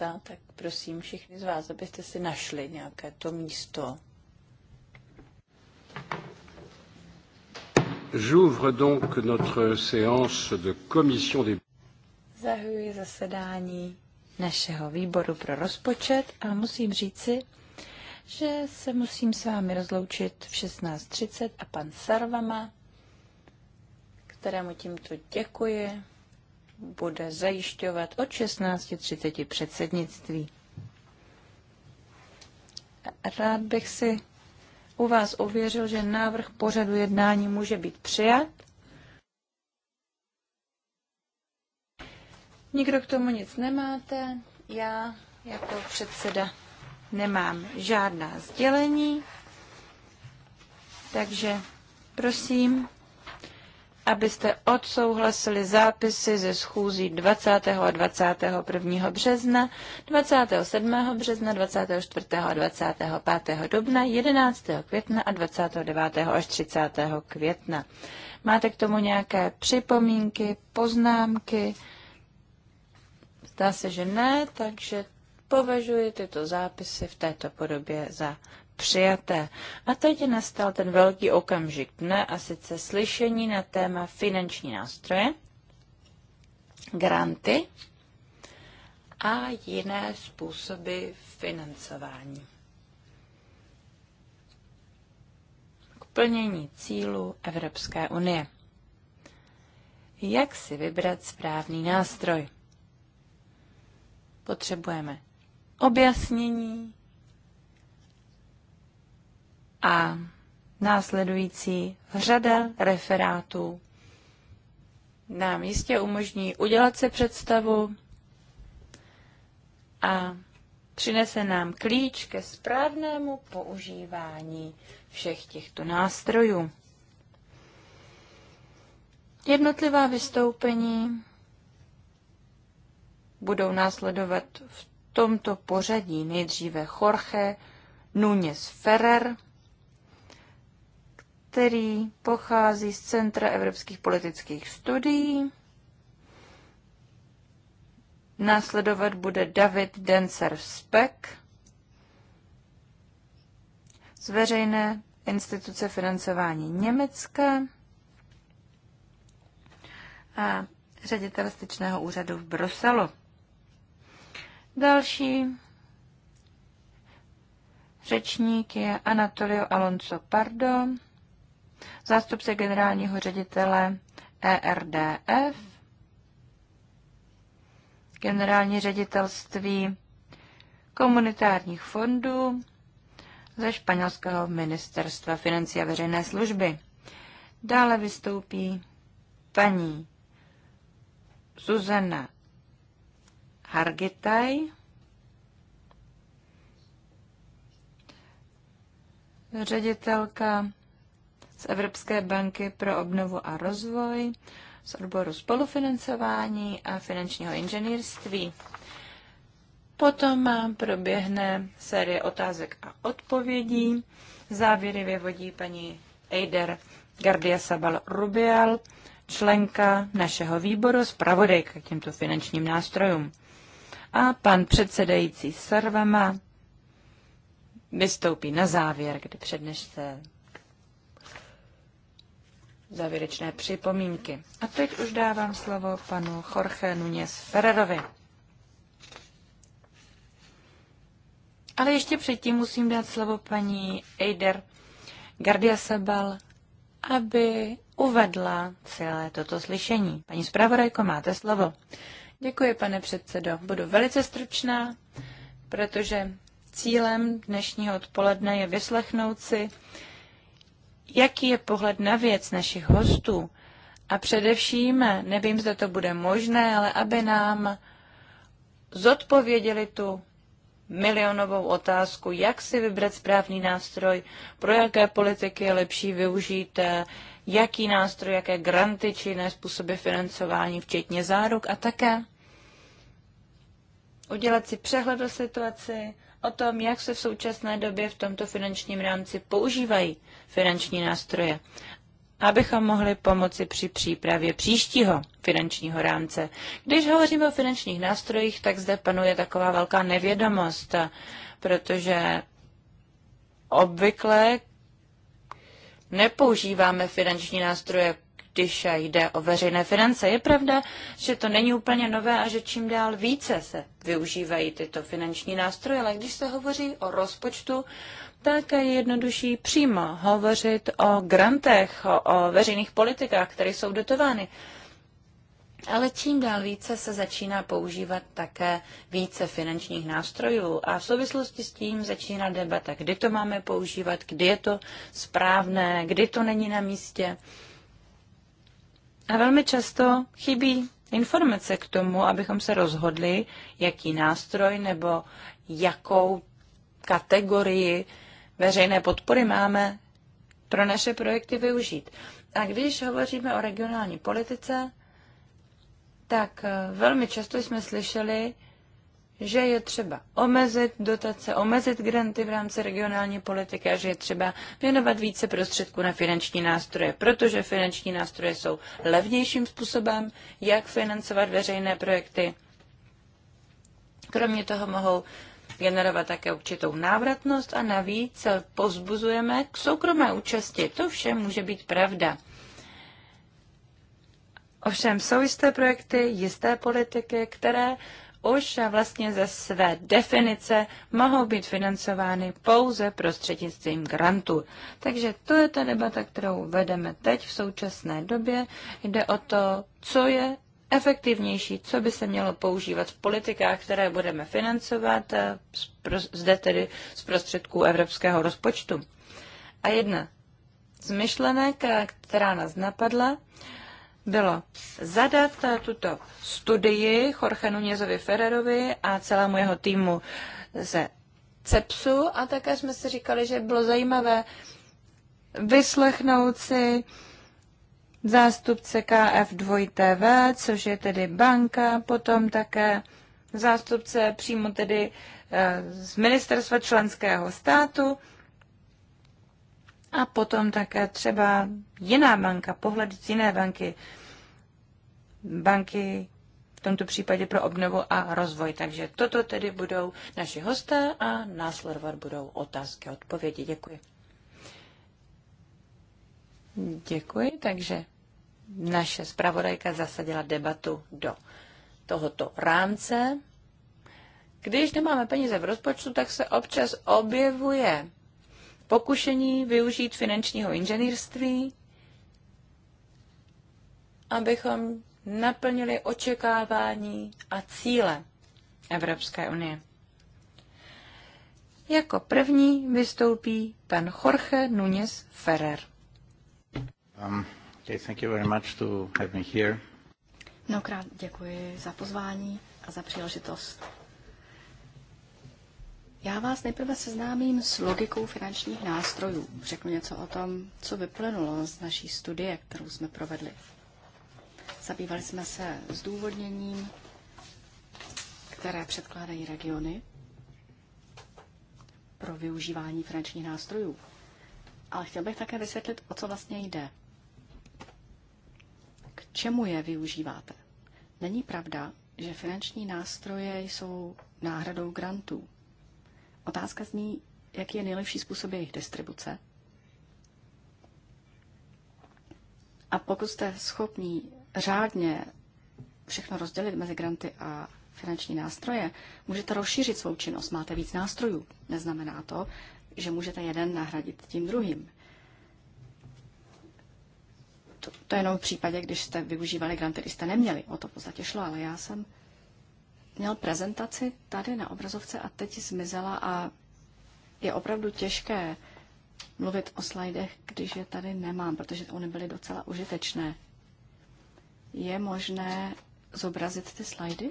místa, tak prosím všichni z vás, abyste si našli nějaké to místo. J'ouvre donc notre séance de commission des... Zahajuji zasedání našeho výboru pro rozpočet a musím říci, že se musím s vámi rozloučit v 16.30 a pan Sarvama, kterému tímto děkuji, bude zajišťovat od 16.30 předsednictví. Rád bych si u vás ověřil, že návrh pořadu jednání může být přijat. Nikdo k tomu nic nemáte. Já jako předseda nemám žádná sdělení. Takže prosím, abyste odsouhlasili zápisy ze schůzí 20. a 21. března, 27. března, 24. a 25. dubna, 11. května a 29. až 30. května. Máte k tomu nějaké připomínky, poznámky? Zdá se, že ne, takže považuji tyto zápisy v této podobě za přijaté. A teď nastal ten velký okamžik dne a sice slyšení na téma finanční nástroje, granty a jiné způsoby financování. K plnění cílu Evropské unie. Jak si vybrat správný nástroj? Potřebujeme objasnění, a následující řada referátů nám jistě umožní udělat se představu a přinese nám klíč ke správnému používání všech těchto nástrojů. Jednotlivá vystoupení budou následovat v tomto pořadí nejdříve Jorge Núñez Ferrer, který pochází z Centra evropských politických studií. Následovat bude David Denser Speck z veřejné instituce financování Německa a ředitel styčného úřadu v Bruselu. Další řečník je Anatolio Alonso Pardo zástupce generálního ředitele ERDF, generální ředitelství komunitárních fondů ze španělského ministerstva financí a veřejné služby. Dále vystoupí paní Suzana Hargitaj, ředitelka z Evropské banky pro obnovu a rozvoj, z odboru spolufinancování a finančního inženýrství. Potom proběhne série otázek a odpovědí. Závěry vyvodí paní Eider Gardia Sabal Rubial, členka našeho výboru, z k těmto finančním nástrojům. A pan předsedající Sarvama vystoupí na závěr, kdy přednešce závěrečné připomínky. A teď už dávám slovo panu Jorge Nunez Ferrerovi. Ale ještě předtím musím dát slovo paní Eider Gardia Sabal, aby uvedla celé toto slyšení. Paní zpravodajko, máte slovo. Děkuji, pane předsedo. Budu velice stručná, protože cílem dnešního odpoledne je vyslechnout si jaký je pohled na věc našich hostů. A především, nevím, zda to bude možné, ale aby nám zodpověděli tu milionovou otázku, jak si vybrat správný nástroj, pro jaké politiky je lepší využít, jaký nástroj, jaké granty či jiné způsoby financování, včetně záruk a také udělat si přehled o situaci, o tom, jak se v současné době v tomto finančním rámci používají finanční nástroje, abychom mohli pomoci při přípravě příštího finančního rámce. Když hovoříme o finančních nástrojích, tak zde panuje taková velká nevědomost, protože obvykle nepoužíváme finanční nástroje když jde o veřejné finance. Je pravda, že to není úplně nové a že čím dál více se využívají tyto finanční nástroje, ale když se hovoří o rozpočtu, tak je jednodušší přímo hovořit o grantech, o, o veřejných politikách, které jsou dotovány. Ale čím dál více se začíná používat také více finančních nástrojů a v souvislosti s tím začíná debata, kdy to máme používat, kdy je to správné, kdy to není na místě. A velmi často chybí informace k tomu, abychom se rozhodli, jaký nástroj nebo jakou kategorii veřejné podpory máme pro naše projekty využít. A když hovoříme o regionální politice, tak eh, velmi často jsme slyšeli, že je třeba omezit dotace, omezit granty v rámci regionální politiky a že je třeba věnovat více prostředků na finanční nástroje, protože finanční nástroje jsou levnějším způsobem, jak financovat veřejné projekty. Kromě toho mohou generovat také určitou návratnost a navíc pozbuzujeme k soukromé účasti. To vše může být pravda. Ovšem jsou jisté projekty, jisté politiky, které už vlastně ze své definice mohou být financovány pouze prostřednictvím grantů. Takže to je ta debata, kterou vedeme teď v současné době. Jde o to, co je efektivnější, co by se mělo používat v politikách, které budeme financovat, eh, zde tedy z prostředků evropského rozpočtu. A jedna z myšlenek, eh, která nás napadla, bylo zadat eh, tuto studii Jorge Nunezovi Ferrerovi a celému jeho týmu ze CEPSu a také jsme si říkali, že bylo zajímavé vyslechnout si zástupce KF2TV, což je tedy banka, potom také zástupce přímo tedy eh, z ministerstva členského státu a potom také třeba jiná banka, pohled z jiné banky, banky v tomto případě pro obnovu a rozvoj. Takže toto tedy budou naši hosté a následovat budou otázky a odpovědi. Děkuji. Děkuji, takže naše zpravodajka zasadila debatu do tohoto rámce. Když nemáme peníze v rozpočtu, tak se občas objevuje pokušení využít finančního inženýrství, abychom naplnili očekávání a cíle Evropské unie. Jako první vystoupí pan Jorge Núñez Ferrer. Um. Okay, thank you very much to have me here. Mnohokrát děkuji za pozvání a za příležitost. Já vás nejprve seznámím s logikou finančních nástrojů. Řeknu něco o tom, co vyplynulo z naší studie, kterou jsme provedli. Zabývali jsme se zdůvodněním, které předkládají regiony pro využívání finančních nástrojů. Ale chtěl bych také vysvětlit, o co vlastně jde čemu je využíváte. Není pravda, že finanční nástroje jsou náhradou grantů. Otázka zní, jaký je nejlepší způsob jejich distribuce. A pokud jste schopní řádně všechno rozdělit mezi granty a finanční nástroje, můžete rozšířit svou činnost, máte víc nástrojů. Neznamená to, že můžete jeden nahradit tím druhým. To, to jenom v případě, když jste využívali grant, který jste neměli. O to v podstatě šlo, ale já jsem měl prezentaci tady na obrazovce a teď zmizela a je opravdu těžké mluvit o slajdech, když je tady nemám, protože ony byly docela užitečné. Je možné zobrazit ty slajdy?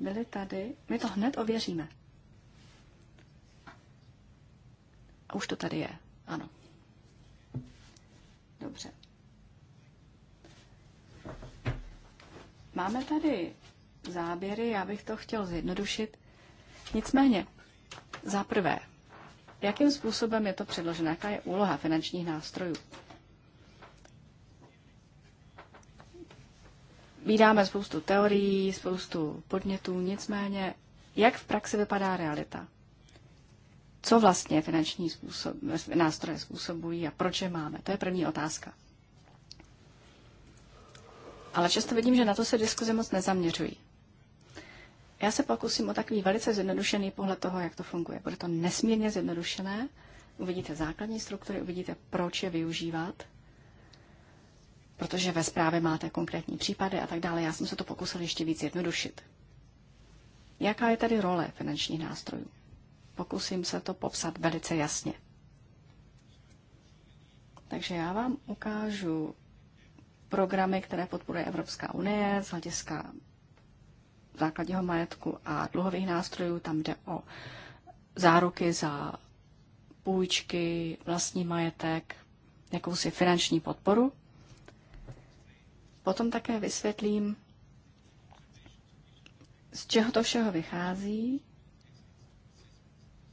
Byly tady. My to hned ověříme. A už to tady je, ano. Dobře. Máme tady záběry, já bych to chtěl zjednodušit. Nicméně, za prvé, jakým způsobem je to předloženo, jaká je úloha finančních nástrojů. Vídáme spoustu teorií, spoustu podnětů, nicméně, jak v praxi vypadá realita? co vlastně finanční způsob, nástroje způsobují a proč je máme. To je první otázka. Ale často vidím, že na to se diskuze moc nezaměřují. Já se pokusím o takový velice zjednodušený pohled toho, jak to funguje. Bude to nesmírně zjednodušené. Uvidíte základní struktury, uvidíte, proč je využívat, protože ve zprávě máte konkrétní případy a tak dále. Já jsem se to pokusil ještě víc zjednodušit. Jaká je tady role finančních nástrojů? Pokusím se to popsat velice jasně. Takže já vám ukážu programy, které podporuje Evropská unie z hlediska základního majetku a dluhových nástrojů. Tam jde o záruky za půjčky, vlastní majetek, jakousi finanční podporu. Potom také vysvětlím, z čeho to všeho vychází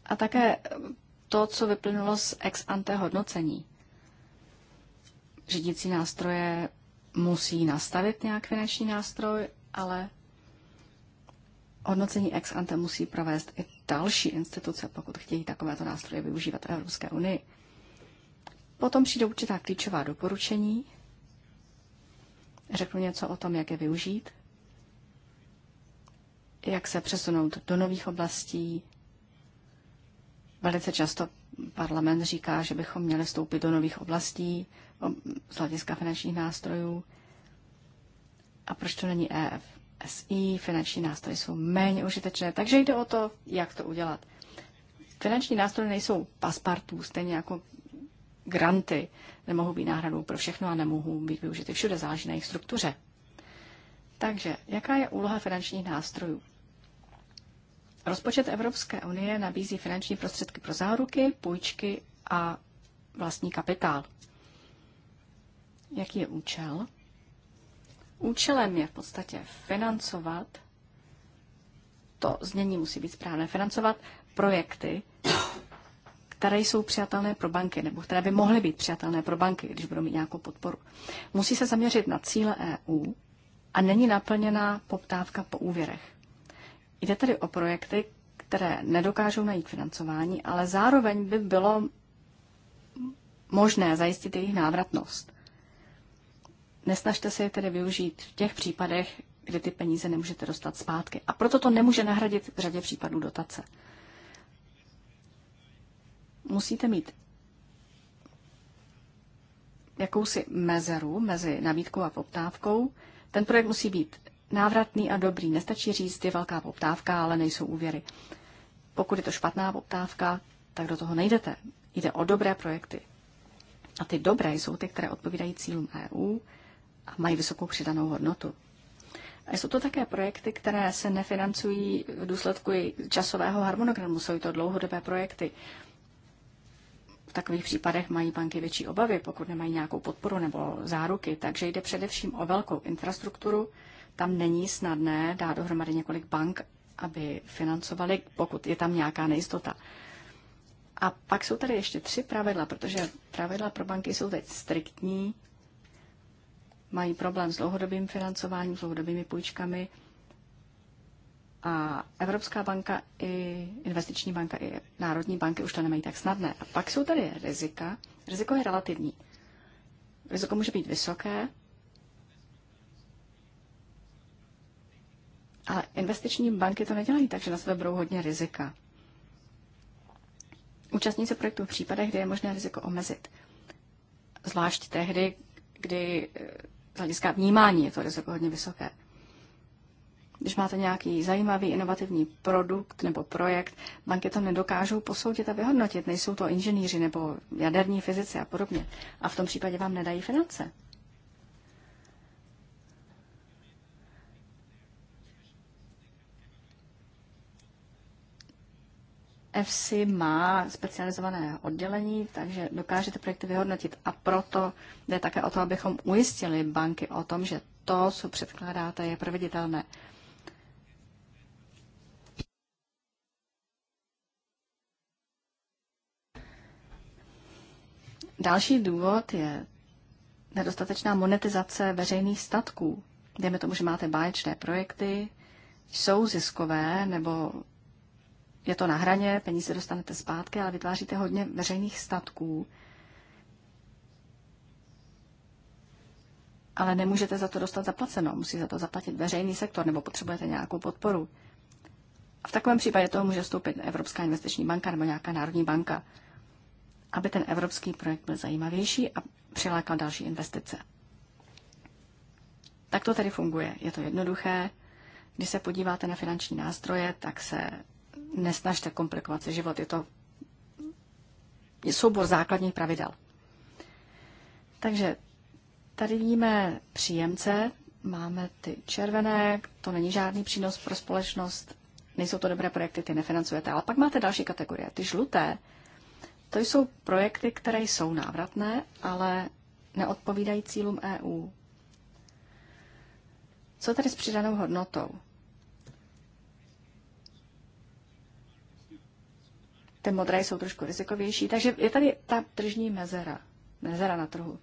a také to, co vyplynulo z ex ante hodnocení. Řídící nástroje musí nastavit nějak finanční nástroj, ale hodnocení ex ante musí provést i další instituce, pokud chtějí takovéto nástroje využívat v Evropské unii. Potom přijde určitá klíčová doporučení. Řeknu něco o tom, jak je využít, jak se přesunout do nových oblastí, Velice často parlament říká, že bychom měli vstoupit do nových oblastí z hlediska finančních nástrojů. A proč to není EFSI? Finanční nástroje jsou méně užitečné, takže jde o to, jak to udělat. Finanční nástroje nejsou paspartů, stejně jako granty nemohou být náhradou pro všechno a nemohou být využity všude, záleží na jejich struktuře. Takže jaká je úloha finančních nástrojů? Rozpočet Evropské unie nabízí finanční prostředky pro záruky, půjčky a vlastní kapitál. Jaký je účel? Účelem je v podstatě financovat, to znění musí být správné, financovat projekty, které jsou přijatelné pro banky, nebo které by mohly být přijatelné pro banky, když budou mít nějakou podporu. Musí se zaměřit na cíle EU a není naplněná poptávka po úvěrech. Jde tedy o projekty, které nedokážou najít financování, ale zároveň by bylo možné zajistit jejich návratnost. Nesnažte se je tedy využít v těch případech, kdy ty peníze nemůžete dostat zpátky. A proto to nemůže nahradit v řadě případů dotace. Musíte mít jakousi mezeru mezi nabídkou a poptávkou. Ten projekt musí být návratný a dobrý. Nestačí říct, je velká poptávka, ale nejsou úvěry. Pokud je to špatná poptávka, tak do toho nejdete. Jde o dobré projekty. A ty dobré jsou ty, které odpovídají cílům EU a mají vysokou přidanou hodnotu. A jsou to také projekty, které se nefinancují v důsledku časového harmonogramu, jsou to dlouhodobé projekty. V takových případech mají banky větší obavy, pokud nemají nějakou podporu nebo záruky, takže jde především o velkou infrastrukturu, tam není snadné dát dohromady několik bank, aby financovali, pokud je tam nějaká nejistota. A pak jsou tady ještě tři pravidla, protože pravidla pro banky jsou teď striktní, mají problém s dlouhodobým financováním, s dlouhodobými půjčkami. A Evropská banka i investiční banka i národní banky už to nemají tak snadné. A pak jsou tady rizika. Riziko je relativní. Riziko může být vysoké, Ale investiční banky to nedělají, takže na sebe berou hodně rizika. Účastní se projektu v případech, kde je možné riziko omezit. Zvlášť tehdy, kdy eh, z hlediska vnímání je to riziko hodně vysoké. Když máte nějaký zajímavý inovativní produkt nebo projekt, banky to nedokážou posoudit a vyhodnotit. Nejsou to inženýři nebo jaderní fyzici a podobně. A v tom případě vám nedají finance. EFSI má specializované oddělení, takže dokážete projekty vyhodnotit a proto jde také o to, abychom ujistili banky o tom, že to, co předkládáte, je proveditelné. Další důvod je nedostatečná monetizace veřejných statků. Dejme tomu, že máte báječné projekty, jsou ziskové nebo je to na hraně, peníze dostanete zpátky, ale vytváříte hodně veřejných statků. Ale nemůžete za to dostat zaplaceno, musí za to zaplatit veřejný sektor nebo potřebujete nějakou podporu. A v takovém případě toho může vstoupit Evropská investiční banka nebo nějaká národní banka, aby ten evropský projekt byl zajímavější a přilákal další investice. Tak to tedy funguje. Je to jednoduché. Když se podíváte na finanční nástroje, tak se nesnažte komplikovat si život. Je to je soubor základních pravidel. Takže tady vidíme příjemce, máme ty červené, to není žádný přínos pro společnost, nejsou to dobré projekty, ty nefinancujete. Ale pak máte další kategorie, ty žluté, to jsou projekty, které jsou návratné, ale neodpovídají cílům EU. Co tedy s přidanou hodnotou? Ty modré jsou trošku rizikovější, takže je tady ta tržní mezera, mezera na trhu.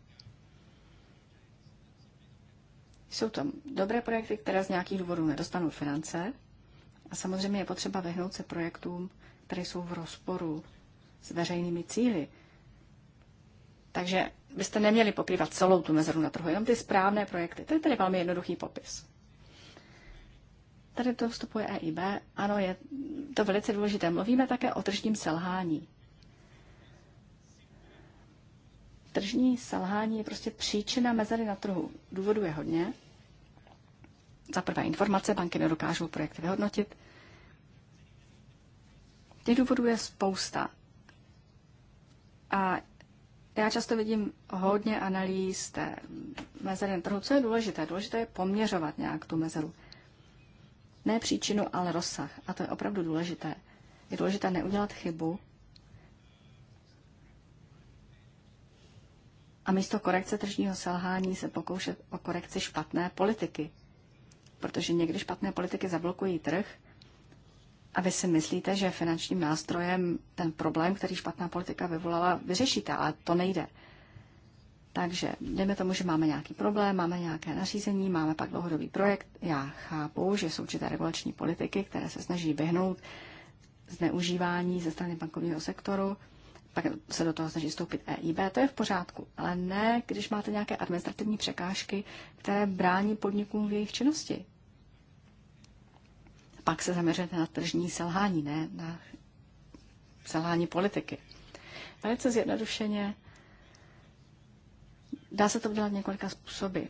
Jsou tam dobré projekty, které z nějakých důvodů nedostanou finance a samozřejmě je potřeba vyhnout se projektům, které jsou v rozporu s veřejnými cíly. Takže byste neměli pokrývat celou tu mezeru na trhu, jenom ty správné projekty. To je tady velmi jednoduchý popis. Tady to vstupuje EIB. Ano, je to velice důležité. Mluvíme také o tržním selhání. Tržní selhání je prostě příčina mezery na trhu. Důvodů je hodně. Za prvé informace, banky nedokážou projekty vyhodnotit. Těch důvodů je spousta. A já často vidím hodně analýz té mezery na trhu. Co je důležité? Důležité je poměřovat nějak tu mezeru. Ne příčinu, ale rozsah. A to je opravdu důležité. Je důležité neudělat chybu a místo korekce tržního selhání se pokoušet o korekci špatné politiky. Protože někdy špatné politiky zablokují trh a vy si myslíte, že finančním nástrojem ten problém, který špatná politika vyvolala, vyřešíte, ale to nejde. Takže jdeme tomu, že máme nějaký problém, máme nějaké nařízení, máme pak dlouhodobý projekt. Já chápu, že jsou určité regulační politiky, které se snaží vyhnout zneužívání ze strany bankovního sektoru, pak se do toho snaží vstoupit EIB, to je v pořádku, ale ne, když máte nějaké administrativní překážky, které brání podnikům v jejich činnosti. Pak se zaměřujete na tržní selhání, ne na selhání politiky. Velice zjednodušeně Dá se to udělat několika způsoby.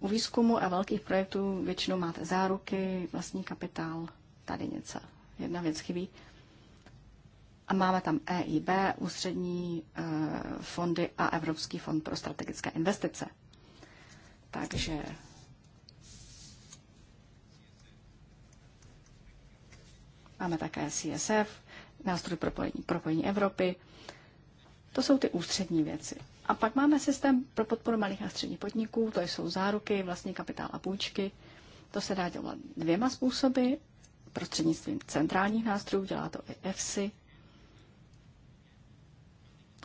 U výzkumu a velkých projektů většinou máte záruky, vlastní kapitál, tady něco. Jedna věc chybí. A máme tam EIB, ústřední e, fondy a Evropský fond pro strategické investice. Takže máme také CSF, nástroj propojení, propojení Evropy. To jsou ty ústřední věci. A pak máme systém pro podporu malých a středních podniků, to jsou záruky, vlastní kapitál a půjčky. To se dá dělat dvěma způsoby, prostřednictvím centrálních nástrojů, dělá to i EFSI,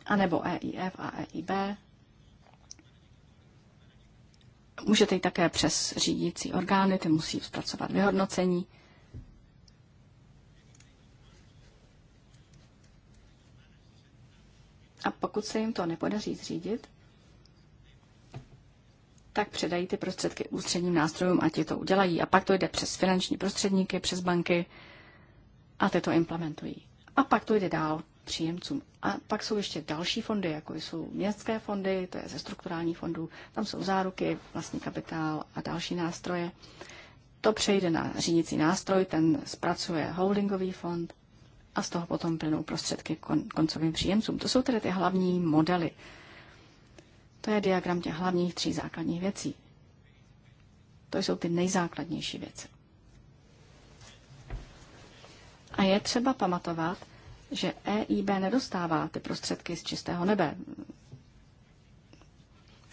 anebo EIF a EIB. Můžete jít také přes řídící orgány, ty musí zpracovat vyhodnocení. A pokud se jim to nepodaří zřídit, tak předají ty prostředky ústředním nástrojům a ti to udělají. A pak to jde přes finanční prostředníky, přes banky a ty to implementují. A pak to jde dál příjemcům. A pak jsou ještě další fondy, jako jsou městské fondy, to je ze strukturálních fondů, tam jsou záruky, vlastní kapitál a další nástroje. To přejde na řídící nástroj, ten zpracuje holdingový fond a z toho potom plynou prostředky kon- koncovým příjemcům. To jsou tedy ty hlavní modely. To je diagram těch hlavních tří základních věcí. To jsou ty nejzákladnější věci. A je třeba pamatovat, že EIB nedostává ty prostředky z čistého nebe.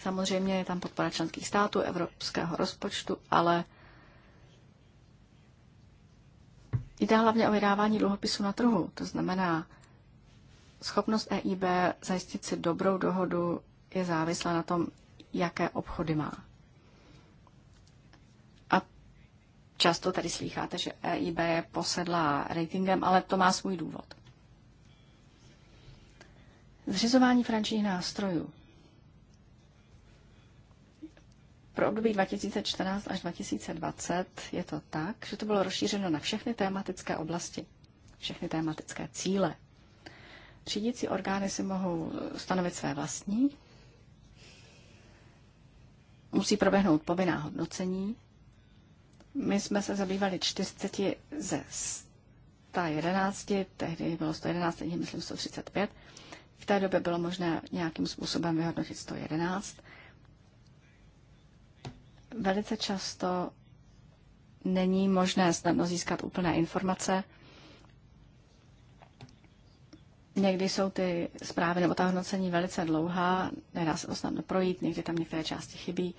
Samozřejmě je tam podpora členských států, evropského rozpočtu, ale Jde hlavně o vydávání dluhopisů na trhu, to znamená, schopnost EIB zajistit si dobrou dohodu je závislá na tom, jaké obchody má. A často tady slýcháte, že EIB je posedlá ratingem, ale to má svůj důvod. Zřizování frančních nástrojů. Pro období 2014 až 2020 je to tak, že to bylo rozšířeno na všechny tématické oblasti, všechny tématické cíle. Řídící orgány si mohou stanovit své vlastní, musí proběhnout povinná hodnocení. My jsme se zabývali 40 ze 111, tehdy bylo 111, teď myslím 135. V té době bylo možné nějakým způsobem vyhodnotit 111 Velice často není možné snadno získat úplné informace. Někdy jsou ty zprávy nebo ta hodnocení velice dlouhá, nedá se to snadno projít, někdy tam některé části chybí.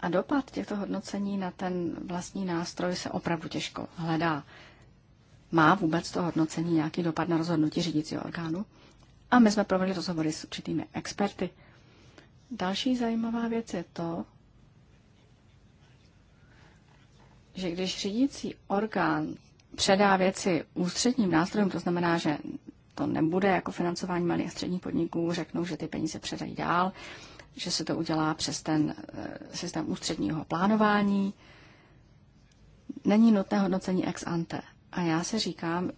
A dopad těchto hodnocení na ten vlastní nástroj se opravdu těžko hledá. Má vůbec to hodnocení nějaký dopad na rozhodnutí řídícího orgánu? A my jsme provedli rozhovory s určitými experty. Další zajímavá věc je to, že když řídící orgán předá věci ústředním nástrojům, to znamená, že to nebude jako financování malých a středních podniků, řeknou, že ty peníze předají dál, že se to udělá přes ten eh, systém ústředního plánování. Není nutné hodnocení ex ante. A já se říkám,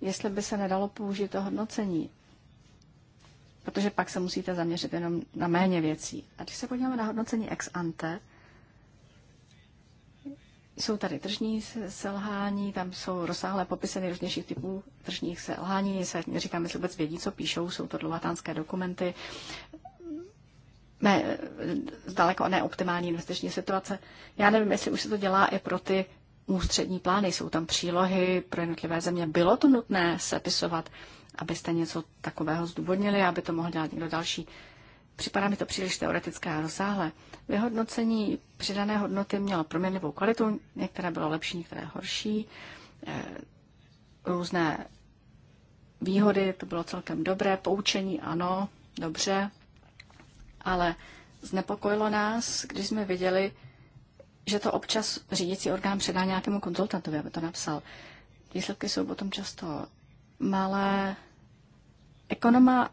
jestli by se nedalo použít to hodnocení protože pak se musíte zaměřit jenom na méně věcí. A když se podíváme na hodnocení ex ante, jsou tady tržní selhání, tam jsou rozsáhlé popisy nejrůznějších typů tržních selhání. Se, neříkám, jestli vůbec vědí, co píšou, jsou to dlouhatánské dokumenty, ne, zdaleko neoptimální investiční situace. Já nevím, jestli už se to dělá i pro ty ústřední plány. Jsou tam přílohy pro jednotlivé země. Bylo to nutné sepisovat abyste něco takového zdůvodnili, aby to mohl dělat někdo další. Připadá mi to příliš teoretické a rozsáhlé. Vyhodnocení přidané hodnoty mělo proměnlivou kvalitu, některé bylo lepší, některé horší. Eh, různé výhody, to bylo celkem dobré, poučení ano, dobře, ale znepokojilo nás, když jsme viděli, že to občas řídící orgán předá nějakému konzultantovi, aby to napsal. Výsledky jsou potom často malé, Ekonoma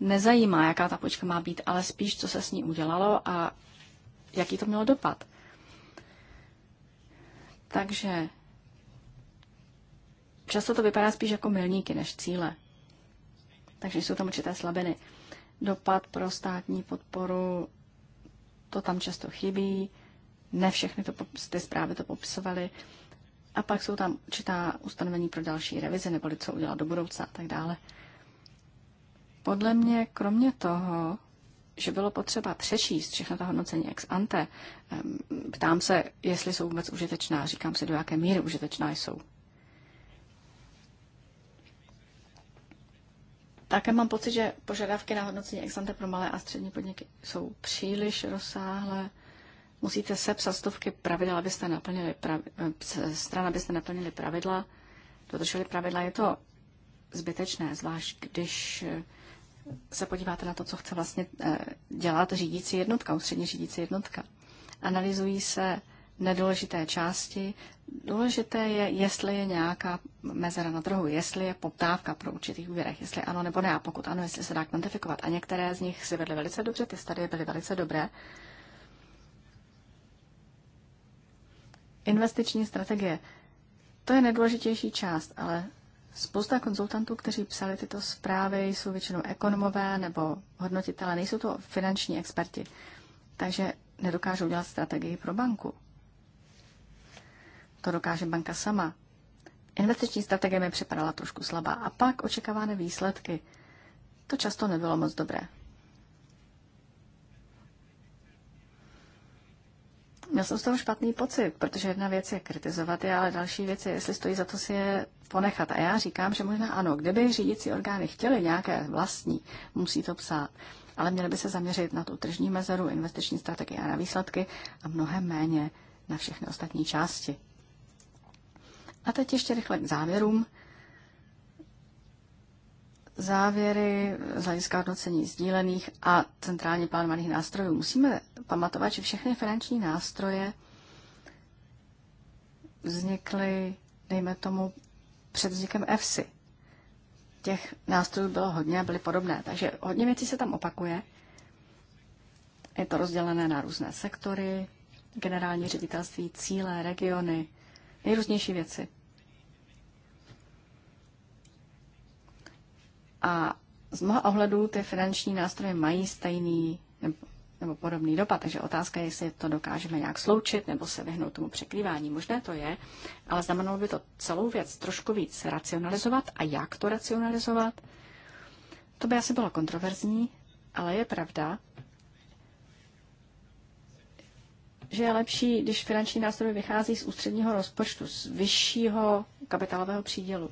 nezajímá, jaká ta počka má být, ale spíš, co se s ní udělalo a jaký to mělo dopad. Takže často to vypadá spíš jako milníky než cíle. Takže jsou tam určité slabiny. Dopad pro státní podporu, to tam často chybí, ne všechny to, ty zprávy to popisovaly. A pak jsou tam určitá ustanovení pro další revize, neboli co udělat do budoucna a tak dále. Podle mě, kromě toho, že bylo potřeba přečíst všechno ta hodnocení ex ante, ptám se, jestli jsou vůbec užitečná, říkám si, do jaké míry užitečná jsou. Také mám pocit, že požadavky na hodnocení ex ante pro malé a střední podniky jsou příliš rozsáhlé. Musíte sepsat stovky pravidel, abyste naplnili pravidla, eh, stran, abyste naplnili pravidla, dodrželi pravidla. Je to zbytečné, zvlášť když eh, se podíváte na to, co chce vlastně eh, dělat řídící jednotka, ústřední řídící jednotka. Analyzují se nedůležité části. Důležité je, jestli je nějaká mezera na trhu, jestli je poptávka pro určitých úvěrech, jestli ano nebo ne, a pokud ano, jestli se dá kvantifikovat. A některé z nich si vedly velice dobře, ty studie byly velice dobré. Investiční strategie. To je nejdůležitější část, ale Spousta konzultantů, kteří psali tyto zprávy, jsou většinou ekonomové nebo hodnotitelé, nejsou to finanční experti, takže nedokážou dělat strategii pro banku. To dokáže banka sama. Investiční strategie mi připadala trošku slabá a pak očekávané výsledky. To často nebylo moc dobré. Měl jsem z toho špatný pocit, protože jedna věc je kritizovat je, ale další věc je, jestli stojí za to si je ponechat. A já říkám, že možná ano, kdyby řídící orgány chtěly nějaké vlastní, musí to psát. Ale měly by se zaměřit na tu tržní mezeru, investiční strategii a na výsledky a mnohem méně na všechny ostatní části. A teď ještě rychle k závěrům závěry z hlediska hodnocení sdílených a centrálně plánovaných nástrojů. Musíme pamatovat, že všechny finanční nástroje vznikly, dejme tomu, před vznikem EFSI. Těch nástrojů bylo hodně a byly podobné, takže hodně věcí se tam opakuje. Je to rozdělené na různé sektory, generální ředitelství, cíle, regiony, nejrůznější věci. A z mnoha ohledů ty finanční nástroje mají stejný nebo, nebo podobný dopad, takže otázka je, jestli to dokážeme nějak sloučit nebo se vyhnout tomu překrývání. Možné to je, ale znamenalo by to celou věc trošku víc racionalizovat a jak to racionalizovat. To by asi bylo kontroverzní, ale je pravda, že je lepší, když finanční nástroje vychází z ústředního rozpočtu, z vyššího kapitálového přídělu.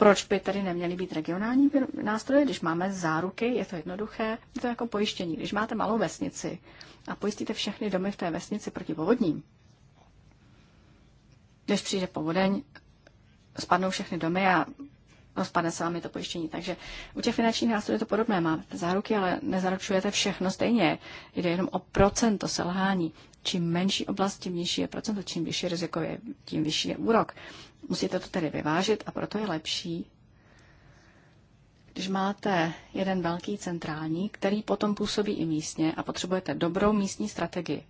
Proč by tedy neměly být regionální nástroje, když máme záruky, je to jednoduché, je to jako pojištění. Když máte malou vesnici a pojistíte všechny domy v té vesnici proti povodním, když přijde povodeň, spadnou všechny domy a rozpadne se vám to pojištění. Takže u těch finančních nástrojů je to podobné. Máte záruky, ale nezaručujete všechno stejně. Jde jenom o procento selhání. Čím menší oblast, tím nižší je procento, čím vyšší riziko je, tím vyšší je úrok. Musíte to tedy vyvážit a proto je lepší, když máte jeden velký centrální, který potom působí i místně a potřebujete dobrou místní strategii.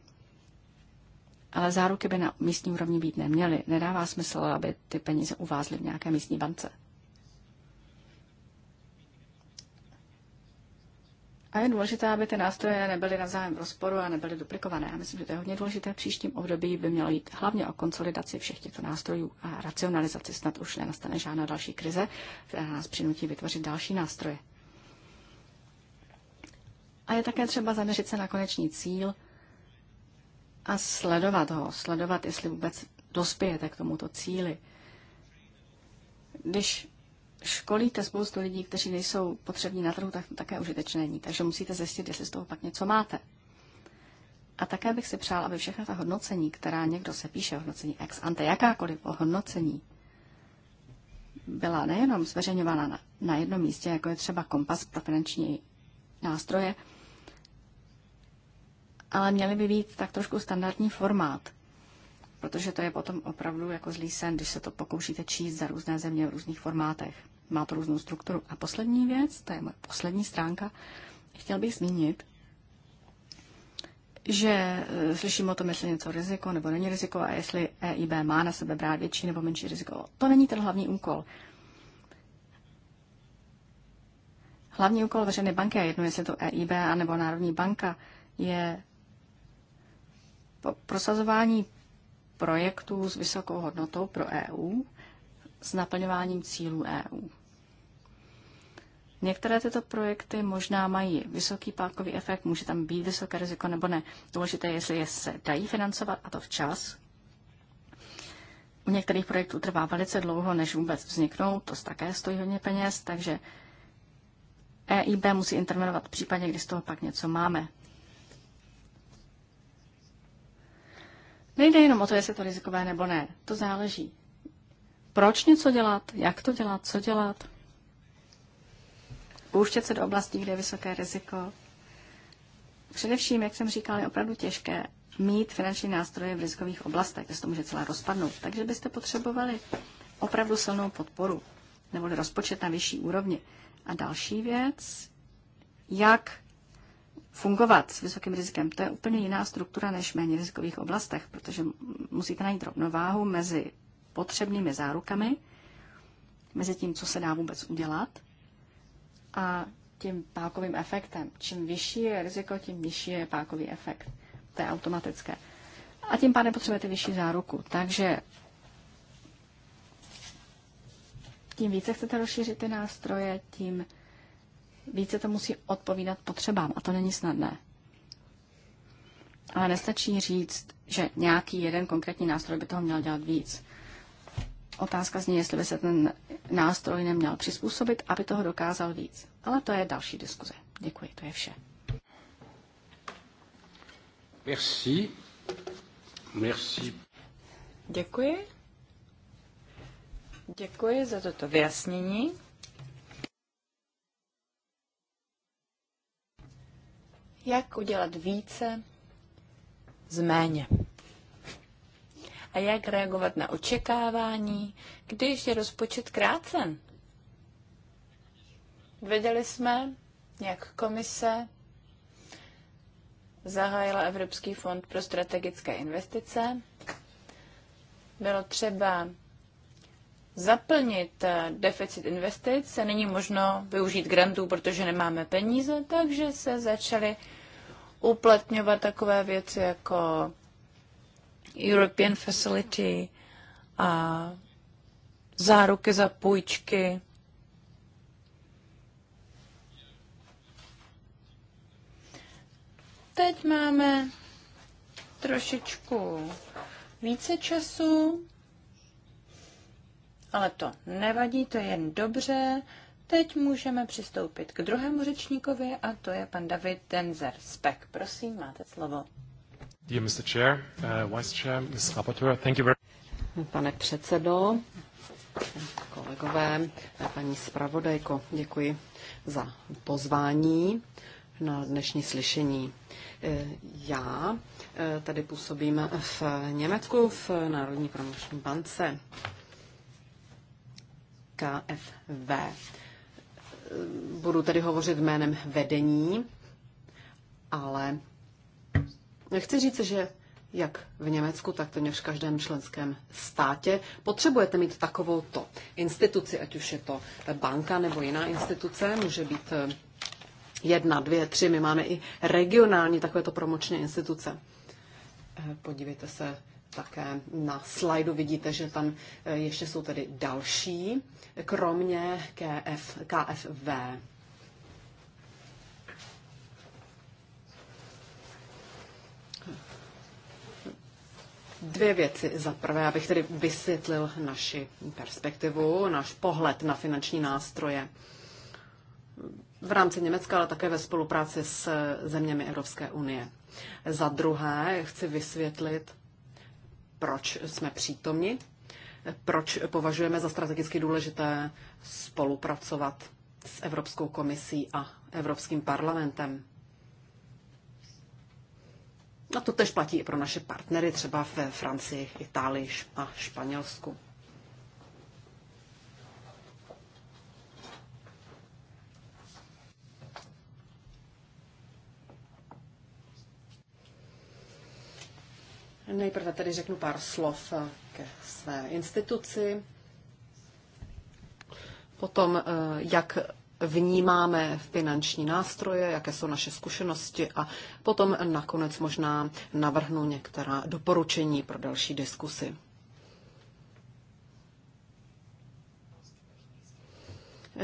Ale záruky by na místní úrovni být neměly. Nedává smysl, aby ty peníze uvázly v nějaké místní bance. A je důležité, aby ty nástroje nebyly navzájem v rozporu a nebyly duplikované. Já myslím, že to je hodně důležité. V příštím období by mělo jít hlavně o konsolidaci všech těchto nástrojů a racionalizaci. Snad už nenastane žádná další krize, která nás přinutí vytvořit další nástroje. A je také třeba zaměřit se na konečný cíl a sledovat ho, sledovat, jestli vůbec dospějete k tomuto cíli. Když školíte spoustu lidí, kteří nejsou potřební na trhu, tak to také užitečné není. Takže musíte zjistit, jestli z toho pak něco máte. A také bych si přál, aby všechna ta hodnocení, která někdo se píše, hodnocení ex ante, jakákoliv hodnocení, byla nejenom zveřejňována na, na jednom místě, jako je třeba kompas pro finanční nástroje, ale měly by být tak trošku standardní formát, protože to je potom opravdu jako zlý sen, když se to pokoušíte číst za různé země v různých formátech má to různou strukturu. A poslední věc, to je moje poslední stránka, chtěl bych zmínit, že e, slyším o tom, jestli něco riziko nebo není riziko a jestli EIB má na sebe brát větší nebo menší riziko. To není ten hlavní úkol. Hlavní úkol veřejné banky, a jedno jestli to EIB a nebo Národní banka, je prosazování projektů s vysokou hodnotou pro EU s naplňováním cílů EU. Některé tyto projekty možná mají vysoký pákový efekt, může tam být vysoké riziko nebo ne. Důležité je, jestli je se dají financovat a to včas. U některých projektů trvá velice dlouho, než vůbec vzniknou, to také stojí hodně peněz, takže EIB musí intervenovat v případě, kdy z toho pak něco máme. Nejde jenom o to, jestli to rizikové nebo ne. To záleží. Proč něco dělat, jak to dělat, co dělat pouštět se do oblastí, kde je vysoké riziko. Především, jak jsem říkal, je opravdu těžké mít finanční nástroje v rizikových oblastech, kde se to může celá rozpadnout. Takže byste potřebovali opravdu silnou podporu, nebo rozpočet na vyšší úrovni. A další věc, jak fungovat s vysokým rizikem, to je úplně jiná struktura než v méně rizikových oblastech, protože musíte najít rovnováhu mezi potřebnými zárukami, mezi tím, co se dá vůbec udělat, a tím pákovým efektem. Čím vyšší je riziko, tím nižší je pákový efekt. To je automatické. A tím pádem potřebujete vyšší záruku. Takže tím více chcete rozšířit ty nástroje, tím více to musí odpovídat potřebám. A to není snadné. Ale nestačí říct, že nějaký jeden konkrétní nástroj by toho měl dělat víc. Otázka zní, jestli by se ten nástroj neměl přizpůsobit, aby toho dokázal víc. Ale to je další diskuze. Děkuji, to je vše. Merci. Merci. Děkuji. Děkuji za toto vyjasnění. Jak udělat více z méně? a jak reagovat na očekávání, když je rozpočet krácen. Věděli jsme, jak komise zahájila Evropský fond pro strategické investice. Bylo třeba zaplnit eh, deficit investic, se není možno využít grantů, protože nemáme peníze, takže se začaly uplatňovat takové věci jako European Facility a záruky za půjčky. Teď máme trošičku více času, ale to nevadí, to je jen dobře. Teď můžeme přistoupit k druhému řečníkovi a to je pan David Denzer. Spek, prosím, máte slovo. Uh, Pane předsedo, kolegové, paní zpravodajko, děkuji za pozvání na dnešní slyšení. Já eh, tady působím v Německu v Národní promoční bance KFV. Budu tady hovořit jménem vedení, ale Chci říct, že jak v Německu, tak téměř v každém členském státě potřebujete mít takovou to instituci, ať už je to banka nebo jiná instituce, může být eh, jedna, dvě, tři, my máme i regionální takovéto promočné instituce. Eh, podívejte se také na slajdu, vidíte, že tam eh, ještě jsou tedy další, kromě KF, KFV. dvě věci. Za prvé, abych tedy vysvětlil naši perspektivu, náš pohled na finanční nástroje v rámci Německa, ale také ve spolupráci s zeměmi Evropské unie. Za druhé, chci vysvětlit, proč jsme přítomni, proč považujeme za strategicky důležité spolupracovat s Evropskou komisí a Evropským parlamentem. A to tež platí i pro naše partnery, třeba ve Francii, Itálii a Španělsku. Nejprve tedy řeknu pár slov eh, ke své instituci, potom eh, jak vnímáme finanční nástroje, jaké jsou naše zkušenosti a potom nakonec možná navrhnu některá doporučení pro další diskusy.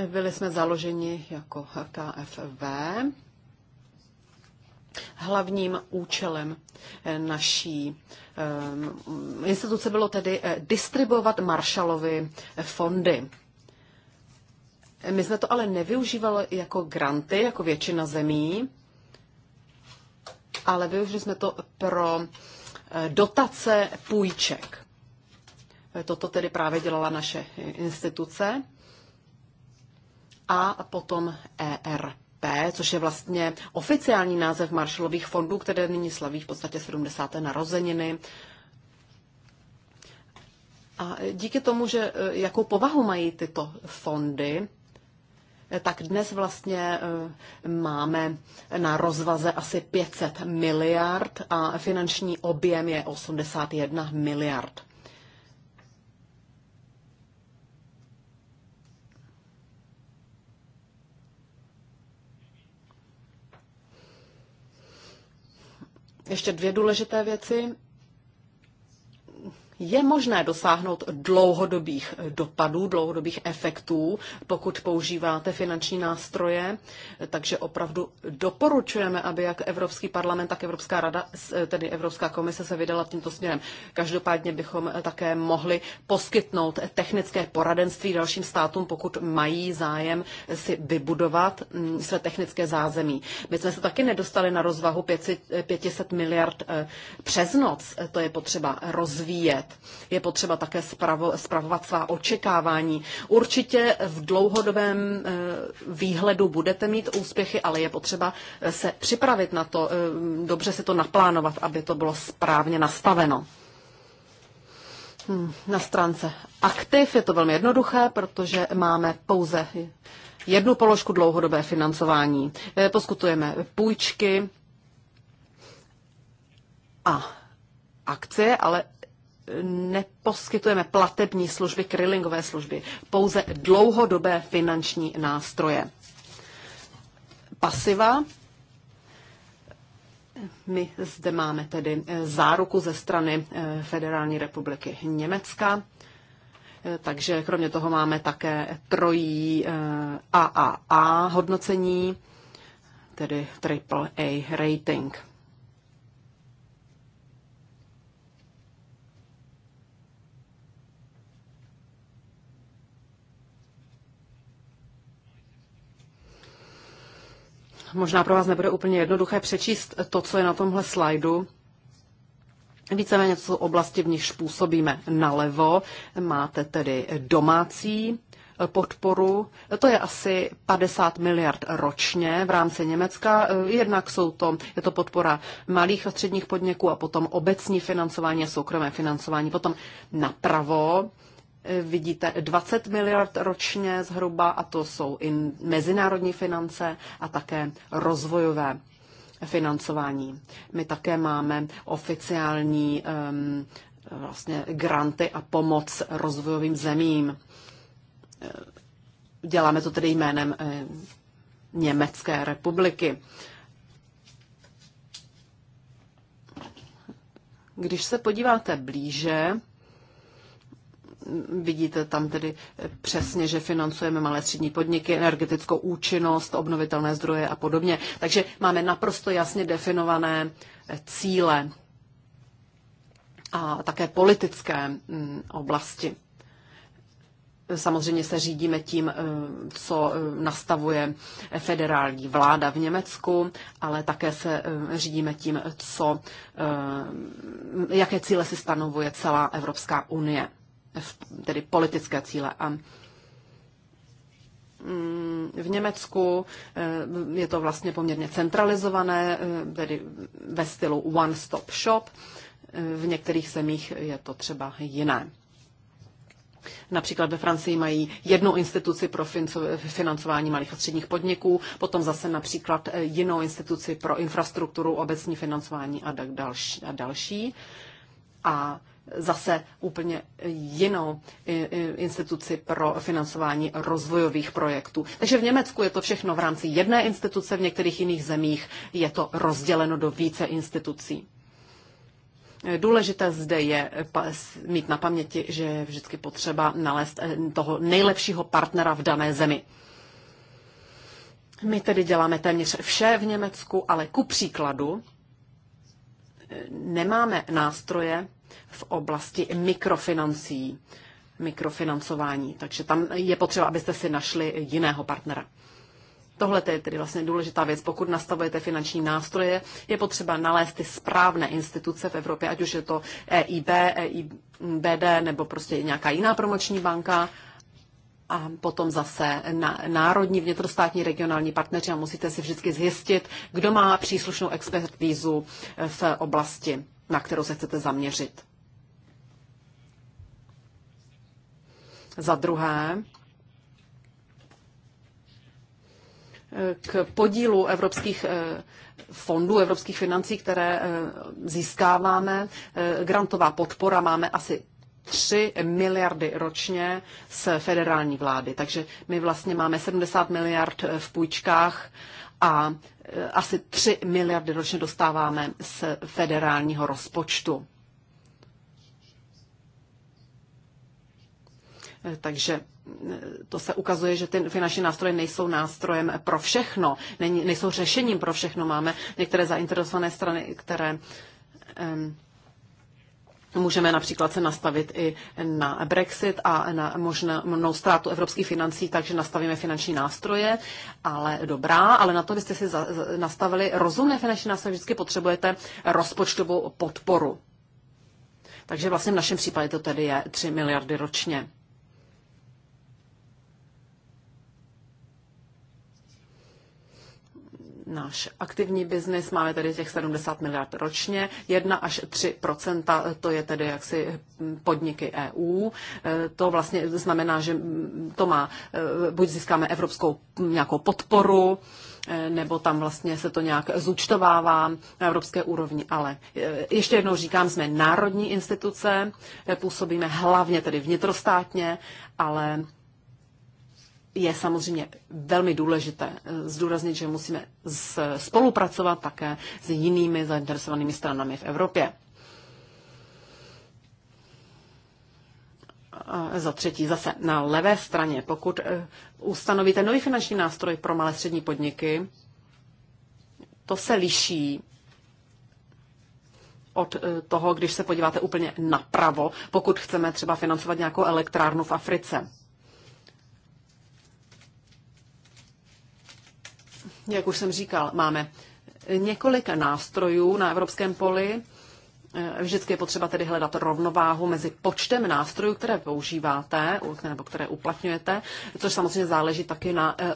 Byli jsme založeni jako KFV. Hlavním účelem naší ehm, instituce bylo tedy eh, distribuovat Marshallovy eh, fondy. My jsme to ale nevyužívali jako granty, jako většina zemí, ale využili jsme to pro eh, dotace půjček. Toto tedy právě dělala naše instituce. A potom ERP, což je vlastně oficiální název Marshallových fondů, které nyní slaví v podstatě 70. narozeniny. A díky tomu, že eh, jakou povahu mají tyto fondy, Eh, tak dnes vlastně eh, máme na rozvaze asi 500 miliard a finanční objem je 81 miliard. Ještě dvě důležité věci je možné dosáhnout dlouhodobých dopadů, dlouhodobých efektů, pokud používáte finanční nástroje. Takže opravdu doporučujeme, aby jak Evropský parlament, tak Evropská rada, tedy Evropská komise se vydala tímto směrem. Každopádně bychom také mohli poskytnout technické poradenství dalším státům, pokud mají zájem si vybudovat mm, své technické zázemí. My jsme se taky nedostali na rozvahu 500 miliard eh, přes noc. To je potřeba rozvíjet let. Je potřeba také spravo, spravovat svá očekávání. Určitě v dlouhodobém eh, výhledu budete mít úspěchy, ale je potřeba eh, se připravit na to, eh, dobře si to naplánovat, aby to bylo správně nastaveno. Hmm, na stránce aktiv je to velmi jednoduché, protože máme pouze jednu položku dlouhodobé financování. Poskutujeme půjčky a akcie, ale neposkytujeme platební služby, krylingové služby, pouze dlouhodobé finanční nástroje. Pasiva. My zde máme tedy eh, záruku ze strany eh, Federální republiky Německa. Eh, takže kromě toho máme také trojí AAA hodnocení, tedy AAA rating. Možná pro vás nebude úplně jednoduché přečíst to, co je na tomhle slajdu. Víceméně to jsou oblasti, v nichž působíme nalevo. Máte tedy domácí podporu. To je asi 50 miliard ročně v rámci Německa. Jednak jsou to, je to podpora malých a středních podniků a potom obecní financování a soukromé financování. Potom napravo vidíte 20 miliard ročně zhruba a to jsou i mezinárodní finance a také rozvojové financování. My také máme oficiální um, vlastně granty a pomoc rozvojovým zemím. Děláme to tedy jménem eh, Německé republiky. Když se podíváte blíže, Vidíte tam tedy přesně, že financujeme malé střední podniky, energetickou účinnost, obnovitelné zdroje a podobně. Takže máme naprosto jasně definované eh, cíle a také politické mm, oblasti. Samozřejmě se řídíme tím, eh, co eh, nastavuje federální vláda v Německu, ale také se řídíme tím, co, jaké cíle si stanovuje celá Evropská unie tedy politické cíle. A mm, v Německu eh, je to vlastně poměrně centralizované, eh, tedy ve stylu one-stop shop. Eh, v některých zemích je to třeba jiné. Například ve Francii mají jednu instituci pro financování malých a středních podniků, potom zase například jinou instituci pro infrastrukturu, obecní financování a další. A další. A zase úplně jinou instituci pro financování rozvojových projektů. Takže v Německu je to všechno v rámci jedné instituce, v některých jiných zemích je to rozděleno do více institucí. Důležité zde je mít na paměti, že je vždycky potřeba nalézt eh, toho nejlepšího partnera v dané zemi. My tedy děláme téměř vše v Německu, ale ku příkladu eh, nemáme nástroje, v oblasti mikrofinancí, mikrofinancování. Takže tam je potřeba, abyste si našli jiného partnera. Tohle je tedy vlastně důležitá věc. Pokud nastavujete finanční nástroje, je potřeba nalézt ty správné instituce v Evropě, ať už je to EIB, EIBD nebo prostě nějaká jiná promoční banka, a potom zase na, národní, vnitrostátní, regionální partneři a musíte si vždycky zjistit, kdo má příslušnou expertízu v oblasti na kterou se chcete zaměřit. Za druhé, k podílu evropských eh, fondů, evropských financí, které eh, získáváme. Eh, grantová podpora máme asi 3 miliardy ročně z federální vlády. Takže my vlastně máme 70 miliard v půjčkách a eh, asi 3 miliardy ročně dostáváme z federálního rozpočtu. Eh, takže eh, to se ukazuje, že ty finanční nástroje nejsou nástrojem pro všechno, nejsou řešením pro všechno. Máme některé zainteresované strany, které um, Můžeme například se nastavit i na Brexit a na možnou ztrátu evropských financí, takže nastavíme finanční nástroje, ale dobrá, ale na to, abyste si nastavili rozumné finanční nástroje, vždycky potřebujete rozpočtovou podporu. Takže vlastně v našem případě to tedy je 3 miliardy ročně. náš aktivní biznis, máme tedy těch 70 miliard ročně, 1 až 3 to je tedy jaksi podniky EU. E, to vlastně znamená, že to má, e, buď získáme evropskou nějakou podporu, e, nebo tam vlastně se to nějak zúčtovává na evropské úrovni. Ale ještě jednou říkám, jsme národní instituce, působíme hlavně tedy vnitrostátně, ale je samozřejmě velmi důležité eh, zdůraznit, že musíme spolupracovat také s jinými zainteresovanými stranami v Evropě. za třetí zase na levé straně, pokud eh, ustanovíte nový finanční nástroj pro malé střední podniky, to se liší od eh, toho, když se podíváte úplně napravo, pokud chceme třeba financovat nějakou elektrárnu v Africe. Jak už jsem říkal, máme několika nástrojů na evropském poli. Eh, vždycky je potřeba tedy hledat rovnováhu mezi počtem nástrojů, které používáte nebo které uplatňujete, což samozřejmě záleží taky na eh,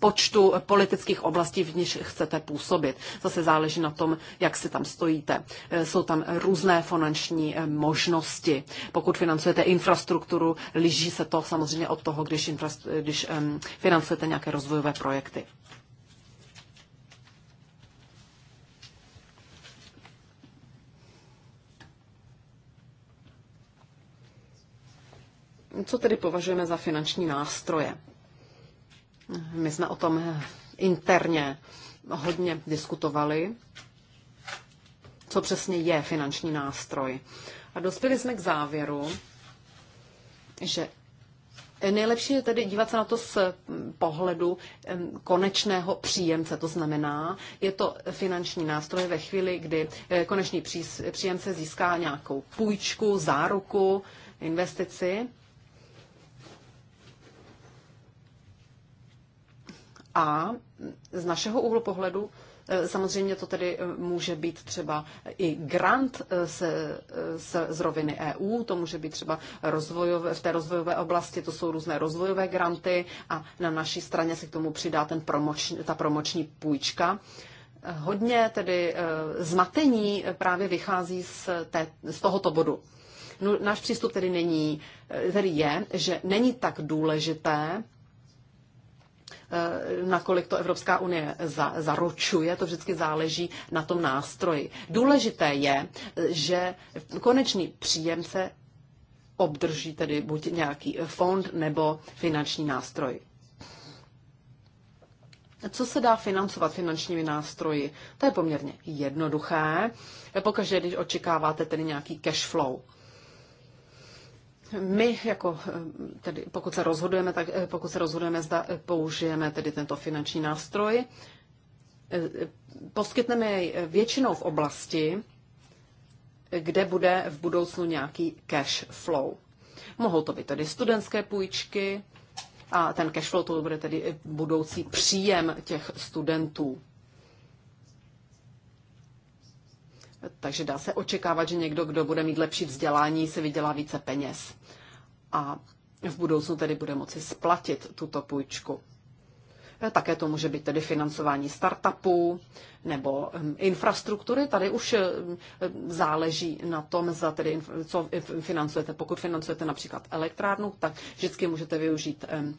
počtu politických oblastí, v níž chcete působit. Zase záleží na tom, jak si tam stojíte. Eh, jsou tam různé finanční možnosti. Pokud financujete infrastrukturu, liží se to samozřejmě od toho, když, když financujete nějaké rozvojové projekty. co tedy považujeme za finanční nástroje? My jsme o tom interně hodně diskutovali, co přesně je finanční nástroj. A dospěli jsme k závěru, že nejlepší je tedy dívat se na to z pohledu konečného příjemce. To znamená, je to finanční nástroj ve chvíli, kdy eh, konečný příjemce získá nějakou půjčku, záruku, investici A z našeho úhlu pohledu eh, Samozřejmě to tedy eh, může být třeba i grant eh, se se, z roviny EU, to může být třeba rozvojové, v té rozvojové oblasti, to jsou různé rozvojové granty a na naší straně se k tomu přidá ten promoč, ta promoční půjčka. Hodně tedy zmatení právě vychází z, té, z tohoto bodu. No, náš přístup tedy není, tedy je, že není tak důležité Eh, nakolik to Evropská unie za, zaručuje, to vždycky záleží na tom nástroji. Důležité je, že konečný příjemce obdrží tedy buď nějaký fond nebo finanční nástroj. Co se dá financovat finančními nástroji? To je poměrně jednoduché. Pokaždé, když očekáváte tedy nějaký cash flow my, jako, eh, tedy pokud se rozhodujeme, tak eh, pokud se rozhodujeme, zda eh, použijeme tedy tento finanční nástroj, poskytneme jej většinou v oblasti, kde bude v budoucnu nějaký cash flow. Mohou to být tedy studentské půjčky a ten cash flow to bude tedy budoucí příjem těch studentů. Takže dá se očekávat, že někdo, kdo bude mít lepší vzdělání, si vydělá více peněz. A v budoucnu tedy bude moci splatit tuto půjčku. Eh, také to může být tedy financování startupů nebo hm, infrastruktury. Tady už eh, hm, záleží na tom, zda tedy, co financujete. Pokud financujete například elektrárnu, tak vždycky můžete využít hm,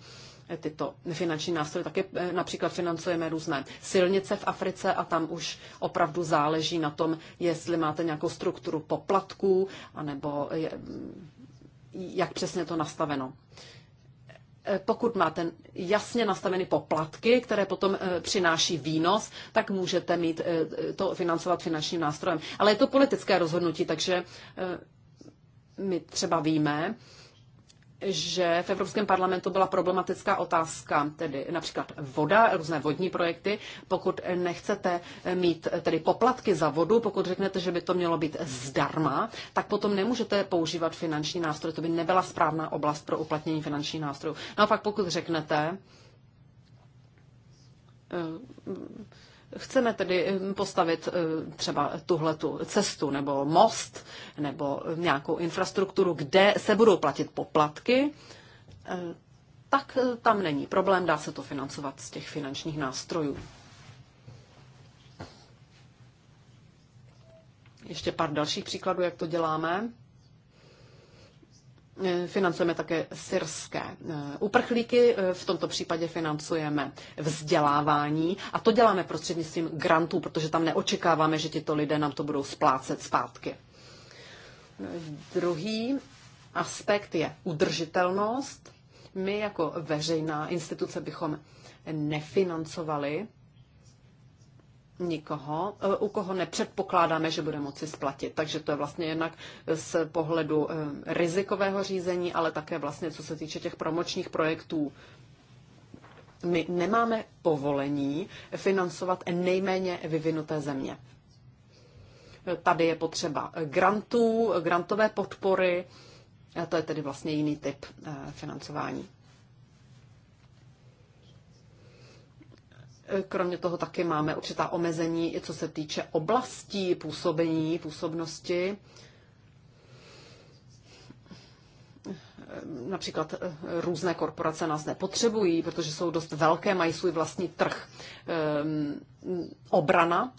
Eh, tyto finanční nástroje. Taky eh, například financujeme různé silnice v Africe a tam už opravdu záleží na tom, jestli máte nějakou strukturu poplatků, anebo jak přesně to nastaveno. Eh, pokud máte jasně nastaveny poplatky, které potom přináší výnos, tak můžete mít to financovat finančním nástrojem. Ale je to politické rozhodnutí, takže my třeba víme, že v Evropském parlamentu byla problematická otázka, tedy například voda, různé vodní projekty. Pokud nechcete mít tedy poplatky za vodu, pokud řeknete, že by to mělo být zdarma, tak potom nemůžete používat finanční nástroj. To by nebyla správná oblast pro uplatnění finančních nástrojů. Naopak, pokud řeknete, Chceme tedy hm, postavit hm, třeba tu cestu nebo most nebo nějakou infrastrukturu, kde se budou platit poplatky, eh, tak eh, tam není problém, dá se to financovat z těch finančních nástrojů. Ještě pár dalších příkladů, jak to děláme. E, financujeme také syrské e, uprchlíky, e, v tomto případě financujeme vzdělávání a to děláme prostřednictvím grantů, protože tam neočekáváme, že tito lidé nám to budou splácet zpátky. Druhý aspekt je udržitelnost. My jako veřejná instituce bychom nefinancovali nikoho, eh, u koho nepředpokládáme, že bude moci splatit. Takže to je vlastně jednak z pohledu eh, rizikového řízení, ale také vlastně co se týče těch promočních projektů. My nemáme povolení financovat nejméně vyvinuté země. Tady je potřeba grantů, grantové podpory, a to je tedy vlastně jiný typ eh, financování. Kromě toho taky máme určitá omezení, co se týče oblastí působení, působnosti. Například eh, různé korporace nás nepotřebují, protože jsou dost velké, mají svůj vlastní trh. Ehm, obrana,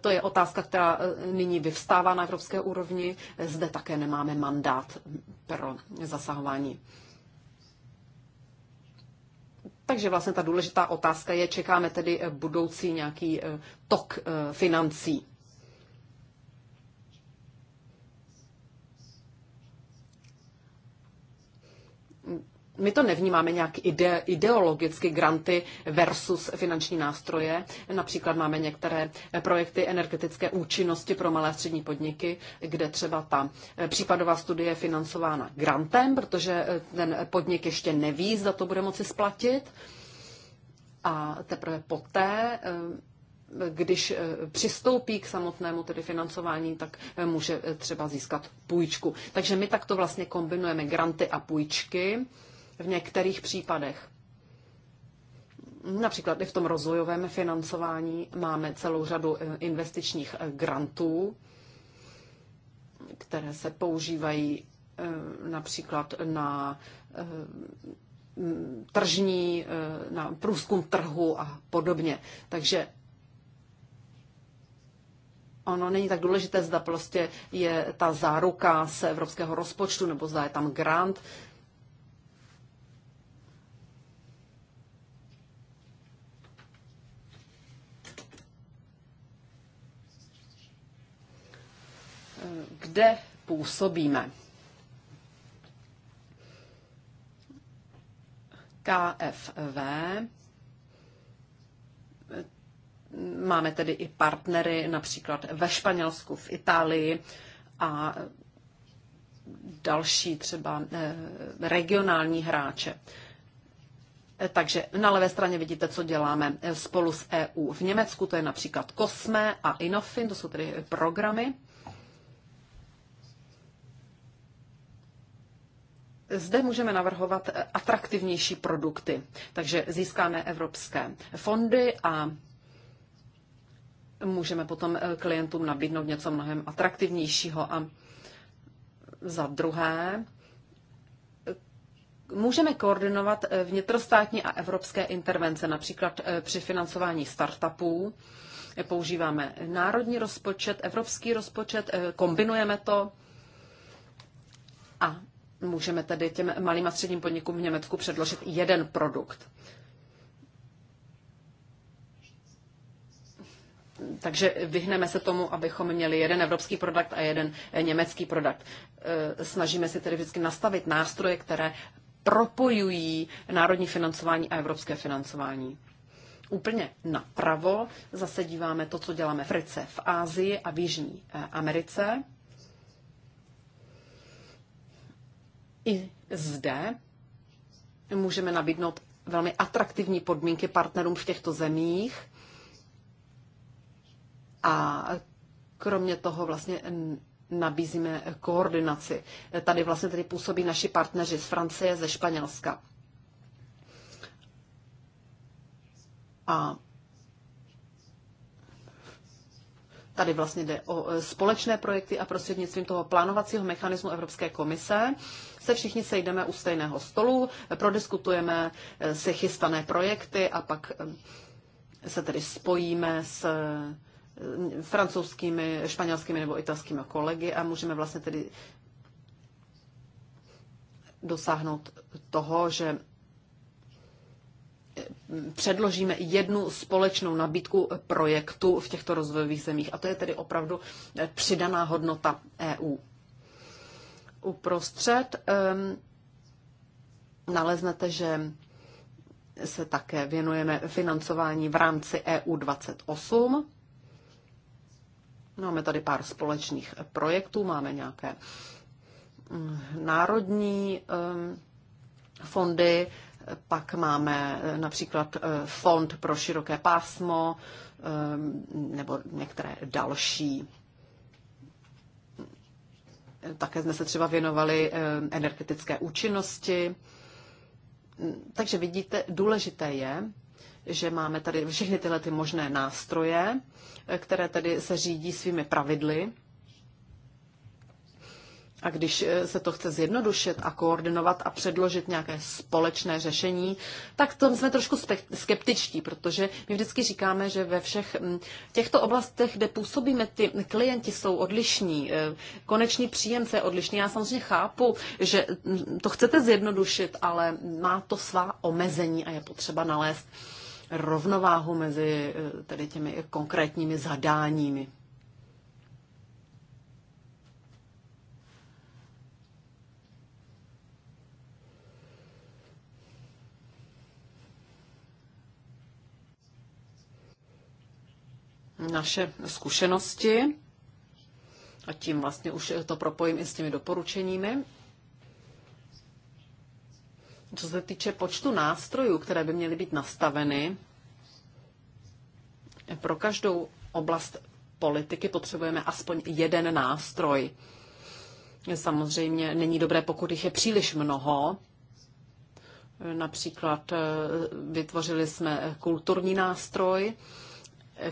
to je otázka, která eh, nyní vyvstává na evropské úrovni. Zde také nemáme mandát pro zasahování. Takže vlastně ta důležitá otázka je, čekáme tedy budoucí nějaký eh, tok eh, financí. my to nevnímáme nějak ide, ideologicky granty versus finanční nástroje. Například máme některé projekty energetické účinnosti pro malé a střední podniky, kde třeba ta případová studie je financována grantem, protože eh, ten podnik ještě neví, zda to bude moci splatit. A teprve poté eh, když eh, přistoupí k samotnému tedy financování, tak může třeba získat půjčku. Takže my takto vlastně kombinujeme granty a půjčky v některých případech. Například i v tom rozvojovém financování máme celou řadu eh, investičních eh, grantů, které se používají eh, například na tržní, na průzkum trhu a podobně. Takže ono není tak důležité, zda prostě je ta záruka z evropského rozpočtu, nebo zda je tam grant. kde působíme. KFV. Máme tedy i partnery například ve Španělsku, v Itálii a další třeba eh, regionální hráče. Takže na levé straně vidíte, co děláme eh, spolu s EU v Německu, to je například COSME a INOFIN, to jsou tedy programy. Zde můžeme navrhovat atraktivnější produkty, takže získáme evropské fondy a můžeme potom eh, klientům nabídnout něco mnohem atraktivnějšího. A za druhé, eh, můžeme koordinovat eh, vnitrostátní a evropské intervence, například při financování startupů. Používáme národní rozpočet, evropský rozpočet, kombinujeme to a Můžeme tedy těm malým a středním podnikům v Německu předložit jeden produkt. Takže vyhneme se tomu, abychom měli jeden evropský produkt a jeden německý produkt. E, snažíme se tedy vždycky nastavit nástroje, které propojují národní financování a evropské financování. Úplně napravo zase díváme to, co děláme v Rice v Ázii a v Jižní e, Americe. I zde můžeme nabídnout velmi atraktivní podmínky partnerům v těchto zemích a kromě toho vlastně nabízíme koordinaci. Tady vlastně tady působí naši partneři z Francie, ze Španělska. A Tady vlastně jde o e, společné projekty a prostřednictvím toho plánovacího mechanismu Evropské komise se všichni sejdeme u stejného stolu, prodiskutujeme eh, si chystané projekty a pak eh, se tedy spojíme s eh, francouzskými, španělskými nebo italskými kolegy a můžeme vlastně tedy dosáhnout toho, že předložíme jednu společnou nabídku projektu v těchto rozvojových zemích. A to je tedy opravdu přidaná hodnota EU uprostřed naleznete, že se také věnujeme financování v rámci EU 28. Máme tady pár společných projektů, máme nějaké mm, národní fondy, pak máme eh, například eh, fond pro široké pásmo nebo některé další také jsme se třeba věnovali eh, energetické účinnosti. Takže vidíte, důležité je, že máme tady všechny tyhle ty možné nástroje, eh, které tady se řídí svými pravidly a když eh, se to chce zjednodušit a koordinovat a předložit nějaké společné řešení, tak tam jsme trošku skeptičtí, protože my vždycky říkáme, že ve všech mm, těchto oblastech, kde působíme, ty klienti jsou odlišní, eh, konečný příjemce je odlišný. Já samozřejmě chápu, že mm, to chcete zjednodušit, ale má to svá omezení a je potřeba nalézt rovnováhu mezi eh, tedy těmi konkrétními zadáními. naše zkušenosti a tím vlastně už to propojím i s těmi doporučeními. Co se týče počtu nástrojů, které by měly být nastaveny, pro každou oblast politiky potřebujeme aspoň jeden nástroj. Samozřejmě není dobré, pokud jich je příliš mnoho. Například eh, vytvořili jsme kulturní nástroj,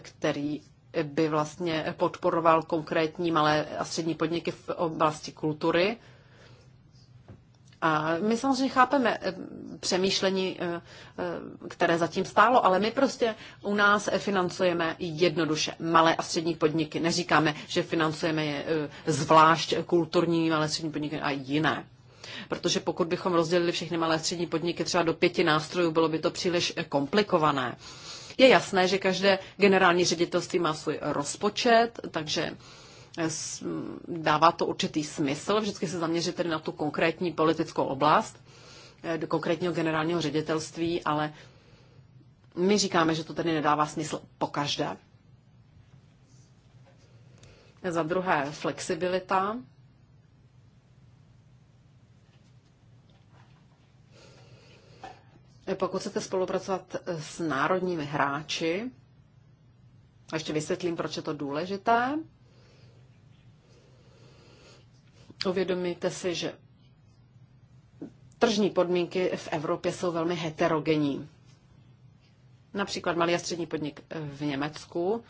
který by vlastně podporoval konkrétní malé a střední podniky v oblasti kultury. A my samozřejmě chápeme eh, přemýšlení, eh, eh, které zatím stálo, ale my prostě u nás financujeme jednoduše malé a střední podniky. Neříkáme, že financujeme je zvlášť kulturní malé a střední podniky a jiné. Protože pokud bychom rozdělili všechny malé a střední podniky třeba do pěti nástrojů, bylo by to příliš komplikované. Je jasné, že každé generální ředitelství má svůj rozpočet, takže eh, mm, dává to určitý smysl, vždycky se zaměřit tedy na tu konkrétní politickou oblast, eh, do konkrétního generálního ředitelství, ale my říkáme, že to tedy nedává smysl po každé. Za druhé, flexibilita. Pokud chcete spolupracovat s národními hráči, a ještě vysvětlím, proč je to důležité, uvědomíte si, že tržní podmínky v Evropě jsou velmi heterogenní. Například malý a střední podnik v Německu,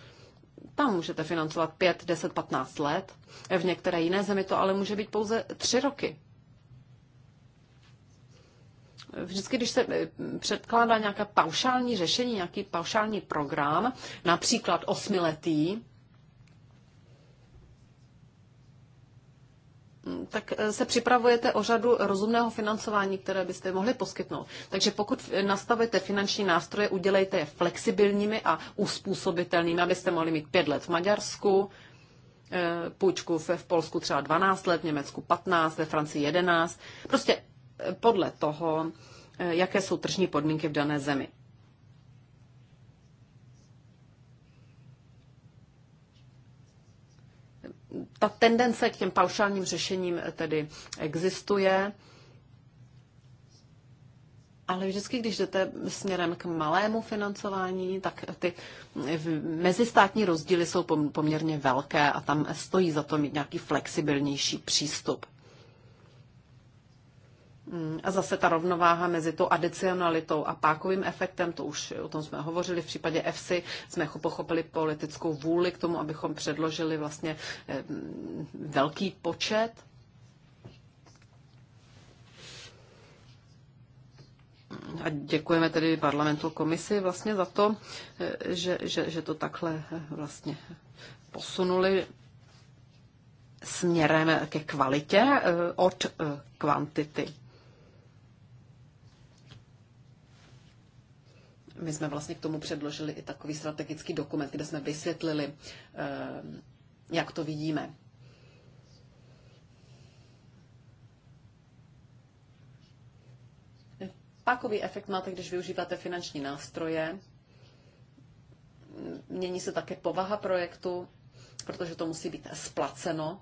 tam můžete financovat 5, 10, 15 let. V některé jiné zemi to ale může být pouze 3 roky vždycky, když se eh, předkládá nějaká paušální řešení, nějaký paušální program, například osmiletý, tak eh, se připravujete o řadu rozumného financování, které byste mohli poskytnout. Takže pokud nastavujete finanční nástroje, udělejte je flexibilními a uspůsobitelnými, abyste mohli mít pět let v Maďarsku, eh, půjčku v Polsku třeba 12 let, v Německu 15, ve Francii 11. Prostě podle toho, eh, jaké jsou tržní podmínky v dané zemi. Ta tendence k těm paušálním řešením eh, tedy existuje, ale vždycky, když jdete směrem k malému financování, tak ty mezistátní rozdíly jsou poměrně velké a tam stojí za to mít nějaký flexibilnější přístup. Mm, a zase ta rovnováha mezi tou adicionalitou a pákovým efektem, to už o tom jsme hovořili, v případě EFSI jsme pochopili politickou vůli k tomu, abychom předložili vlastně eh, velký počet. A děkujeme tedy parlamentu komisi vlastně za to, eh, že, že, že to takhle eh, vlastně posunuli směrem ke kvalitě od kvantity. My jsme vlastně k tomu předložili i takový strategický dokument, kde jsme vysvětlili, eh, jak to vidíme. Pákový efekt máte, když využíváte finanční nástroje. Mění se také povaha projektu, protože to musí být splaceno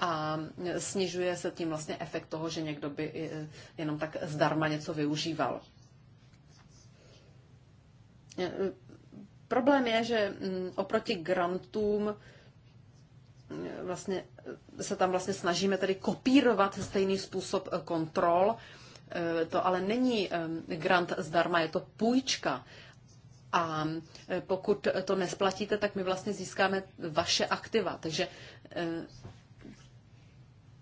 a snižuje se tím vlastně efekt toho, že někdo by eh, jenom tak zdarma něco využíval. Eh, problém je, že mm, oproti grantům eh, vlastně se tam vlastně snažíme tedy kopírovat stejný způsob kontrol. To ale není grant zdarma, je to půjčka. A pokud to nesplatíte, tak my vlastně získáme vaše aktiva. Takže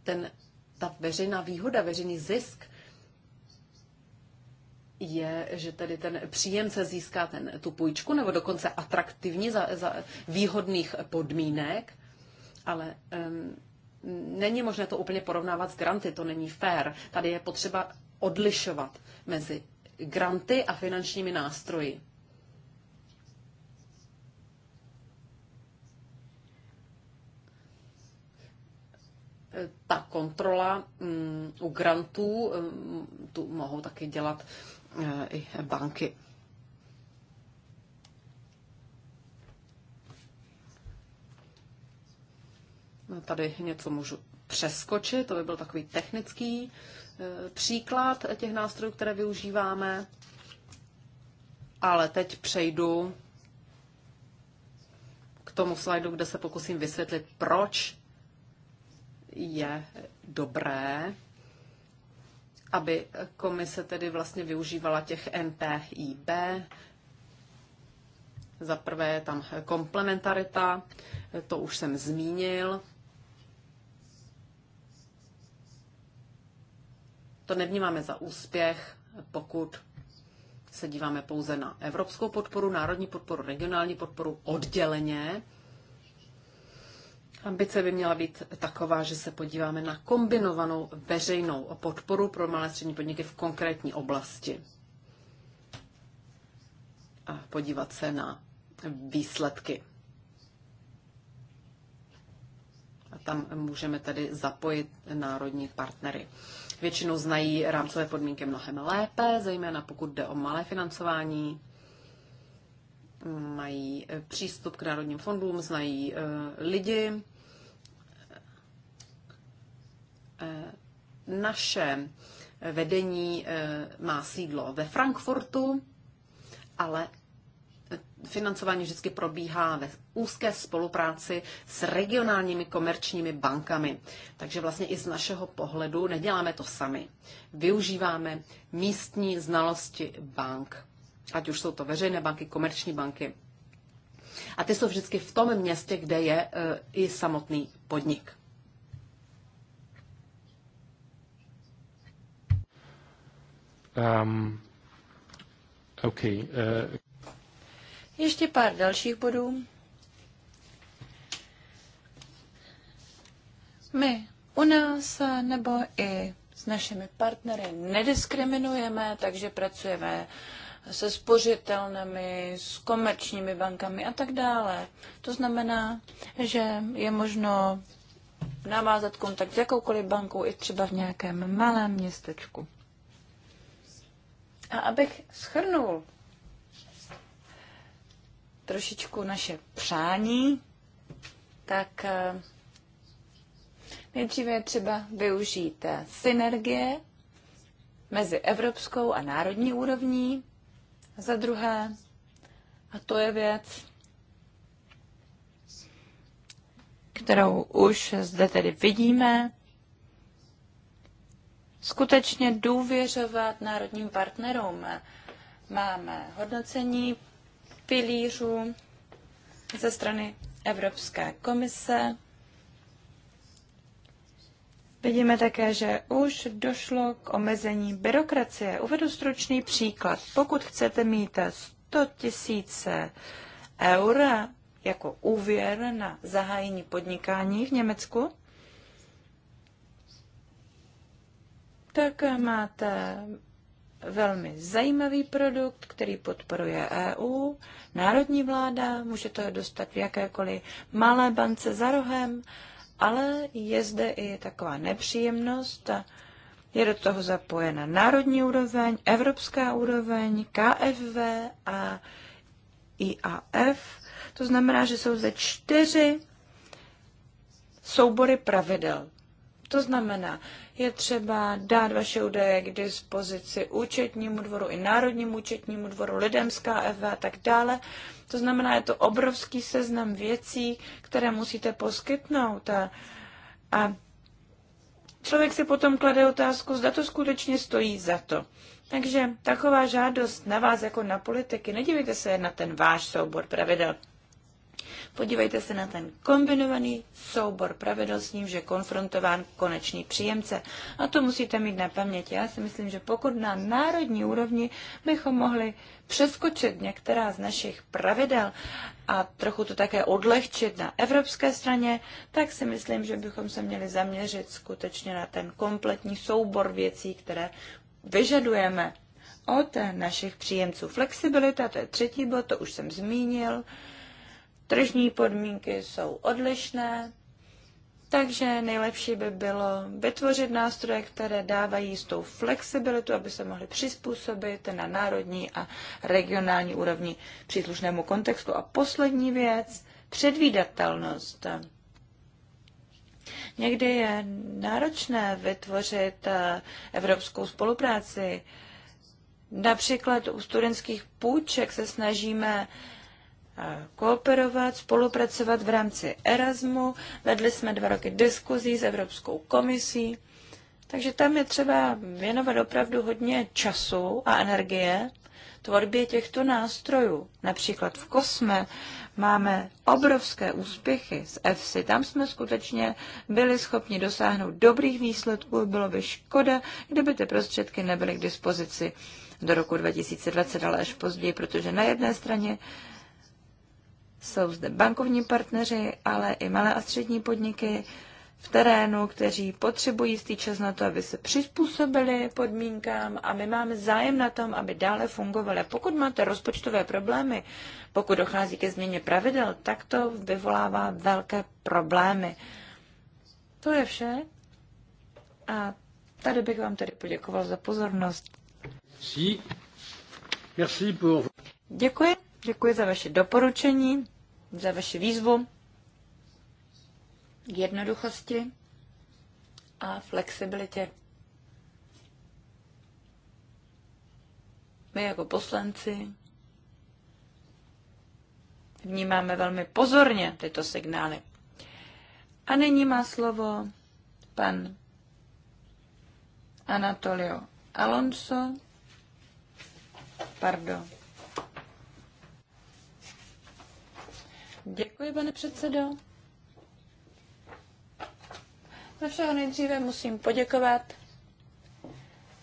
ten, ta veřejná výhoda, veřejný zisk je, že tedy ten příjemce získá ten, tu půjčku nebo dokonce atraktivní za, za výhodných podmínek, ale um, není možné to úplně porovnávat s granty, to není fair. Tady je potřeba odlišovat mezi granty a finančními nástroji. ta kontrola mm, u grantů mm, tu mohou taky dělat eh, i banky. No, tady něco můžu přeskočit, to by byl takový technický eh, příklad těch nástrojů, které využíváme. Ale teď přejdu k tomu slajdu, kde se pokusím vysvětlit, proč je dobré, aby komise tedy vlastně využívala těch NPIB. Za prvé je tam komplementarita, to už jsem zmínil. To nevnímáme za úspěch, pokud se díváme pouze na evropskou podporu, národní podporu, regionální podporu odděleně. Ambice by měla být taková, že se podíváme na kombinovanou veřejnou podporu pro malé střední podniky v konkrétní oblasti. A podívat se na výsledky. A tam můžeme tedy zapojit národní partnery. Většinou znají rámcové podmínky mnohem lépe, zejména pokud jde o malé financování. Mají přístup k národním fondům, znají eh, lidi, Naše vedení eh, má sídlo ve Frankfurtu, ale financování vždycky probíhá ve úzké spolupráci s regionálními komerčními bankami. Takže vlastně i z našeho pohledu neděláme to sami. Využíváme místní znalosti bank, ať už jsou to veřejné banky, komerční banky. A ty jsou vždycky v tom městě, kde je eh, i samotný podnik. Um, okay, uh... Ještě pár dalších bodů. My u nás nebo i s našimi partnery nediskriminujeme, takže pracujeme se spořitelnami, s komerčními bankami a tak dále. To znamená, že je možno navázat kontakt s jakoukoliv bankou i třeba v nějakém malém městečku. A abych schrnul trošičku naše přání, tak eh, nejdříve je třeba využít eh, synergie mezi evropskou a národní úrovní. A za druhé, a to je věc, kterou už zde tedy vidíme, skutečně důvěřovat národním partnerům. Máme hodnocení pilířů ze strany Evropské komise. Vidíme také, že už došlo k omezení byrokracie. Uvedu stručný příklad. Pokud chcete mít 100 tisíce eur jako úvěr na zahájení podnikání v Německu, tak máte velmi zajímavý produkt, který podporuje EU, národní vláda, může to dostat v jakékoliv malé bance za rohem, ale je zde i taková nepříjemnost, je do toho zapojena národní úroveň, evropská úroveň, KFV a IAF. To znamená, že jsou zde čtyři soubory pravidel. To znamená, je třeba dát vaše údaje k dispozici účetnímu dvoru i národnímu účetnímu dvoru, lidem z KFV a tak dále. To znamená, je to obrovský seznam věcí, které musíte poskytnout. A, a člověk si potom klade otázku, zda to skutečně stojí za to. Takže taková žádost na vás jako na politiky, nedívejte se na ten váš soubor pravidel. Podívejte se na ten kombinovaný soubor pravidel, s nímž je konfrontován konečný příjemce. A to musíte mít na paměti. Já si myslím, že pokud na národní úrovni bychom mohli přeskočit některá z našich pravidel a trochu to také odlehčit na evropské straně, tak si myslím, že bychom se měli zaměřit skutečně na ten kompletní soubor věcí, které vyžadujeme od našich příjemců. Flexibilita, to je třetí bod, to už jsem zmínil tržní podmínky jsou odlišné, takže nejlepší by bylo vytvořit nástroje, které dávají jistou flexibilitu, aby se mohly přizpůsobit na národní a regionální úrovni příslušnému kontextu. A poslední věc, předvídatelnost. Někdy je náročné vytvořit eh, evropskou spolupráci. Například u studentských půjček se snažíme kooperovat, spolupracovat v rámci Erasmu. Vedli jsme dva roky diskuzí s Evropskou komisí. Takže tam je třeba věnovat opravdu hodně času a energie tvorbě těchto nástrojů. Například v Kosme máme obrovské úspěchy s EFSI. Tam jsme skutečně byli schopni dosáhnout dobrých výsledků. Bylo by škoda, kdyby ty prostředky nebyly k dispozici do roku 2020, ale až později, protože na jedné straně jsou zde bankovní partneři, ale i malé a střední podniky v terénu, kteří potřebují jistý čas na to, aby se přizpůsobili podmínkám a my máme zájem na tom, aby dále fungovaly. Pokud máte rozpočtové problémy, pokud dochází ke změně pravidel, tak to vyvolává velké problémy. To je vše. A tady bych vám tedy poděkoval za pozornost. Merci. Merci pour... Děkuji. Děkuji za vaše doporučení za vaši výzvu k jednoduchosti a flexibilitě. My jako poslanci vnímáme velmi pozorně tyto signály. A nyní má slovo pan Anatolio Alonso, pardon, Děkuji, pane předsedo. Za všeho nejdříve musím poděkovat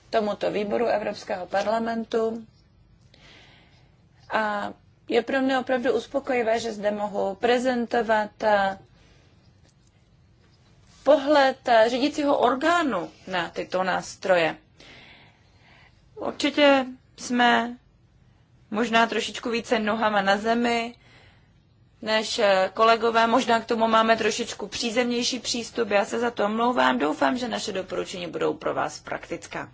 tomuto výboru Evropského parlamentu a je pro mě opravdu uspokojivé, že zde mohu prezentovat eh, pohled eh, řídícího orgánu na tyto nástroje. Určitě jsme možná trošičku více nohama na zemi, než eh, kolegové. Možná k tomu máme trošičku přízemnější přístup. Já se za to omlouvám. Doufám, že naše doporučení budou pro vás praktická.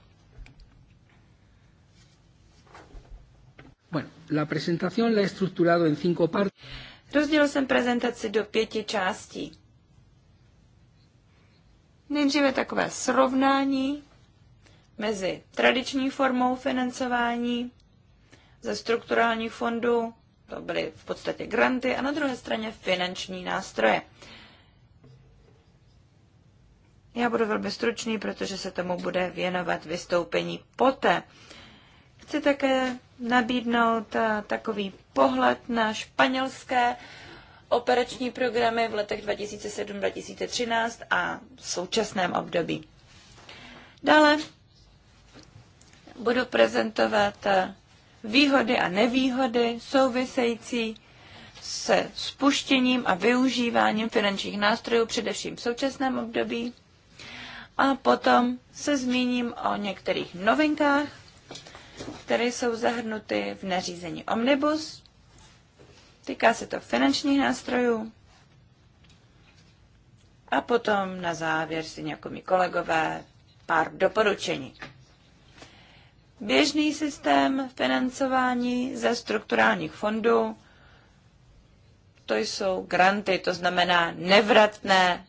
Bueno, la presentación la he estructurado en cinco partes. Rozdělil jsem prezentaci do pěti částí. Nejdříve takové srovnání mezi tradiční formou financování ze strukturálních fondů to byly v podstatě granty a na druhé straně finanční nástroje. Já budu velmi stručný, protože se tomu bude věnovat vystoupení poté. Chci také nabídnout eh, takový pohled na španělské operační programy v letech 2007-2013 a v současném období. Dále budu prezentovat eh, výhody a nevýhody související se spuštěním a využíváním finančních nástrojů především v současném období. A potom se zmíním o některých novinkách, které jsou zahrnuty v nařízení Omnibus. Týká se to finančních nástrojů. A potom na závěr si nějakomi kolegové pár doporučení běžný systém financování ze strukturálních fondů, to jsou granty, to znamená nevratné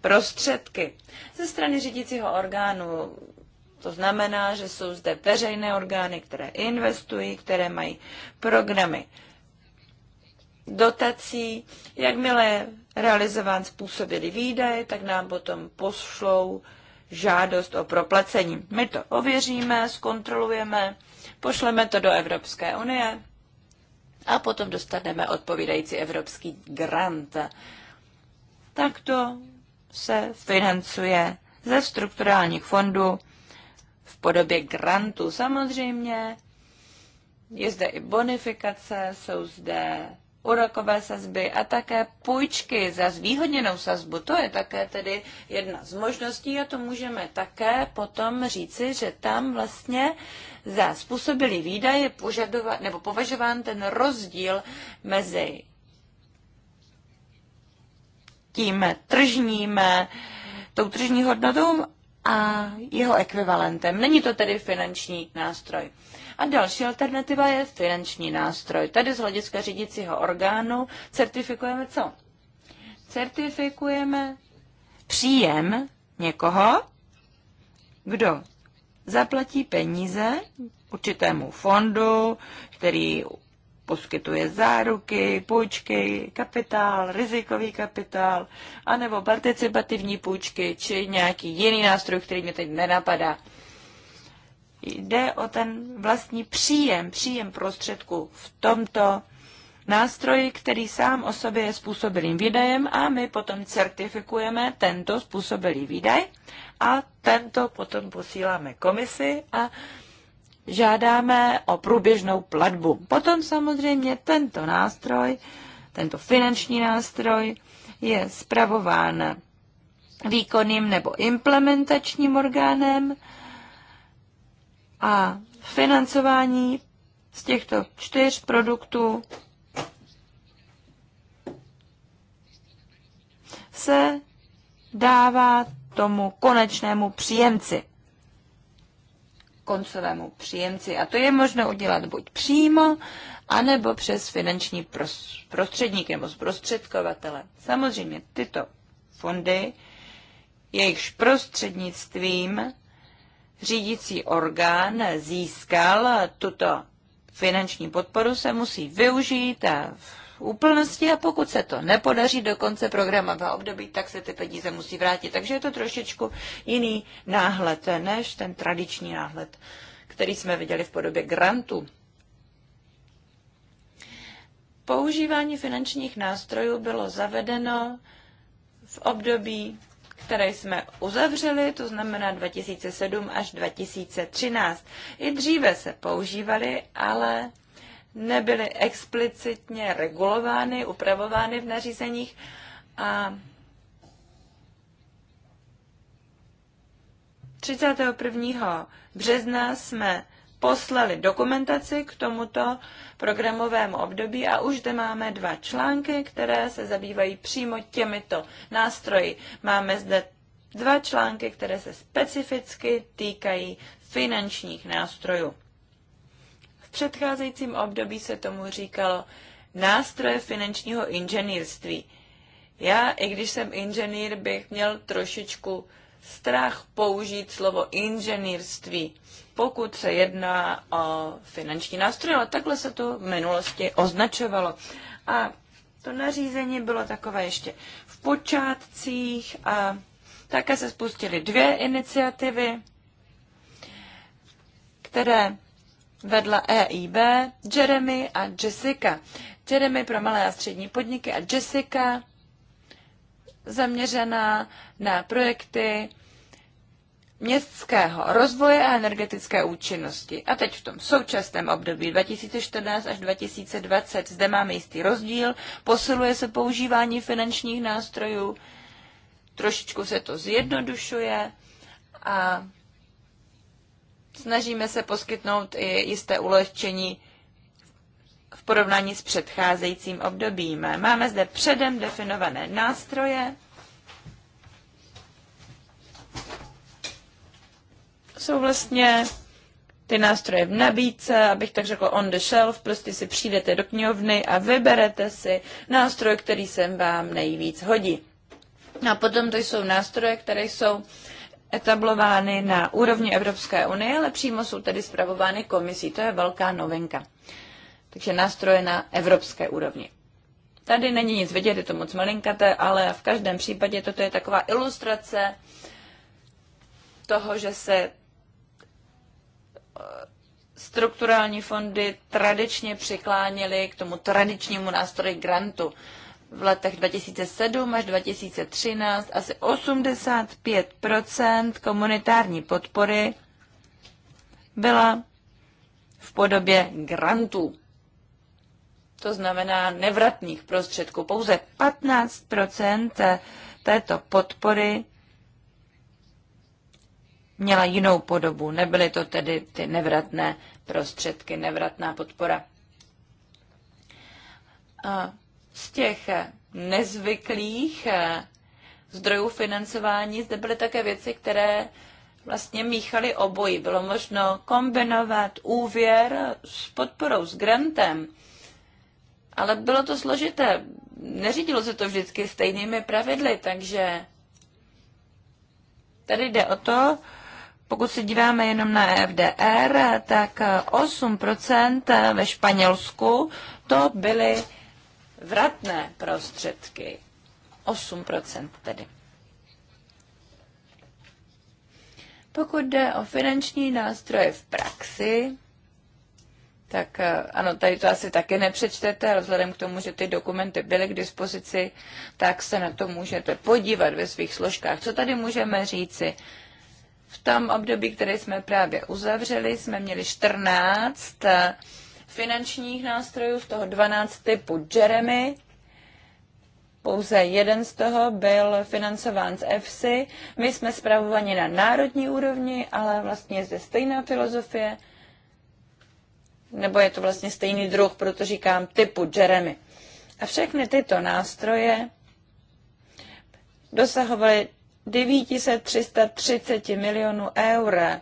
prostředky ze strany řídícího orgánu. To znamená, že jsou zde veřejné orgány, které investují, které mají programy dotací. Jakmile je realizován způsobilý výdaj, tak nám potom pošlou žádost o proplacení. My to ověříme, zkontrolujeme, pošleme to do Evropské unie a potom dostaneme odpovídající evropský grant. Takto se financuje ze strukturálních fondů v podobě grantu. Samozřejmě je zde i bonifikace, jsou zde úrokové sazby a také půjčky za zvýhodněnou sazbu. To je také tedy jedna z možností a to můžeme také potom říci, že tam vlastně za způsobilý výdaj je nebo považován ten rozdíl mezi tím tržním, tou tržní hodnotou a jeho ekvivalentem. Není to tedy finanční nástroj. A další alternativa je finanční nástroj. Tady z hlediska řídícího orgánu certifikujeme co? Certifikujeme příjem někoho, kdo zaplatí peníze určitému fondu, který poskytuje záruky, půjčky, kapitál, rizikový kapitál, anebo participativní půjčky, či nějaký jiný nástroj, který mě teď nenapadá. Jde o ten vlastní příjem, příjem prostředku v tomto nástroji, který sám o sobě je způsobilým výdajem a my potom certifikujeme tento způsobilý výdaj a tento potom posíláme komisi a žádáme o průběžnou platbu. Potom samozřejmě tento nástroj, tento finanční nástroj je spravován výkonným nebo implementačním orgánem a financování z těchto čtyř produktů se dává tomu konečnému příjemci, koncovému příjemci. A to je možno udělat buď přímo, anebo přes finanční prostředník nebo zprostředkovatele. Samozřejmě tyto fondy, jejichž prostřednictvím řídící orgán získal tuto finanční podporu, se musí využít a v úplnosti a pokud se to nepodaří do konce programového období, tak se ty peníze musí vrátit. Takže je to trošičku jiný náhled než ten tradiční náhled, který jsme viděli v podobě grantu. Používání finančních nástrojů bylo zavedeno v období které jsme uzavřeli, to znamená 2007 až 2013. I dříve se používaly, ale nebyly explicitně regulovány, upravovány v nařízeních a 31. března jsme poslali dokumentaci k tomuto programovému období a už zde máme dva články, které se zabývají přímo těmito nástroji. Máme zde dva články, které se specificky týkají finančních nástrojů. V předcházejícím období se tomu říkalo nástroje finančního inženýrství. Já, i když jsem inženýr, bych měl trošičku strach použít slovo inženýrství pokud se jedná o finanční nástroj, ale takhle se to v minulosti označovalo. A to nařízení bylo takové ještě v počátcích a také se spustily dvě iniciativy, které vedla EIB, Jeremy a Jessica. Jeremy pro malé a střední podniky a Jessica zaměřená na projekty městského rozvoje a energetické účinnosti. A teď v tom současném období 2014 až 2020 zde máme jistý rozdíl, posiluje se používání finančních nástrojů, trošičku se to zjednodušuje a snažíme se poskytnout i jisté ulehčení v porovnání s předcházejícím obdobím. Máme zde předem definované nástroje, jsou vlastně ty nástroje v nabídce, abych tak řekl on the shelf, prostě si přijdete do knihovny a vyberete si nástroj, který sem vám nejvíc hodí. A potom to jsou nástroje, které jsou etablovány na úrovni Evropské unie, ale přímo jsou tedy zpravovány komisí. To je velká novinka. Takže nástroje na evropské úrovni. Tady není nic vidět, je to moc malinkaté, ale v každém případě toto je taková ilustrace toho, že se strukturální fondy tradičně přikláněly k tomu tradičnímu nástroji grantu. V letech 2007 až 2013 asi 85 komunitární podpory byla v podobě grantů. To znamená nevratných prostředků. Pouze 15 této podpory měla jinou podobu. Nebyly to tedy ty nevratné prostředky, nevratná podpora. A z těch nezvyklých eh, zdrojů financování zde byly také věci, které vlastně míchaly obojí. Bylo možno kombinovat úvěr s podporou, s grantem, ale bylo to složité. Neřídilo se to vždycky stejnými pravidly, takže tady jde o to, pokud se díváme jenom na FDR, tak 8% ve Španělsku to byly vratné prostředky. 8% tedy. Pokud jde o finanční nástroje v praxi, tak eh, ano, tady to asi taky nepřečtete, ale vzhledem k tomu, že ty dokumenty byly k dispozici, tak se na to můžete podívat ve svých složkách. Co tady můžeme říci? V tom období, které jsme právě uzavřeli, jsme měli 14 eh, finančních nástrojů, z toho 12 typu Jeremy. Pouze jeden z toho byl financován z EFSI. My jsme zpravováni na národní úrovni, ale vlastně je zde stejná filozofie, nebo je to vlastně stejný druh, proto říkám typu Jeremy. A všechny tyto nástroje dosahovaly 930 milionů eur.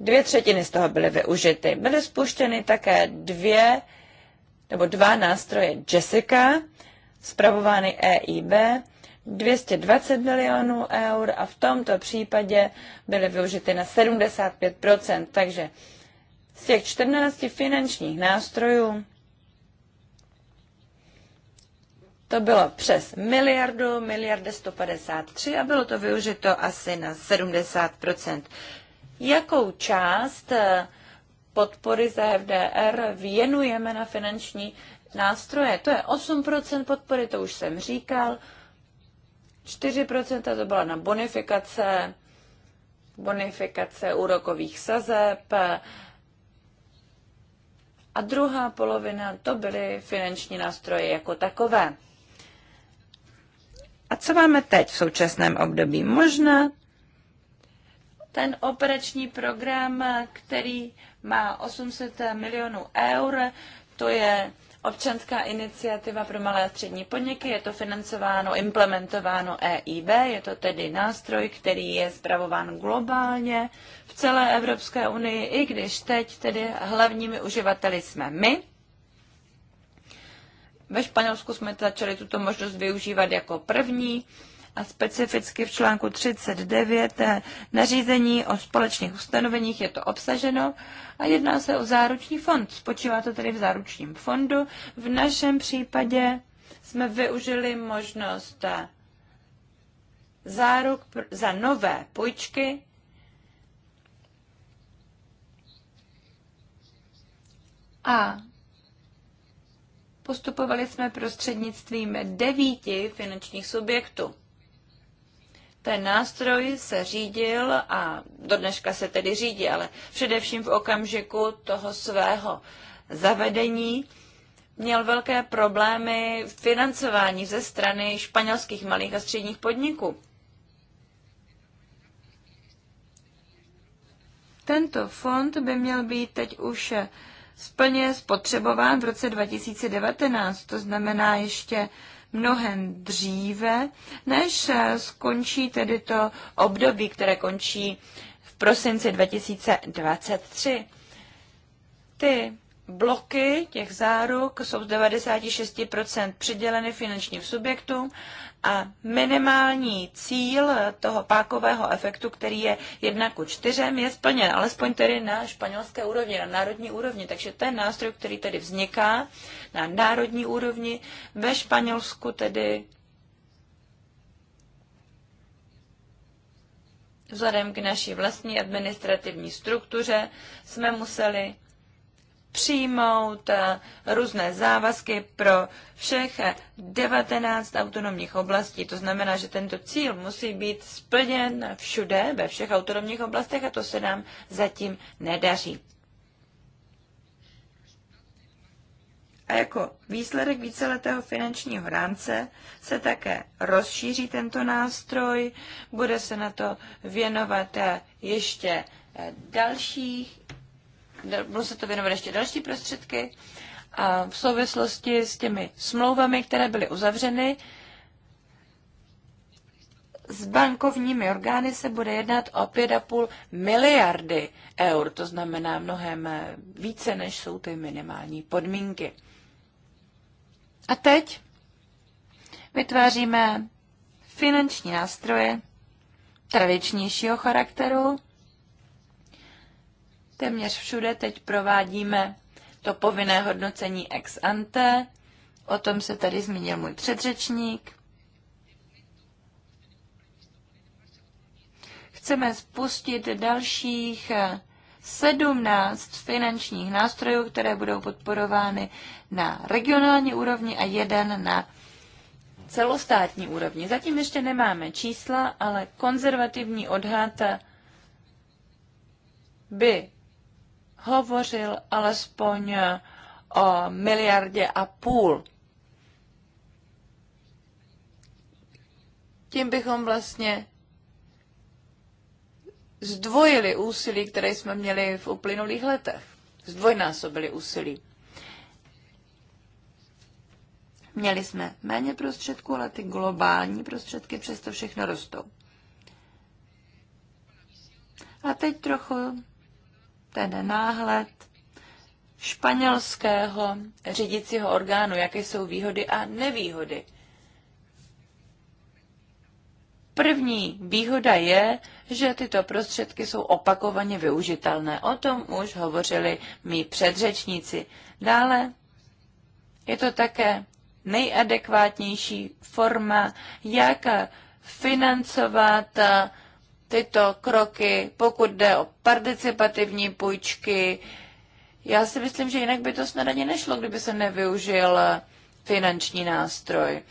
Dvě třetiny z toho byly využity. Byly spuštěny také dvě nebo dva nástroje Jessica, zpravovány EIB, 220 milionů eur a v tomto případě byly využity na 75 takže z těch 14 finančních nástrojů to bylo přes miliardu, miliarde 153 a bylo to využito asi na 70 Jakou část eh, podpory za FDR věnujeme na finanční nástroje? To je 8 podpory, to už jsem říkal. 4 to byla na bonifikace, bonifikace úrokových sazeb, a druhá polovina to byly finanční nástroje jako takové. A co máme teď v současném období? Možná ten operační program, který má 800 milionů eur, to je občanská iniciativa pro malé a střední podniky, je to financováno, implementováno EIB, je to tedy nástroj, který je zpravován globálně v celé Evropské unii, i když teď tedy hlavními uživateli jsme my. Ve Španělsku jsme začali tuto možnost využívat jako první a specificky v článku 39 nařízení o společných ustanoveních je to obsaženo a jedná se o záruční fond. Spočívá to tedy v záručním fondu. V našem případě jsme využili možnost záruk za nové půjčky a Postupovali jsme prostřednictvím devíti finančních subjektů. Ten nástroj se řídil a do dneška se tedy řídí, ale především v okamžiku toho svého zavedení měl velké problémy financování ze strany španělských malých a středních podniků. Tento fond by měl být teď už plně spotřebován v roce 2019, to znamená ještě mnohem dříve, než eh, skončí tedy to období, které končí v prosinci 2023. Ty bloky těch záruk jsou z 96% přiděleny finančním subjektům a minimální cíl toho pákového efektu, který je 1 ku 4, je splněn, alespoň tedy na španělské úrovni, na národní úrovni. Takže ten nástroj, který tedy vzniká na národní úrovni, ve Španělsku tedy vzhledem k naší vlastní administrativní struktuře jsme museli přijmout eh, různé závazky pro všech 19 eh, autonomních oblastí. To znamená, že tento cíl musí být splněn všude, ve všech autonomních oblastech a to se nám zatím nedaří. A jako výsledek víceletého finančního rámce se také rozšíří tento nástroj, bude se na to věnovat eh, ještě dalších budou se to věnovat ještě další prostředky a v souvislosti s těmi smlouvami, které byly uzavřeny, s bankovními orgány se bude jednat o 5,5 miliardy eur, to znamená mnohem eh, více, než jsou ty minimální podmínky. A teď vytváříme finanční nástroje tradičnějšího charakteru, Téměř všude teď provádíme to povinné hodnocení ex ante, o tom se tady zmínil můj předřečník. Chceme spustit dalších 17 finančních nástrojů, které budou podporovány na regionální úrovni a jeden na celostátní úrovni. Zatím ještě nemáme čísla, ale konzervativní odhad by hovořil alespoň eh, o miliardě a půl. Tím bychom vlastně zdvojili úsilí, které jsme měli v uplynulých letech. Zdvojnásobili úsilí. Měli jsme méně prostředků, ale ty globální prostředky přesto všechno rostou. A teď trochu ten náhled španělského řídícího orgánu, jaké jsou výhody a nevýhody. První výhoda je, že tyto prostředky jsou opakovaně využitelné. O tom už hovořili mý předřečníci. Dále je to také nejadekvátnější forma, jak financovat tyto kroky, pokud jde o participativní půjčky. Já si myslím, že jinak by to snad ani nešlo, kdyby se nevyužil finanční nástroj.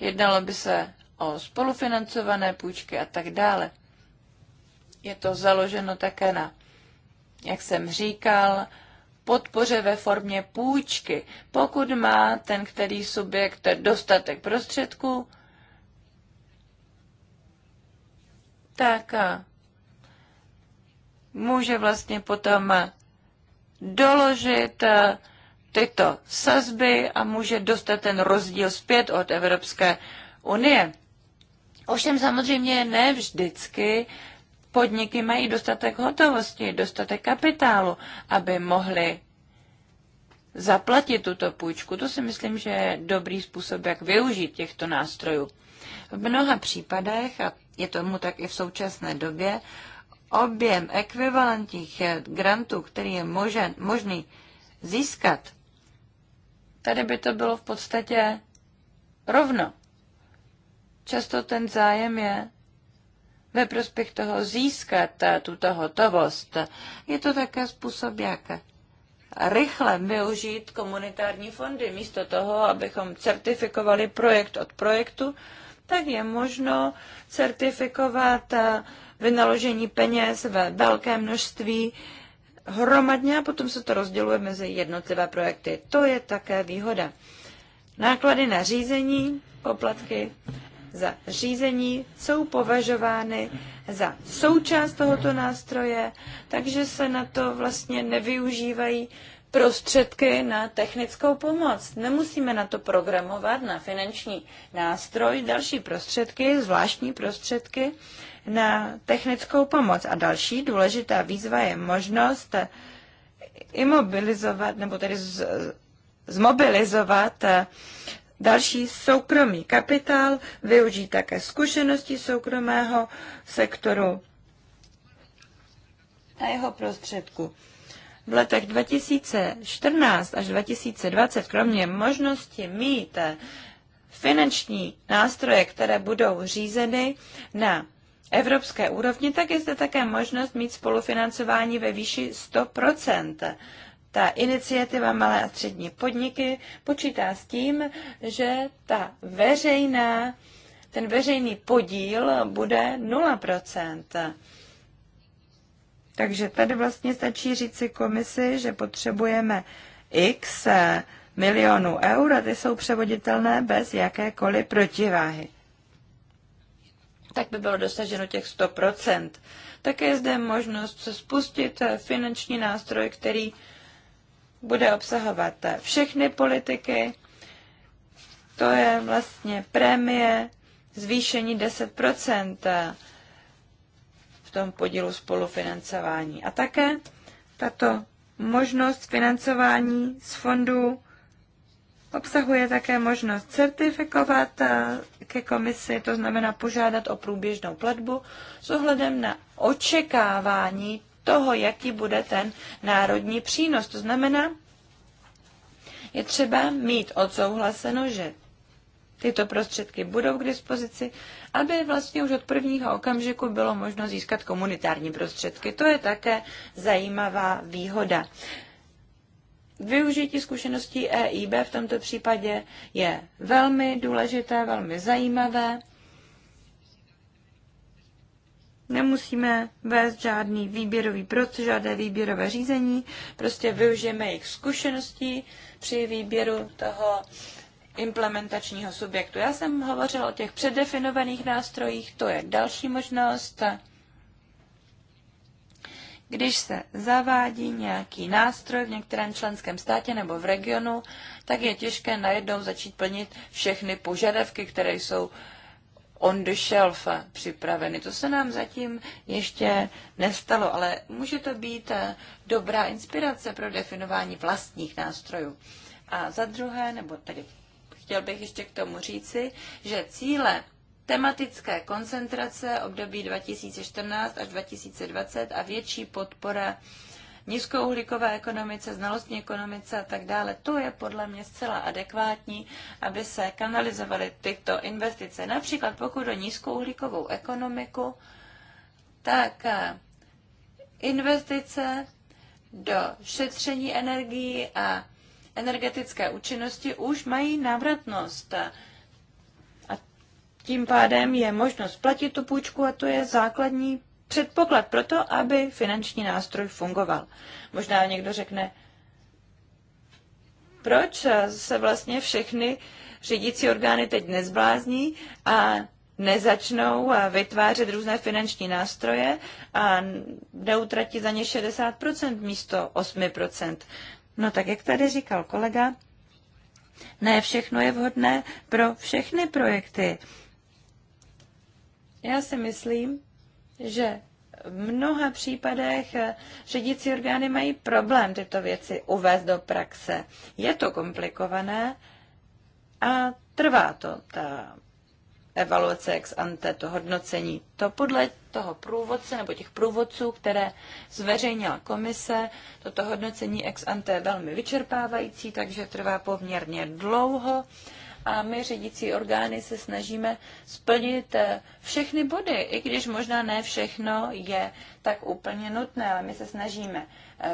Jednalo by se o spolufinancované půjčky a tak dále. Je to založeno také na, jak jsem říkal, podpoře ve formě půjčky, pokud má ten který subjekt dostatek prostředků tak eh, může vlastně potom doložit eh, tyto sazby a může dostat ten rozdíl zpět od Evropské unie. Ovšem samozřejmě ne vždycky podniky mají dostatek hotovosti, dostatek kapitálu, aby mohly zaplatit tuto půjčku. To si myslím, že je dobrý způsob, jak využít těchto nástrojů. V mnoha případech, a je tomu tak i v současné době, objem ekvivalentních grantů, který je možen, možný získat, tady by to bylo v podstatě rovno. Často ten zájem je ve prospěch toho získat tuto hotovost. Je to také způsob, jak rychle využít komunitární fondy, místo toho, abychom certifikovali projekt od projektu, tak je možno certifikovat eh, vynaložení peněz ve velké množství hromadně a potom se to rozděluje mezi jednotlivé projekty. To je také výhoda. Náklady na řízení, poplatky za řízení jsou považovány za součást tohoto nástroje, takže se na to vlastně nevyužívají prostředky na technickou pomoc. Nemusíme na to programovat, na finanční nástroj, další prostředky, zvláštní prostředky na technickou pomoc. A další důležitá výzva je možnost imobilizovat, nebo tedy z, zmobilizovat eh, další soukromý kapitál, využít také zkušenosti soukromého sektoru a jeho prostředku v letech 2014 až 2020, kromě možnosti mít eh, finanční nástroje, které budou řízeny na evropské úrovni, tak je zde také možnost mít spolufinancování ve výši 100 ta iniciativa Malé a střední podniky počítá s tím, že ta veřejná, ten veřejný podíl bude 0%. Takže tady vlastně stačí říci komisi, že potřebujeme x milionů eur a ty jsou převoditelné bez jakékoliv protiváhy. Tak by bylo dosaženo těch 100%. Také je zde možnost spustit finanční nástroj, který bude obsahovat všechny politiky. To je vlastně prémie zvýšení 10% tom podílu spolufinancování. A také tato možnost financování z fondů obsahuje také možnost certifikovat eh, ke komisi, to znamená požádat o průběžnou platbu s ohledem na očekávání toho, jaký bude ten národní přínos. To znamená, je třeba mít odsouhlaseno, že tyto prostředky budou k dispozici, aby vlastně už od prvního okamžiku bylo možno získat komunitární prostředky. To je také zajímavá výhoda. Využití zkušeností EIB v tomto případě je velmi důležité, velmi zajímavé. Nemusíme vést žádný výběrový proces, žádné výběrové řízení, prostě využijeme jejich zkušeností při výběru toho implementačního subjektu. Já jsem hovořil o těch předefinovaných nástrojích, to je další možnost. Když se zavádí nějaký nástroj v některém členském státě nebo v regionu, tak je těžké najednou začít plnit všechny požadavky, které jsou on the shelf připraveny. To se nám zatím ještě nestalo, ale může to být dobrá inspirace pro definování vlastních nástrojů. A za druhé, nebo tedy Chtěl bych ještě k tomu říci, že cíle tematické koncentrace období 2014 až 2020 a větší podpora nízkouhlíkové ekonomice, znalostní ekonomice a tak dále. To je podle mě zcela adekvátní, aby se kanalizovaly tyto investice. Například pokud do nízkouhlíkovou ekonomiku, tak eh, investice do šetření energií a energetické účinnosti už mají návratnost. A tím pádem je možnost platit tu půjčku a to je základní předpoklad pro to, aby finanční nástroj fungoval. Možná někdo řekne, proč se vlastně všechny řídící orgány teď nezblázní a nezačnou vytvářet různé finanční nástroje a neutratí za ně 60% místo No tak, jak tady říkal kolega, ne všechno je vhodné pro všechny projekty. Já si myslím, že v mnoha případech eh, řídící orgány mají problém tyto věci uvést do praxe. Je to komplikované a trvá to. Ta evaluace ex ante, to hodnocení. To podle toho průvodce nebo těch průvodců, které zveřejnila komise, toto hodnocení ex ante je velmi vyčerpávající, takže trvá poměrně dlouho a my řídící orgány se snažíme splnit eh, všechny body, i když možná ne všechno je tak úplně nutné, ale my se snažíme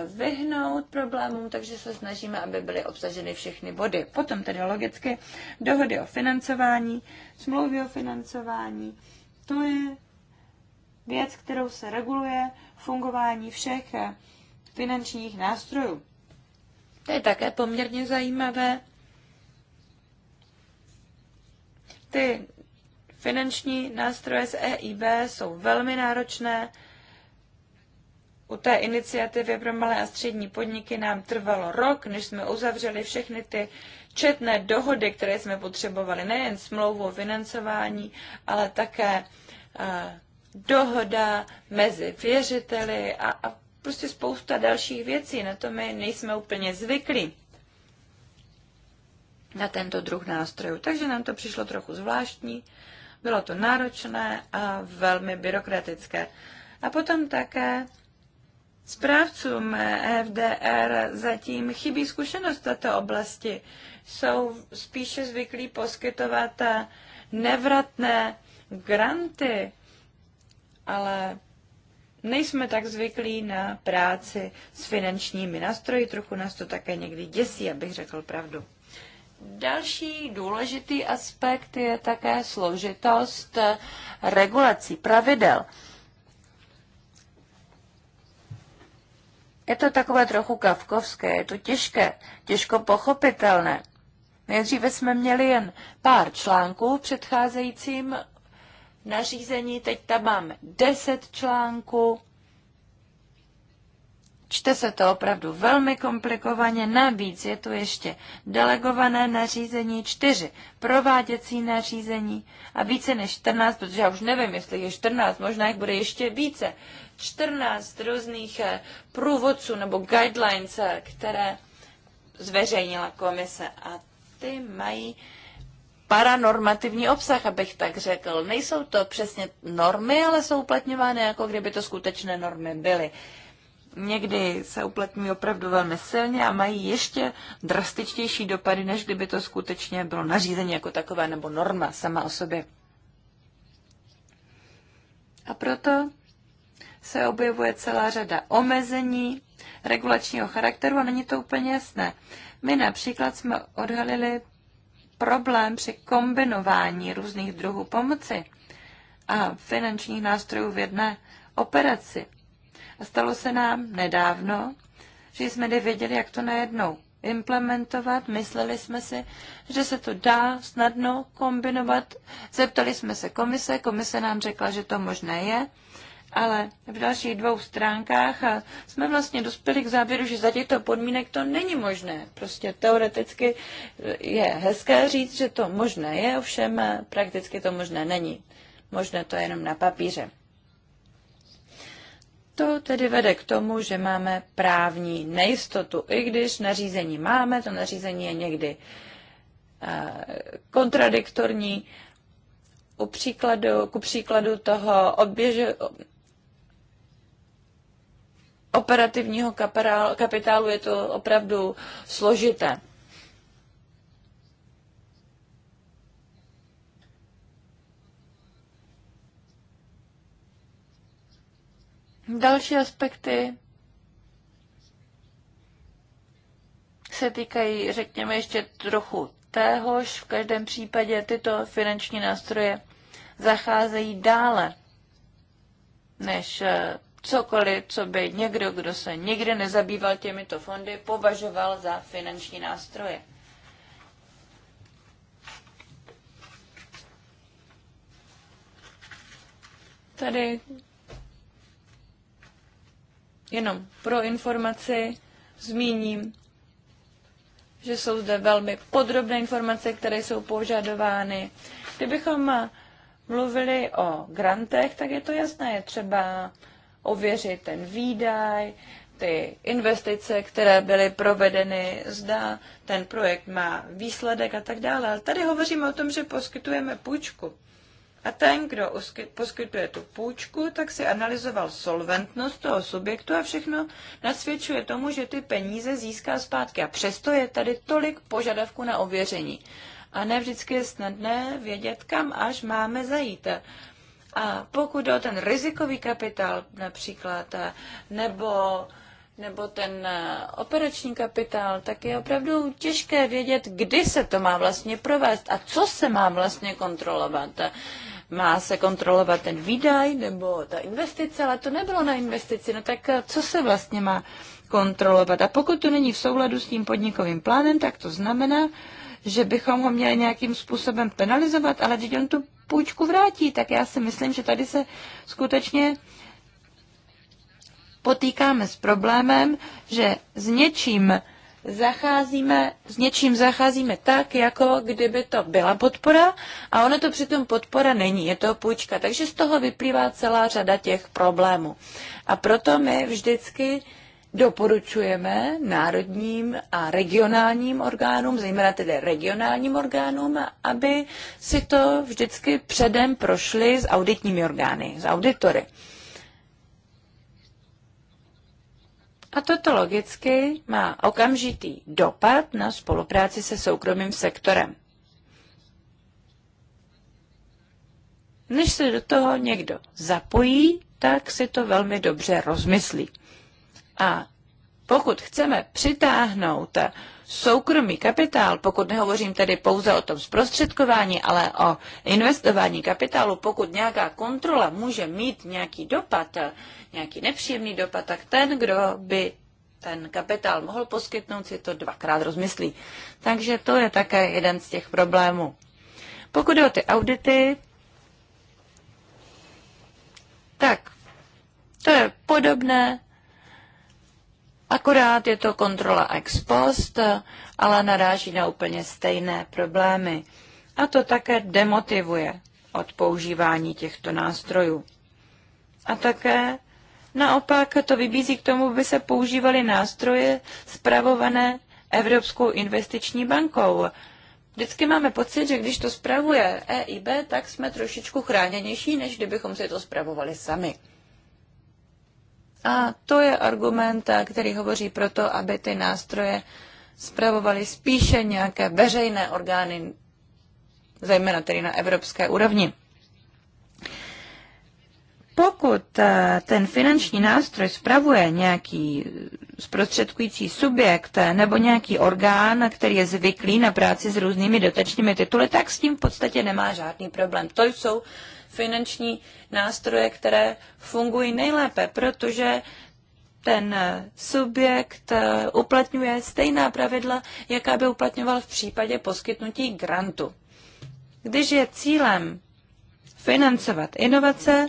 vyhnout problémům, takže se snažíme, aby byly obsaženy všechny body. Potom tedy logicky dohody o financování, smlouvy o financování. To je věc, kterou se reguluje fungování všech finančních nástrojů. To je také poměrně zajímavé. Ty finanční nástroje z EIB jsou velmi náročné u té iniciativy pro malé a střední podniky nám trvalo rok, než jsme uzavřeli všechny ty četné dohody, které jsme potřebovali, nejen smlouvu o financování, ale také eh, dohoda mezi věřiteli a, a prostě spousta dalších věcí. Na to my nejsme úplně zvyklí na tento druh nástrojů. Takže nám to přišlo trochu zvláštní, bylo to náročné a velmi byrokratické. A potom také Správcům FDR zatím chybí zkušenost v této oblasti. Jsou spíše zvyklí poskytovat nevratné granty, ale nejsme tak zvyklí na práci s finančními nástroji. Trochu nás to také někdy děsí, abych řekl pravdu. Další důležitý aspekt je také složitost regulací pravidel. Je to takové trochu kavkovské, je to těžké, těžko pochopitelné. Nejdříve jsme měli jen pár článků v předcházejícím nařízení, teď tam máme deset článků. Čte se to opravdu velmi komplikovaně, navíc je tu ještě delegované nařízení, čtyři prováděcí nařízení a více než 14, protože já už nevím, jestli je 14, možná jich bude ještě více. 14 různých eh, průvodců nebo guidelines, eh, které zveřejnila komise a ty mají paranormativní obsah, abych tak řekl. Nejsou to přesně normy, ale jsou uplatňovány jako kdyby to skutečné normy byly. Někdy se uplatňují opravdu velmi silně a mají ještě drastičtější dopady, než kdyby to skutečně bylo nařízení jako takové nebo norma sama o sobě. A proto se objevuje celá řada omezení regulačního charakteru a není to úplně jasné. My například jsme odhalili problém při kombinování různých druhů pomoci a finančních nástrojů v jedné operaci. A stalo se nám nedávno, že jsme nevěděli, jak to najednou implementovat. Mysleli jsme si, že se to dá snadno kombinovat. Zeptali jsme se komise, komise nám řekla, že to možné je ale v dalších dvou stránkách eh, jsme vlastně dospěli k závěru, že za těchto podmínek to není možné. Prostě teoreticky eh, je hezké říct, že to možné je, ovšem eh, prakticky to možné není. Možné to je jenom na papíře. To tedy vede k tomu, že máme právní nejistotu, i když nařízení máme, to nařízení je někdy kontradiktorní. U příkladu, ku příkladu toho oběž, operativního kapitálu je to opravdu složité. Další aspekty se týkají, řekněme, ještě trochu téhož. V každém případě tyto finanční nástroje zacházejí dále než eh, cokoliv, co by někdo, kdo se nikdy nezabýval těmito fondy, považoval za finanční nástroje. Tady jenom pro informaci zmíním, že jsou zde velmi podrobné informace, které jsou požadovány. Kdybychom mluvili o grantech, tak je to jasné, je třeba ověřit ten výdaj, ty investice, které byly provedeny, zda ten projekt má výsledek a tak dále. Ale tady hovoříme o tom, že poskytujeme půjčku. A ten, kdo poskytuje tu půjčku, tak si analyzoval solventnost toho subjektu a všechno nasvědčuje tomu, že ty peníze získá zpátky. A přesto je tady tolik požadavků na ověření. A ne vždycky je snadné vědět, kam až máme zajít. A pokud o ten rizikový kapitál například, nebo nebo ten eh, operační kapitál, tak je opravdu těžké vědět, kdy se to má vlastně provést a co se má vlastně kontrolovat. Má se kontrolovat ten výdaj nebo ta investice, ale to nebylo na investici, no tak eh, co se vlastně má kontrolovat. A pokud to není v souladu s tím podnikovým plánem, tak to znamená, že bychom ho měli nějakým způsobem penalizovat, ale když on tu půjčku vrátí, tak já si myslím, že tady se skutečně potýkáme s problémem, že s něčím zacházíme, s něčím zacházíme tak, jako kdyby to byla podpora a ono to přitom podpora není, je to půjčka. Takže z toho vyplývá celá řada těch problémů. A proto my vždycky doporučujeme národním a regionálním orgánům, zejména tedy regionálním orgánům, aby si to vždycky předem prošli s auditními orgány, s auditory. A toto logicky má okamžitý dopad na spolupráci se soukromým sektorem. Než se do toho někdo zapojí, tak si to velmi dobře rozmyslí. A pokud chceme přitáhnout soukromý kapitál, pokud nehovořím tedy pouze o tom zprostředkování, ale o investování kapitálu, pokud nějaká kontrola může mít nějaký dopad, nějaký nepříjemný dopad, tak ten, kdo by ten kapitál mohl poskytnout, si to dvakrát rozmyslí. Takže to je také jeden z těch problémů. Pokud jde o ty audity, tak to je podobné Akorát je to kontrola ex post, ale naráží na úplně stejné problémy. A to také demotivuje od používání těchto nástrojů. A také naopak to vybízí k tomu, by se používaly nástroje spravované Evropskou investiční bankou. Vždycky máme pocit, že když to spravuje EIB, tak jsme trošičku chráněnější, než kdybychom si to spravovali sami. A to je argument, který hovoří proto, aby ty nástroje zpravovaly spíše nějaké veřejné orgány, zejména tedy na evropské úrovni pokud eh, ten finanční nástroj spravuje nějaký zprostředkující subjekt eh, nebo nějaký orgán, který je zvyklý na práci s různými dotačními tituly, tak s tím v podstatě nemá žádný problém. To jsou finanční nástroje, které fungují nejlépe, protože ten eh, subjekt uplatňuje stejná pravidla, jaká by uplatňoval v případě poskytnutí grantu. Když je cílem financovat inovace,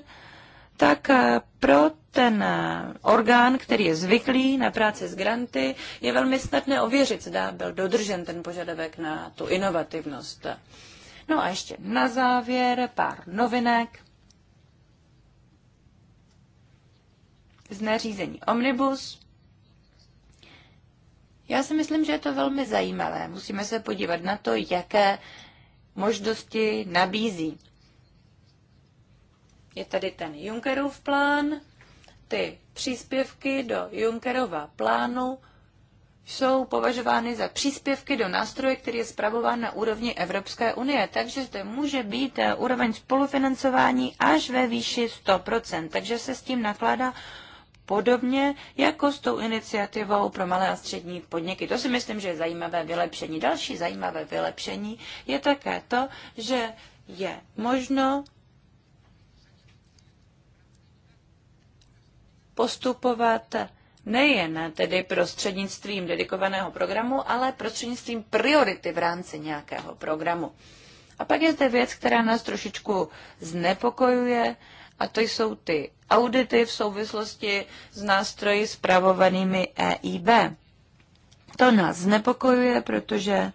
tak eh, pro ten eh, orgán, který je zvyklý na práci s granty, je velmi snadné ověřit, zda byl dodržen ten požadavek na tu inovativnost. No a ještě na závěr pár novinek z nařízení Omnibus. Já si myslím, že je to velmi zajímavé. Musíme se podívat na to, jaké možnosti nabízí je tady ten Junckerův plán, ty příspěvky do Junckerova plánu jsou považovány za příspěvky do nástroje, který je zpravován na úrovni Evropské unie, takže zde může být eh, úroveň spolufinancování až ve výši 100%, takže se s tím nakládá podobně jako s tou iniciativou pro malé a střední podniky. To si myslím, že je zajímavé vylepšení. Další zajímavé vylepšení je také to, že je možno postupovat nejen tedy prostřednictvím dedikovaného programu, ale prostřednictvím priority v rámci nějakého programu. A pak je zde věc, která nás trošičku znepokojuje, a to jsou ty audity v souvislosti s nástroji spravovanými EIB. To nás znepokojuje, protože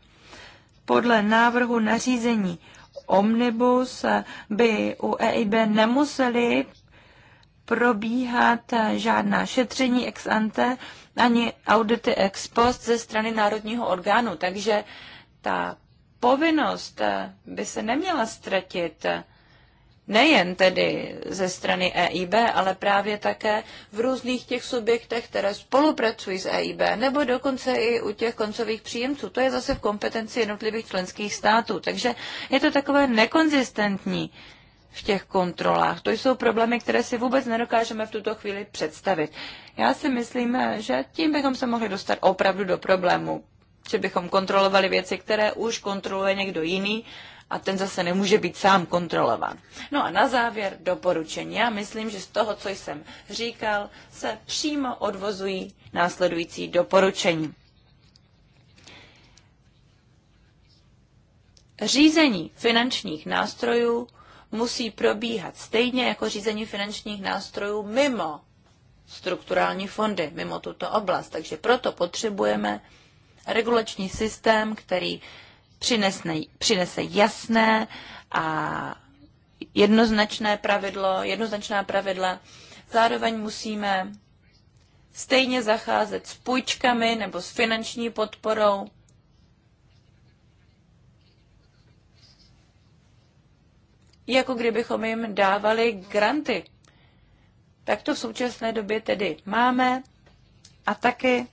podle návrhu nařízení Omnibus by u EIB nemuseli probíhat žádná šetření ex ante ani audity ex post ze strany národního orgánu. Takže ta povinnost by se neměla ztratit nejen tedy ze strany EIB, ale právě také v různých těch subjektech, které spolupracují s EIB, nebo dokonce i u těch koncových příjemců. To je zase v kompetenci jednotlivých členských států. Takže je to takové nekonzistentní v těch kontrolách. To jsou problémy, které si vůbec nedokážeme v tuto chvíli představit. Já si myslím, že tím bychom se mohli dostat opravdu do problému, že bychom kontrolovali věci, které už kontroluje někdo jiný a ten zase nemůže být sám kontrolovan. No a na závěr doporučení. Já myslím, že z toho, co jsem říkal, se přímo odvozují následující doporučení. Řízení finančních nástrojů musí probíhat stejně jako řízení finančních nástrojů mimo strukturální fondy, mimo tuto oblast. Takže proto potřebujeme regulační systém, který přinesne, přinese jasné a jednoznačné pravidlo, jednoznačná pravidla. Zároveň musíme stejně zacházet s půjčkami nebo s finanční podporou jako kdybychom jim dávali granty. Tak to v současné době tedy máme a taky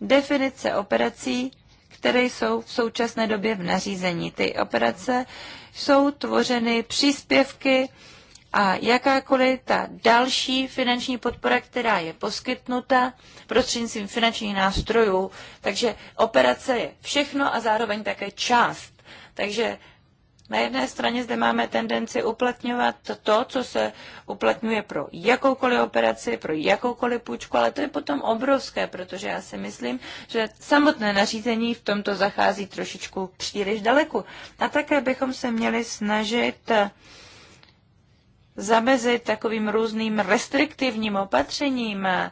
definice operací, které jsou v současné době v nařízení. Ty operace jsou tvořeny příspěvky a jakákoliv ta další finanční podpora, která je poskytnuta prostřednictvím finančních nástrojů. Takže operace je všechno a zároveň také část. Takže na jedné straně zde máme tendenci uplatňovat to, co se uplatňuje pro jakoukoliv operaci, pro jakoukoliv půjčku, ale to je potom obrovské, protože já si myslím, že samotné nařízení v tomto zachází trošičku příliš daleko. A také bychom se měli snažit eh, zamezit takovým různým restriktivním opatřením, eh,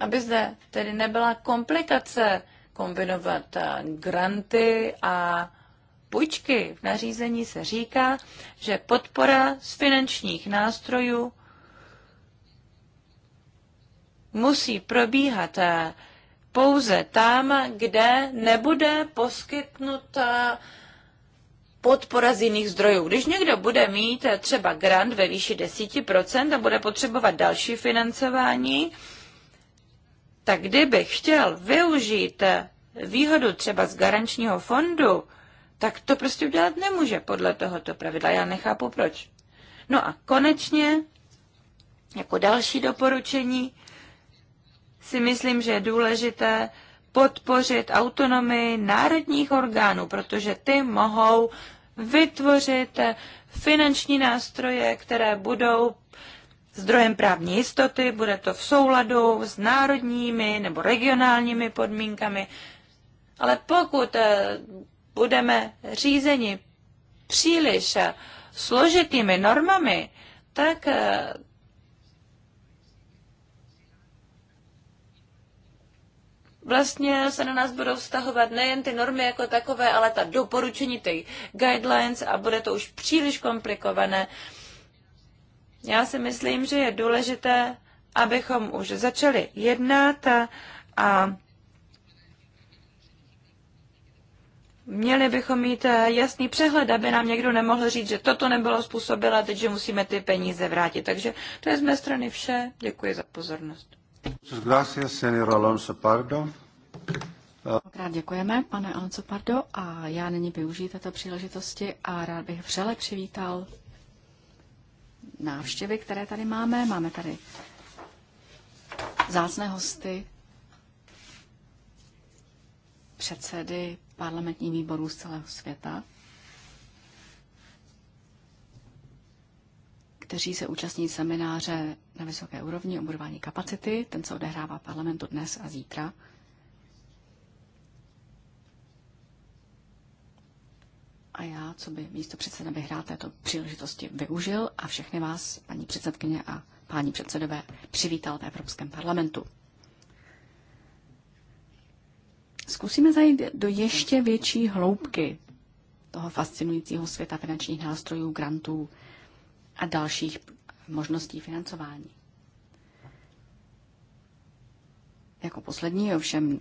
aby zde tedy nebyla komplikace kombinovat eh, granty a půjčky. V nařízení se říká, že podpora z finančních nástrojů musí probíhat eh, pouze tam, kde nebude poskytnuta podpora z jiných zdrojů. Když někdo bude mít eh, třeba grant ve výši 10% a bude potřebovat další financování, tak kdybych chtěl využít eh, výhodu třeba z garančního fondu, tak to prostě udělat nemůže podle tohoto pravidla. Já nechápu proč. No a konečně, jako další doporučení, si myslím, že je důležité podpořit autonomii národních orgánů, protože ty mohou vytvořit eh, finanční nástroje, které budou zdrojem právní jistoty, bude to v souladu s národními nebo regionálními podmínkami. Ale pokud eh, budeme řízeni příliš složitými normami, tak eh, vlastně se na nás budou vztahovat nejen ty normy jako takové, ale ta doporučení, ty guidelines a bude to už příliš komplikované já si myslím, že je důležité, abychom už začali jednat a, a Měli bychom mít e, jasný přehled, aby nám někdo nemohl říct, že toto nebylo způsobilé, teď, že musíme ty peníze vrátit. Takže to je z mé strany vše. Děkuji za pozornost. Mnohokrát děkujeme, pane Alonso Pardo, a já nyní využiju této příležitosti a rád bych vřele přivítal návštěvy, které tady máme. Máme tady zácné hosty, předsedy parlamentní výborů z celého světa, kteří se účastní semináře na vysoké úrovni o budování kapacity. Ten se odehrává parlamentu dnes a zítra. A já, co by místo předseda bych rád této příležitosti využil a všechny vás, paní předsedkyně a páni předsedové, přivítal v Evropském parlamentu. Zkusíme zajít do ještě větší hloubky toho fascinujícího světa finančních nástrojů, grantů a dalších možností financování. Jako poslední, ovšem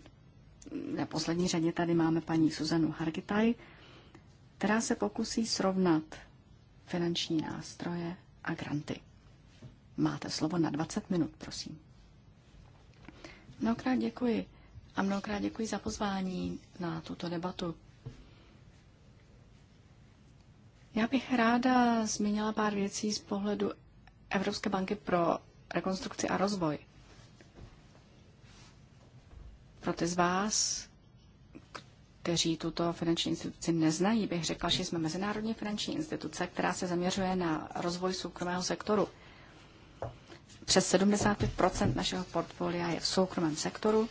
na poslední řadě tady máme paní Suzanu Hargitaj, která se pokusí srovnat finanční nástroje a granty. Máte slovo na 20 minut, prosím. Mnohokrát děkuji a mnohokrát děkuji za pozvání na tuto debatu. Já bych ráda zmínila pár věcí z pohledu Evropské banky pro rekonstrukci a rozvoj. Pro ty z vás, kteří tuto finanční instituci neznají, bych řekla, že jsme mezinárodní finanční instituce, která se zaměřuje na rozvoj soukromého sektoru. Přes 75 našeho portfolia je v soukromém sektoru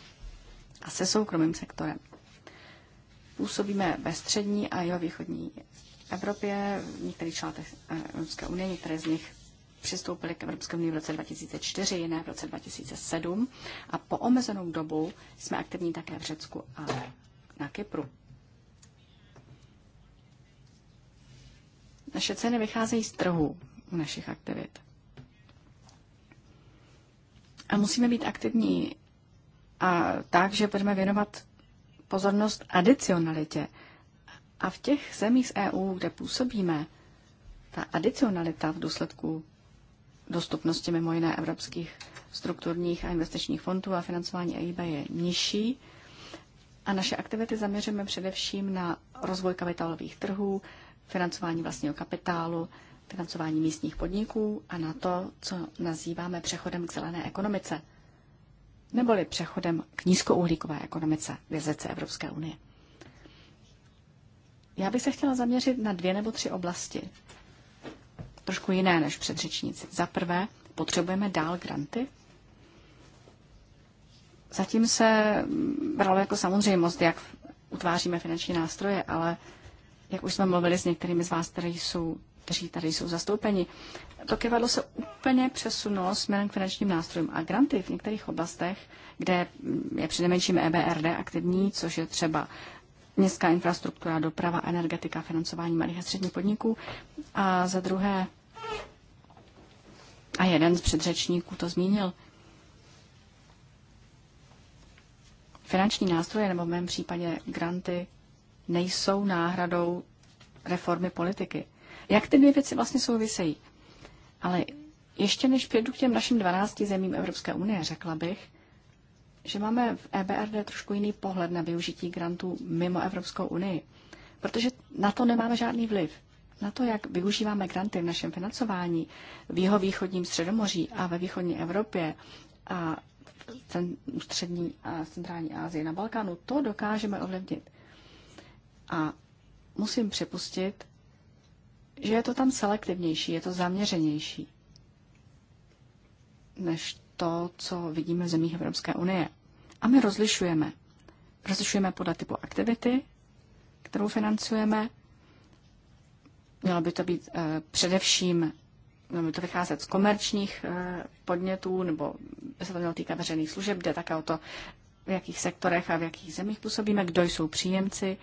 a se soukromým sektorem. Působíme ve střední a východní Evropě, v některých člántech eh, Evropské unie, některé z nich přistoupili k Evropské unii v roce 2004, jiné v roce 2007 a po omezenou dobu jsme aktivní také v Řecku a na Kypru. Naše ceny vycházejí z trhu u našich aktivit. A musíme být aktivní a tak, že budeme věnovat pozornost adicionalitě. A v těch zemích z EU, kde působíme, ta adicionalita v důsledku dostupnosti mimo jiné evropských strukturních a investičních fondů a financování EIB je nižší a naše aktivity zaměříme především na rozvoj kapitálových trhů, financování vlastního kapitálu, financování místních podniků a na to, co nazýváme přechodem k zelené ekonomice, neboli přechodem k nízkouhlíkové ekonomice v jazyce Evropské unie. Já bych se chtěla zaměřit na dvě nebo tři oblasti, trošku jiné než předřečníci. Za prvé, potřebujeme dál granty, Zatím se bralo jako samozřejmost, jak utváříme finanční nástroje, ale jak už jsme mluvili s některými z vás, kteří jsou, kteří tady jsou zastoupeni, to kivadlo se úplně přesunulo směrem k finančním nástrojům a granty v některých oblastech, kde je přinejmenším EBRD aktivní, což je třeba městská infrastruktura, doprava, energetika, financování malých a středních podniků. A za druhé, a jeden z předřečníků to zmínil, Finanční nástroje, nebo v mém případě granty, nejsou náhradou reformy politiky. Jak ty dvě věci vlastně souvisejí? Ale ještě než přijdu k těm našim 12 zemím Evropské unie, řekla bych, že máme v EBRD trošku jiný pohled na využití grantů mimo Evropskou unii, protože na to nemáme žádný vliv. Na to, jak využíváme granty v našem financování v jeho východním středomoří a ve východní Evropě a střední a centrální Asie na Balkánu, to dokážeme ovlivnit. A musím připustit, že je to tam selektivnější, je to zaměřenější než to, co vidíme v zemích Evropské unie. A my rozlišujeme. Rozlišujeme podle typu aktivity, kterou financujeme. Mělo by to být e, především mělo to vycházet z komerčních eh, podnětů, nebo by se to mělo týkat veřejných služeb, jde také o to, v jakých sektorech a v jakých zemích působíme, kdo jsou příjemci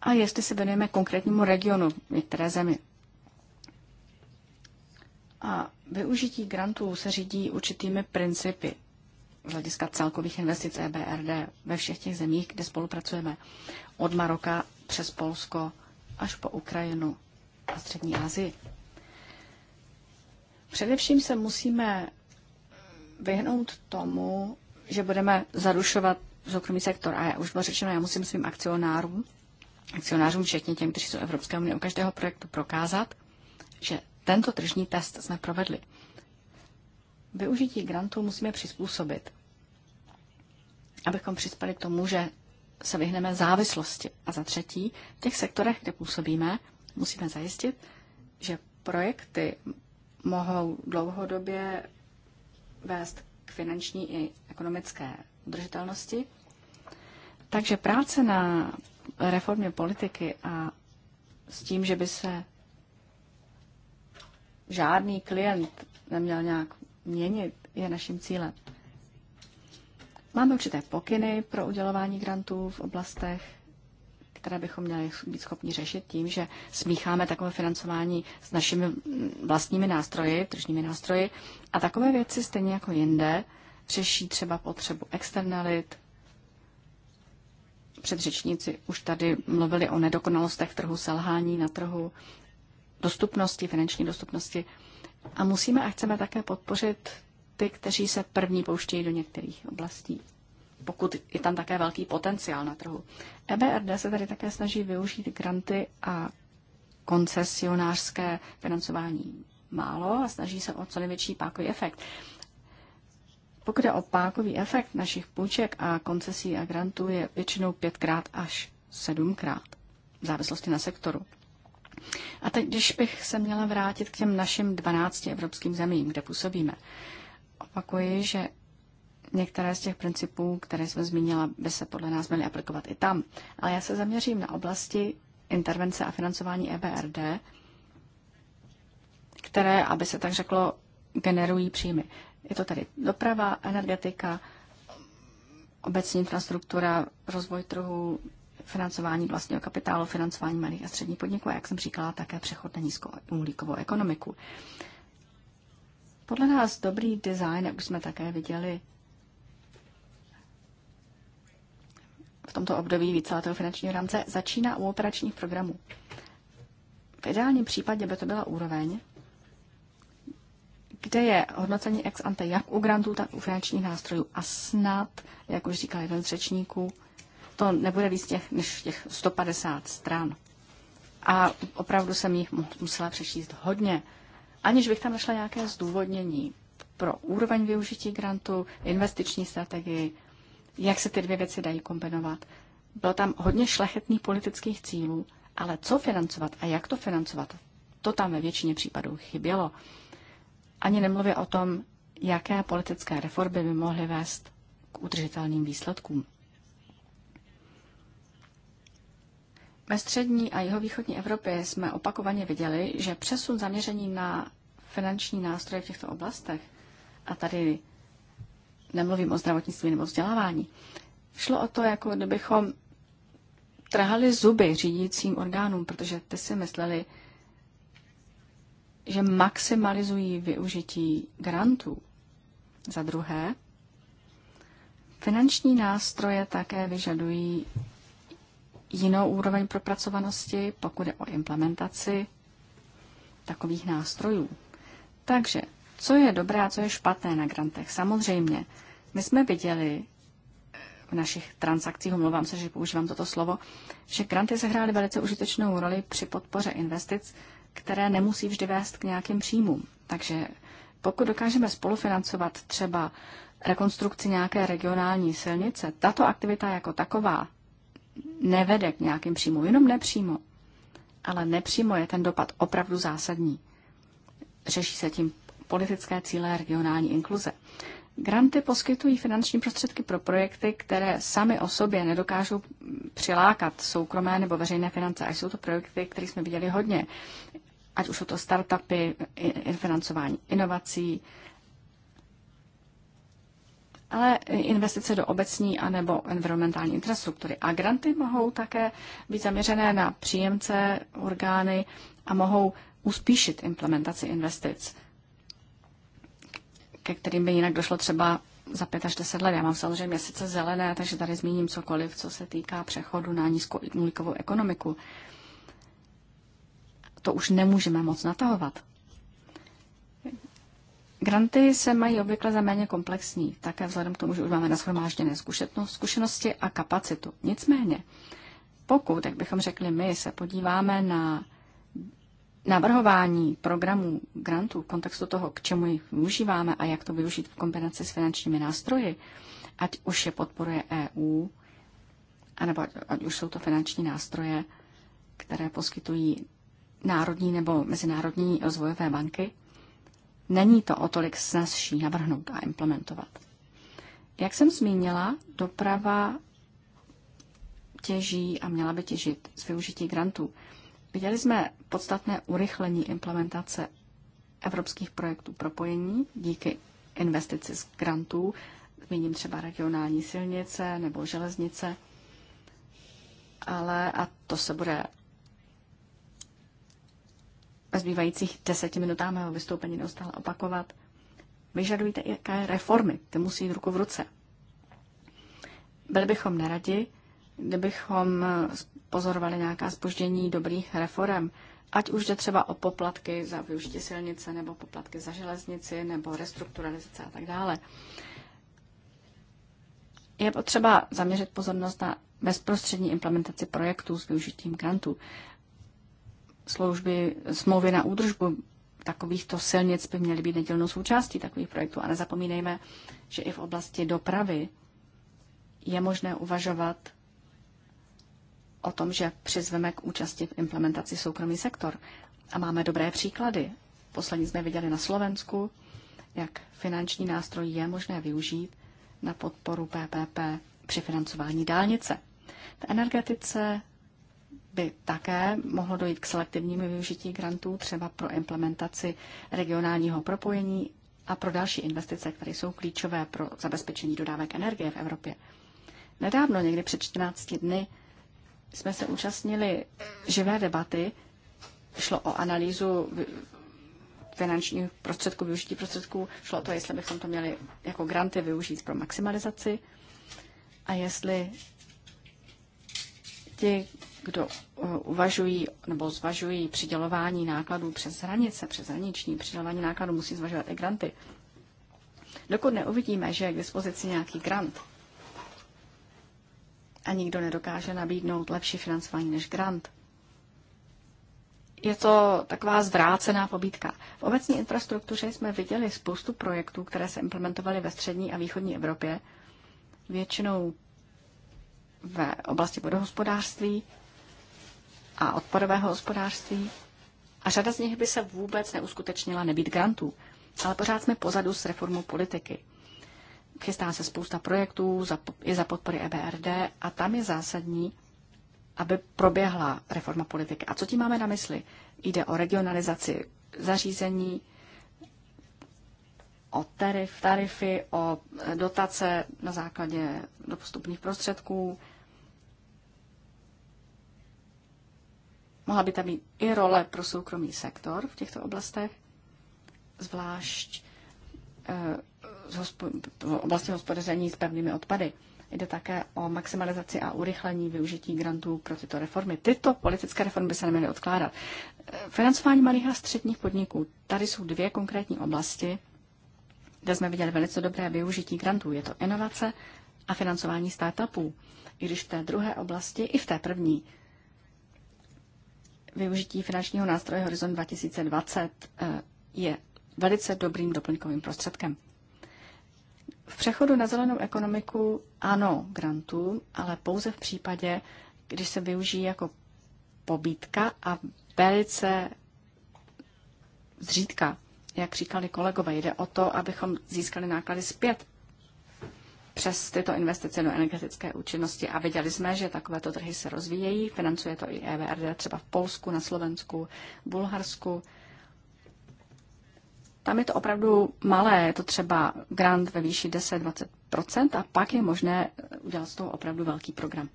a jestli se věnujeme konkrétnímu regionu v některé zemi. A využití grantů se řídí určitými principy z hlediska celkových investic EBRD ve všech těch zemích, kde spolupracujeme. Od Maroka přes Polsko až po Ukrajinu a Střední Asii. Především se musíme vyhnout tomu, že budeme zarušovat soukromý sektor. A já už bylo řečeno, já musím svým akcionářům, akcionářům, včetně těm, kteří jsou Evropské unie, u každého projektu prokázat, že tento tržní test jsme provedli. Využití grantů musíme přizpůsobit, abychom přispěli k tomu, že se vyhneme závislosti. A za třetí, v těch sektorech, kde působíme, musíme zajistit, že projekty mohou dlouhodobě vést k finanční i ekonomické udržitelnosti. Takže práce na reformě politiky a s tím, že by se žádný klient neměl nějak měnit, je naším cílem. Máme určité pokyny pro udělování grantů v oblastech, které bychom měli být schopni řešit tím, že smícháme takové financování s našimi vlastními nástroji, tržními nástroji. A takové věci, stejně jako jinde, řeší třeba potřebu externalit. Předřečníci už tady mluvili o nedokonalostech trhu, selhání na trhu, dostupnosti, finanční dostupnosti. A musíme a chceme také podpořit ty, kteří se první pouštějí do některých oblastí pokud je tam také velký potenciál na trhu. EBRD se tady také snaží využít granty a koncesionářské financování málo a snaží se o co největší pákový efekt. Pokud je o pákový efekt našich půjček a koncesí a grantů je většinou pětkrát až sedmkrát, v závislosti na sektoru. A teď, když bych se měla vrátit k těm našim 12 evropským zemím, kde působíme, opakuji, že Některé z těch principů, které jsme zmínila, by se podle nás měly aplikovat i tam. Ale já se zaměřím na oblasti intervence a financování EBRD, které, aby se tak řeklo, generují příjmy. Je to tady doprava, energetika, obecní infrastruktura, rozvoj trhu, financování vlastního kapitálu, financování malých a středních podniků a, jak jsem říkala, také přechod na nízkouhlíkovou ekonomiku. Podle nás dobrý design, jak už jsme také viděli v tomto období víceletého finančního rámce začíná u operačních programů. V ideálním případě by to byla úroveň, kde je hodnocení ex ante jak u grantů, tak u finančních nástrojů. A snad, jak už říkal jeden z řečníků, to nebude víc těch, než těch 150 stran. A opravdu jsem jich musela přečíst hodně, aniž bych tam našla nějaké zdůvodnění pro úroveň využití grantu, investiční strategii jak se ty dvě věci dají kombinovat. Bylo tam hodně šlechetných politických cílů, ale co financovat a jak to financovat, to tam ve většině případů chybělo. Ani nemluvě o tom, jaké politické reformy by mohly vést k udržitelným výsledkům. Ve střední a jihovýchodní Evropě jsme opakovaně viděli, že přesun zaměření na finanční nástroje v těchto oblastech, a tady Nemluvím o zdravotnictví nebo vzdělávání. Šlo o to, jako kdybychom trhali zuby řídícím orgánům, protože ty si mysleli, že maximalizují využití grantů. Za druhé, finanční nástroje také vyžadují jinou úroveň propracovanosti, pokud je o implementaci takových nástrojů. Takže co je dobré a co je špatné na grantech? Samozřejmě, my jsme viděli eh, v našich transakcích, omlouvám se, že používám toto slovo, že granty sehrály velice užitečnou roli při podpoře investic, které nemusí vždy vést k nějakým příjmům. Takže pokud dokážeme spolufinancovat třeba rekonstrukci nějaké regionální silnice, tato aktivita jako taková nevede k nějakým příjmům, jenom nepřímo. Ale nepřímo je ten dopad opravdu zásadní. Řeší se tím politické cíle regionální inkluze. Granty poskytují finanční prostředky pro projekty, které sami o sobě nedokážou přilákat soukromé nebo veřejné finance. A jsou to projekty, které jsme viděli hodně. Ať už jsou to startupy, financování inovací, ale investice do obecní a nebo environmentální infrastruktury. A granty mohou také být zaměřené na příjemce, orgány a mohou uspíšit implementaci investic ke kterým by jinak došlo třeba za 5 až 10 let. Já mám samozřejmě měsíce zelené, takže tady zmíním cokoliv, co se týká přechodu na nízkouhlíkovou ekonomiku. To už nemůžeme moc natahovat. Granty se mají obvykle za méně komplexní, také vzhledem k tomu, že už máme nashromážděné zkušenosti a kapacitu. Nicméně, pokud, jak bychom řekli my, se podíváme na navrhování programů grantů v kontextu toho, k čemu jich využíváme a jak to využít v kombinaci s finančními nástroji, ať už je podporuje EU, anebo ať, ať už jsou to finanční nástroje, které poskytují národní nebo mezinárodní rozvojové banky, není to o tolik snazší navrhnout a implementovat. Jak jsem zmínila, doprava těží a měla by těžit z využití grantů. Viděli jsme podstatné urychlení implementace evropských projektů propojení díky investici z grantů, zmíním třeba regionální silnice nebo železnice, ale a to se bude ve zbývajících deseti minutách mého vystoupení neustále opakovat, vyžadujte jaké reformy, ty musí jít ruku v ruce. Byli bychom neradi, kdybychom pozorovali nějaká spoždění dobrých reform, ať už jde třeba o poplatky za využití silnice, nebo poplatky za železnici, nebo restrukturalizace a tak dále. Je potřeba zaměřit pozornost na bezprostřední implementaci projektů s využitím grantů. Služby, smlouvy na údržbu takovýchto silnic by měly být nedělnou součástí takových projektů. A nezapomínejme, že i v oblasti dopravy je možné uvažovat o tom, že přizveme k účasti v implementaci soukromý sektor. A máme dobré příklady. Poslední jsme viděli na Slovensku, jak finanční nástroj je možné využít na podporu PPP při financování dálnice. V energetice by také mohlo dojít k selektivnímu využití grantů, třeba pro implementaci regionálního propojení a pro další investice, které jsou klíčové pro zabezpečení dodávek energie v Evropě. Nedávno, někdy před 14 dny, jsme se účastnili živé debaty. Šlo o analýzu finančních prostředků, využití prostředků. Šlo o to, jestli bychom to měli jako granty využít pro maximalizaci a jestli ti, kdo uh, uvažují nebo zvažují přidělování nákladů přes hranice, přes hraniční přidělování nákladů, musí zvažovat i granty. Dokud neuvidíme, že je k dispozici nějaký grant, a nikdo nedokáže nabídnout lepší financování než grant. Je to taková zvrácená pobídka. V obecní infrastruktuře jsme viděli spoustu projektů, které se implementovaly ve střední a východní Evropě, většinou ve oblasti vodohospodářství a odpadového hospodářství. A řada z nich by se vůbec neuskutečnila nebýt grantů. Ale pořád jsme pozadu s reformou politiky. Chystá se spousta projektů za, i za podpory EBRD a tam je zásadní, aby proběhla reforma politiky. A co tím máme na mysli? Jde o regionalizaci zařízení, o tarif, tarify, o dotace na základě dopostupných prostředků. Mohla by tam být i role pro soukromý sektor v těchto oblastech, zvlášť eh, v oblasti hospodaření s pevnými odpady. Jde také o maximalizaci a urychlení využití grantů pro tyto reformy. Tyto politické reformy by se neměly odkládat. Financování malých a středních podniků. Tady jsou dvě konkrétní oblasti, kde jsme viděli velice dobré využití grantů. Je to inovace a financování startupů. I když v té druhé oblasti, i v té první, využití finančního nástroje Horizon 2020 eh, je velice dobrým doplňkovým prostředkem. V přechodu na zelenou ekonomiku ano, grantů, ale pouze v případě, když se využijí jako pobítka a velice zřídka, jak říkali kolegové. Jde o to, abychom získali náklady zpět přes tyto investice do energetické účinnosti a viděli jsme, že takovéto trhy se rozvíjejí. Financuje to i EVRD třeba v Polsku, na Slovensku, Bulharsku tam je to opravdu malé, je to třeba grant ve výši 10-20% a pak je možné udělat z toho opravdu velký program.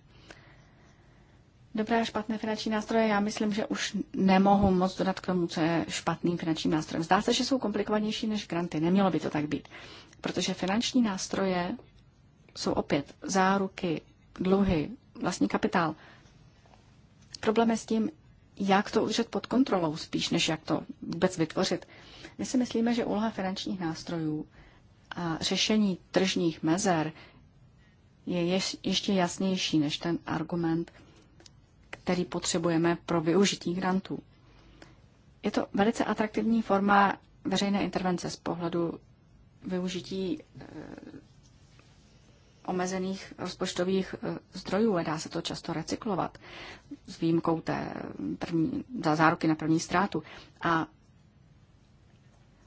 Dobré a špatné finanční nástroje, já myslím, že už nemohu moc dodat k tomu, co je špatným finančním nástrojem. Zdá se, že jsou komplikovanější než granty. Nemělo by to tak být, protože finanční nástroje jsou opět záruky, dluhy, vlastní kapitál. Problém je s tím, jak to udržet pod kontrolou, spíš než jak to vůbec vytvořit. My si myslíme, že úloha finančních nástrojů a řešení tržních mezer je ještě jasnější než ten argument, který potřebujeme pro využití grantů. Je to velice atraktivní forma veřejné intervence z pohledu využití eh, omezených rozpočtových eh, zdrojů a dá se to často recyklovat s výjimkou té první, za záruky na první ztrátu. A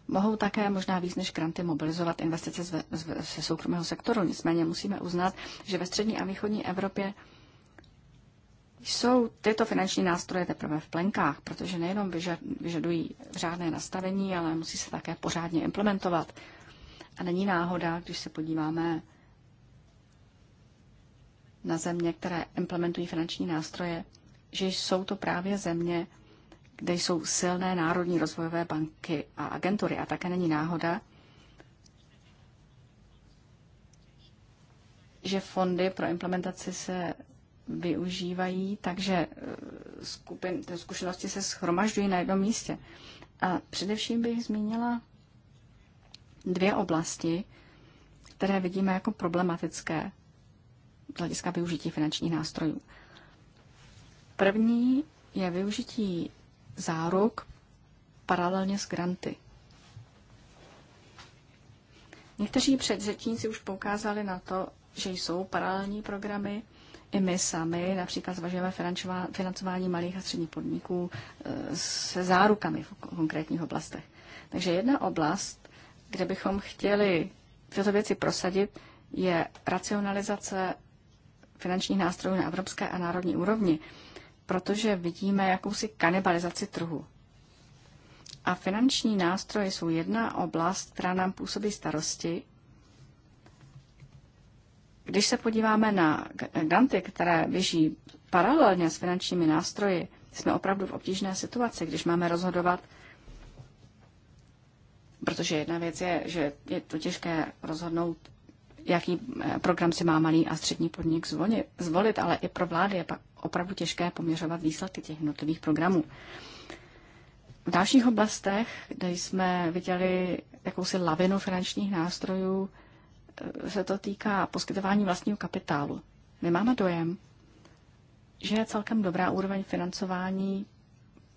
mohou také možná víc než granty mobilizovat investice z, z, ze soukromého sektoru. Nicméně musíme uznat, že ve střední a východní Evropě jsou tyto finanční nástroje teprve v plenkách, protože nejenom vyžadují řádné nastavení, ale musí se také pořádně implementovat. A není náhoda, když se podíváme na země, které implementují finanční nástroje, že jsou to právě země, kde jsou silné národní rozvojové banky a agentury. A také není náhoda, že fondy pro implementaci se využívají, takže eh, skupin, zkušenosti se schromažďují na jednom místě. A především bych zmínila dvě oblasti, které vidíme jako problematické z hlediska využití finančních nástrojů. První je využití záruk paralelně s granty. Někteří předřečníci už poukázali na to, že jsou paralelní programy. I my sami například zvažujeme financování malých a středních podniků eh, se zárukami v konkrétních oblastech. Takže jedna oblast, kde bychom chtěli tyto věci prosadit, je racionalizace finančních nástrojů na evropské a národní úrovni protože vidíme jakousi kanibalizaci trhu. A finanční nástroje jsou jedna oblast, která nám působí starosti. Když se podíváme na granty, které běží paralelně s finančními nástroji, jsme opravdu v obtížné situaci, když máme rozhodovat, protože jedna věc je, že je to těžké rozhodnout, jaký eh, program si má malý a střední podnik zvolit, ale i pro vlády je pak opravdu těžké poměřovat výsledky těch jednotlivých programů. V dalších oblastech, kde jsme viděli jakousi lavinu finančních nástrojů, eh, se to týká poskytování vlastního kapitálu. My máme dojem, že je celkem dobrá úroveň financování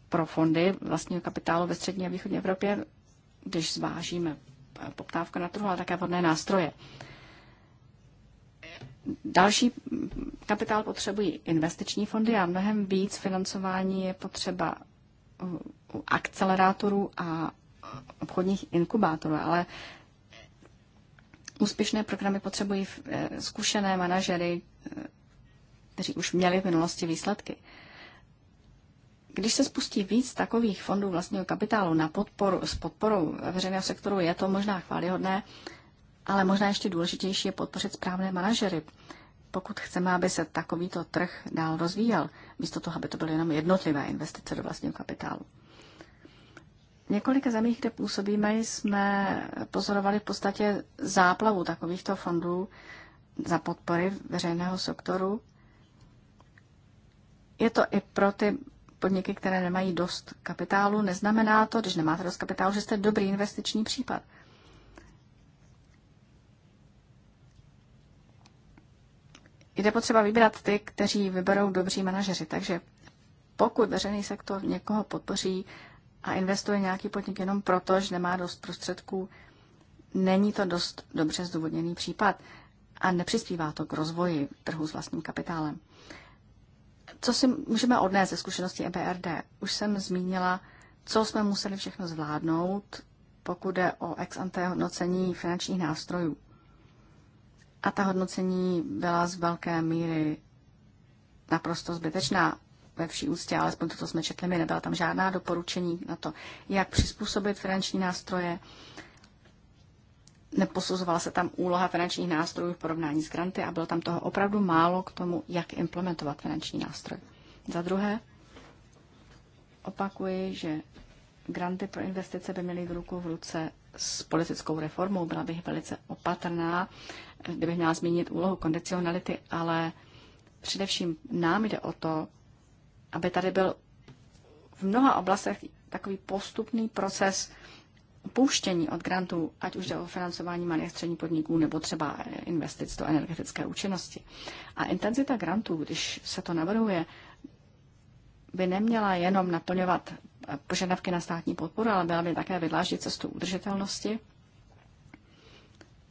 pro fondy vlastního kapitálu ve střední a východní Evropě, když zvážíme poptávku na trhu, ale také vodné nástroje. Další kapitál potřebují investiční fondy a mnohem víc financování je potřeba u akcelerátorů a obchodních inkubátorů, ale úspěšné programy potřebují eh, zkušené manažery, eh, kteří už měli v minulosti výsledky. Když se spustí víc takových fondů vlastního kapitálu na podporu, s podporou veřejného sektoru, je to možná chválihodné, ale možná ještě důležitější je podpořit správné manažery, pokud chceme, aby se takovýto trh dál rozvíjel, místo toho, aby to byly jenom jednotlivé investice do vlastního kapitálu. V několika zemích, kde působíme, jsme pozorovali v podstatě záplavu takovýchto fondů za podpory veřejného sektoru. Je to i pro ty podniky, které nemají dost kapitálu. Neznamená to, když nemáte dost kapitálu, že jste dobrý investiční případ. Jde potřeba vybrat ty, kteří vyberou dobří manažeři. Takže pokud veřejný sektor někoho podpoří a investuje nějaký podnik jenom proto, že nemá dost prostředků, není to dost dobře zdůvodněný případ a nepřispívá to k rozvoji trhu s vlastním kapitálem. Co si můžeme odnést ze zkušenosti EBRD? Už jsem zmínila, co jsme museli všechno zvládnout, pokud jde o ex ante hodnocení finančních nástrojů. A ta hodnocení byla z velké míry naprosto zbytečná ve vší ústě, alespoň to, co jsme četli, mi nebyla tam žádná doporučení na to, jak přizpůsobit finanční nástroje. Neposuzovala se tam úloha finančních nástrojů v porovnání s granty a bylo tam toho opravdu málo k tomu, jak implementovat finanční nástroj. Za druhé, opakuji, že granty pro investice by měly v ruku v ruce s politickou reformou. Byla bych velice opatrná kdybych měla zmínit úlohu kondicionality, ale především nám jde o to, aby tady byl v mnoha oblastech takový postupný proces upouštění od grantů, ať už jde o financování malých středních podniků nebo třeba investic do energetické účinnosti. A intenzita grantů, když se to navrhuje, by neměla jenom naplňovat požadavky na státní podporu, ale byla by také vydláždit cestu udržitelnosti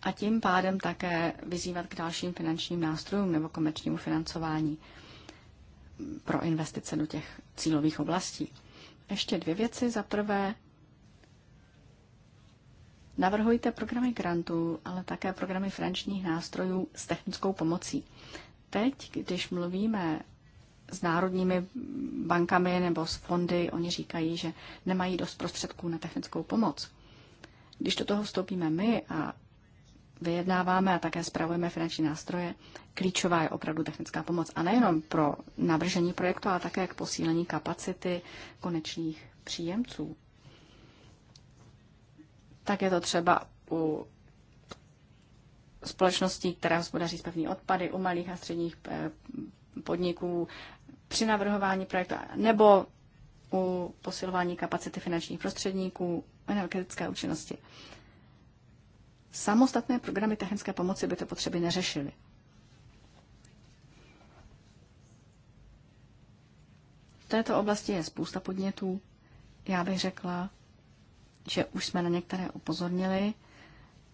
a tím pádem také vyzývat k dalším finančním nástrojům nebo komerčnímu financování pro investice do těch cílových oblastí. Ještě dvě věci. Za prvé, navrhujte programy grantů, ale také programy finančních nástrojů s technickou pomocí. Teď, když mluvíme s národními bankami nebo s fondy, oni říkají, že nemají dost prostředků na technickou pomoc. Když do toho vstoupíme my a vyjednáváme a také zpravujeme finanční nástroje, klíčová je opravdu technická pomoc. A nejenom pro navržení projektu, ale také k posílení kapacity konečných příjemců. Tak je to třeba u společností, které hospodaří s pevný odpady, u malých a středních eh, podniků při navrhování projektu, nebo u posilování kapacity finančních prostředníků energetické účinnosti. Samostatné programy technické pomoci by to potřeby neřešily. V této oblasti je spousta podnětů. Já bych řekla, že už jsme na některé upozornili.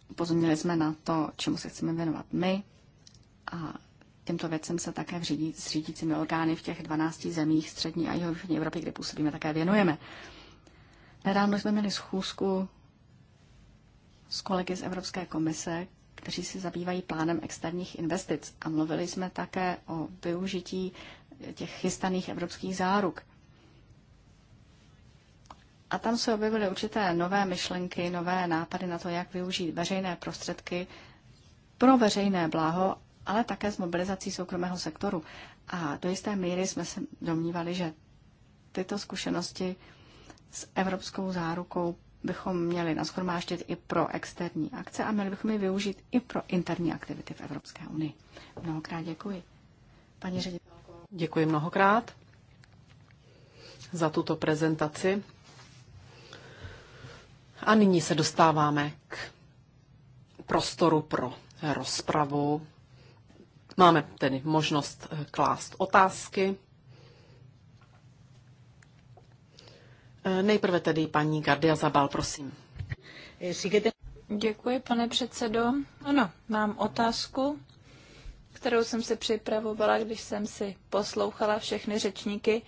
Upozornili jsme na to, čemu se chceme věnovat my a těmto věcem se také v řídí, s řídícími orgány v těch 12 zemích střední a jihovýchodní Evropy, kde působíme, také věnujeme. Nedávno jsme měli schůzku s kolegy z Evropské komise, kteří se zabývají plánem externích investic. A mluvili jsme také o využití těch chystaných evropských záruk. A tam se objevily určité nové myšlenky, nové nápady na to, jak využít veřejné prostředky pro veřejné bláho, ale také s mobilizací soukromého sektoru. A do jisté míry jsme se domnívali, že tyto zkušenosti s evropskou zárukou bychom měli nashromáždit i pro externí akce a měli bychom je využít i pro interní aktivity v Evropské unii. Mnohokrát děkuji. Paní ředitelko. Děkuji mnohokrát za tuto prezentaci. A nyní se dostáváme k prostoru pro rozpravu. Máme tedy možnost klást otázky. Nejprve tedy paní Gardia Zabal, prosím. Děkuji, pane předsedo. Ano, mám otázku, kterou jsem si připravovala, když jsem si poslouchala všechny řečníky,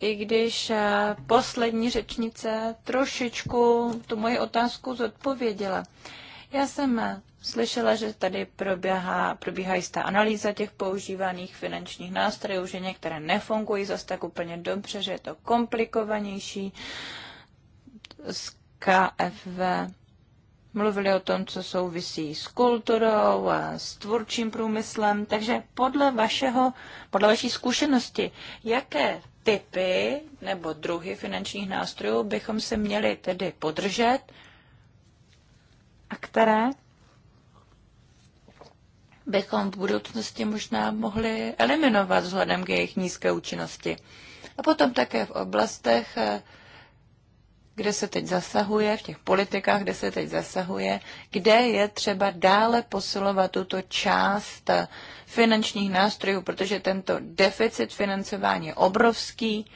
i když eh, poslední řečnice trošičku tu moji otázku zodpověděla. Já jsem eh, slyšela, že tady probíhá, probíhá jistá analýza těch používaných finančních nástrojů, že některé nefungují zase tak úplně dobře, že je to komplikovanější. Z KFV mluvili o tom, co souvisí s kulturou a s tvůrčím průmyslem. Takže podle, vašeho, podle vaší zkušenosti, jaké typy nebo druhy finančních nástrojů bychom se měli tedy podržet a které bychom v budoucnosti možná mohli eliminovat vzhledem k jejich nízké účinnosti. A potom také v oblastech, eh, kde se teď zasahuje, v těch politikách, kde se teď zasahuje, kde je třeba dále posilovat tuto část eh, finančních nástrojů, protože tento deficit financování je obrovský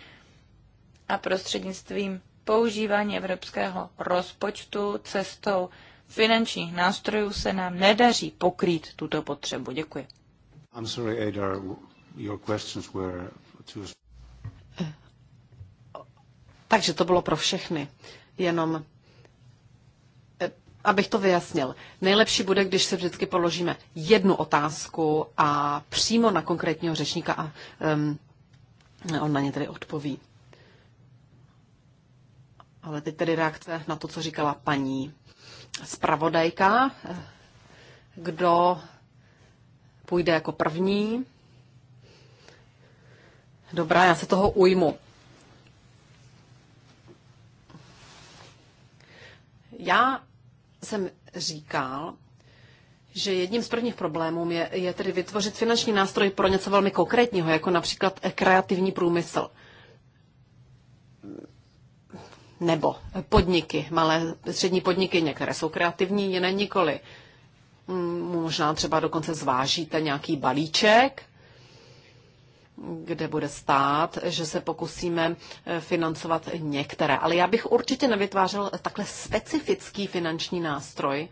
a prostřednictvím používání evropského rozpočtu cestou finančních nástrojů se nám nedaří pokrýt tuto potřebu. Děkuji. I'm sorry, Adar, your questions were too... Takže to bylo pro všechny. Jenom eh, abych to vyjasnil, nejlepší bude, když se vždycky položíme jednu otázku a přímo na konkrétního řečníka a um, on na ně tedy odpoví. Ale teď tedy reakce na to, co říkala paní zpravodajka, kdo půjde jako první. Dobrá, já se toho ujmu. Já jsem říkal, že jedním z prvních problémů je, je tedy vytvořit finanční nástroj pro něco velmi konkrétního, jako například kreativní průmysl nebo podniky, malé střední podniky, některé jsou kreativní, jiné nikoli. Mm, možná třeba dokonce zvážíte nějaký balíček, kde bude stát, že se pokusíme eh, financovat některé. Ale já bych určitě nevytvářel takhle specifický finanční nástroj.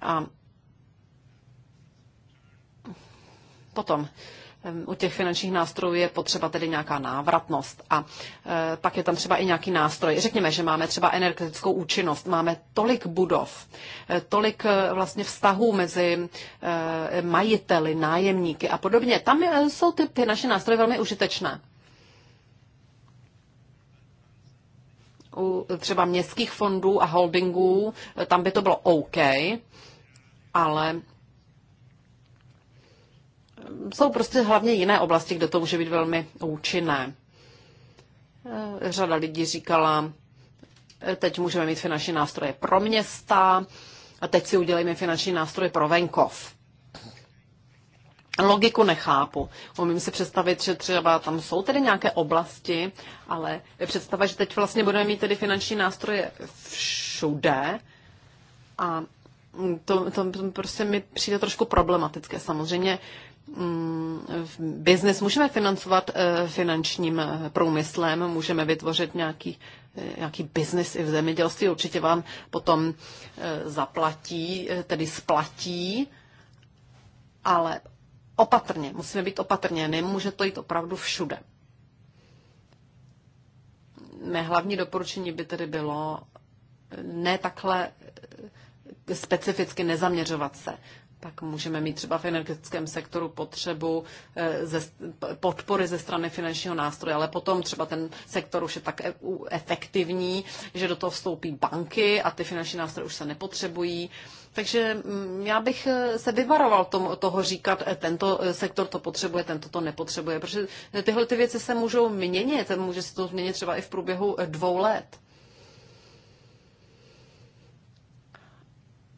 A potom u těch finančních nástrojů je potřeba tedy nějaká návratnost a e, pak je tam třeba i nějaký nástroj. Řekněme, že máme třeba energetickou účinnost, máme tolik budov, e, tolik e, vlastně vztahů mezi majiteli, nájemníky a podobně. Tam jsou ty ty naše nástroje velmi užitečné. U třeba městských fondů a holdingů, tam by to bylo OK, ale jsou prostě hlavně jiné oblasti, kde to může být velmi účinné. Eh, řada lidí říkala, eh, teď můžeme mít finanční nástroje pro města a teď si udělejme finanční nástroje pro venkov. Logiku nechápu. Umím si představit, že třeba tam jsou tedy nějaké oblasti, ale představa, že teď vlastně budeme mít tedy finanční nástroje všude a to, to prostě mi přijde trošku problematické. Samozřejmě Mm, biznis můžeme financovat eh, finančním eh, průmyslem, můžeme vytvořit nějaký, eh, nějaký biznis i v zemědělství, určitě vám potom zaplatí, tedy splatí, ale opatrně, musíme být opatrně, nemůže to jít opravdu všude. Mé hlavní doporučení by tedy bylo ne takhle specificky nezaměřovat se tak můžeme mít třeba v energetickém sektoru potřebu eh, ze, podpory ze strany finančního nástroje, ale potom třeba ten sektor už je tak e-, efektivní, že do toho vstoupí banky a ty finanční nástroje už se nepotřebují. Takže mm, já bych eh, se vyvaroval tomu, toho říkat, eh, tento sektor to potřebuje, tento to nepotřebuje, protože tyhle ty věci se můžou měnit, může se to změnit třeba i v průběhu dvou let.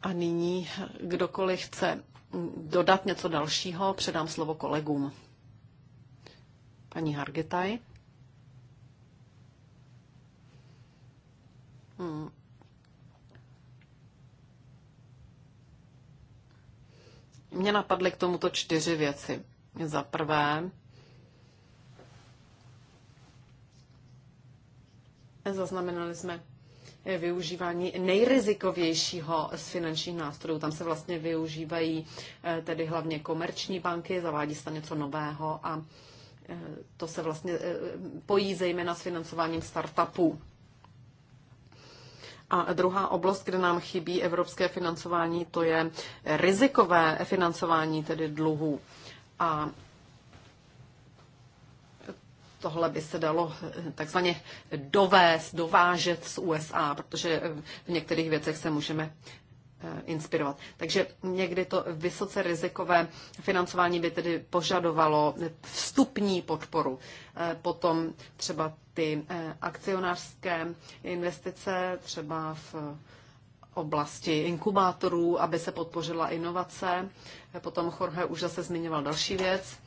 A nyní, kdokoliv chce dodat něco dalšího, předám slovo kolegům. Paní Hargetaj. Hmm. Mě napadly k tomuto čtyři věci. Za prvé, zaznamenali jsme využívání nejrizikovějšího z finančních nástrojů. Tam se vlastně využívají eh, tedy hlavně komerční banky, zavádí se něco nového a eh, to se vlastně eh, pojí zejména s financováním startupů. A druhá oblast, kde nám chybí evropské financování, to je rizikové financování, tedy dluhů. A tohle by se dalo eh, takzvaně dovést, dovážet z USA, protože eh, v některých věcech se můžeme eh, inspirovat. Takže někdy to vysoce rizikové financování by tedy požadovalo vstupní podporu. Potom třeba ty akcionářské investice, třeba v oblasti inkubátorů, aby se podpořila inovace. Potom Jorge už zase zmiňoval další věc.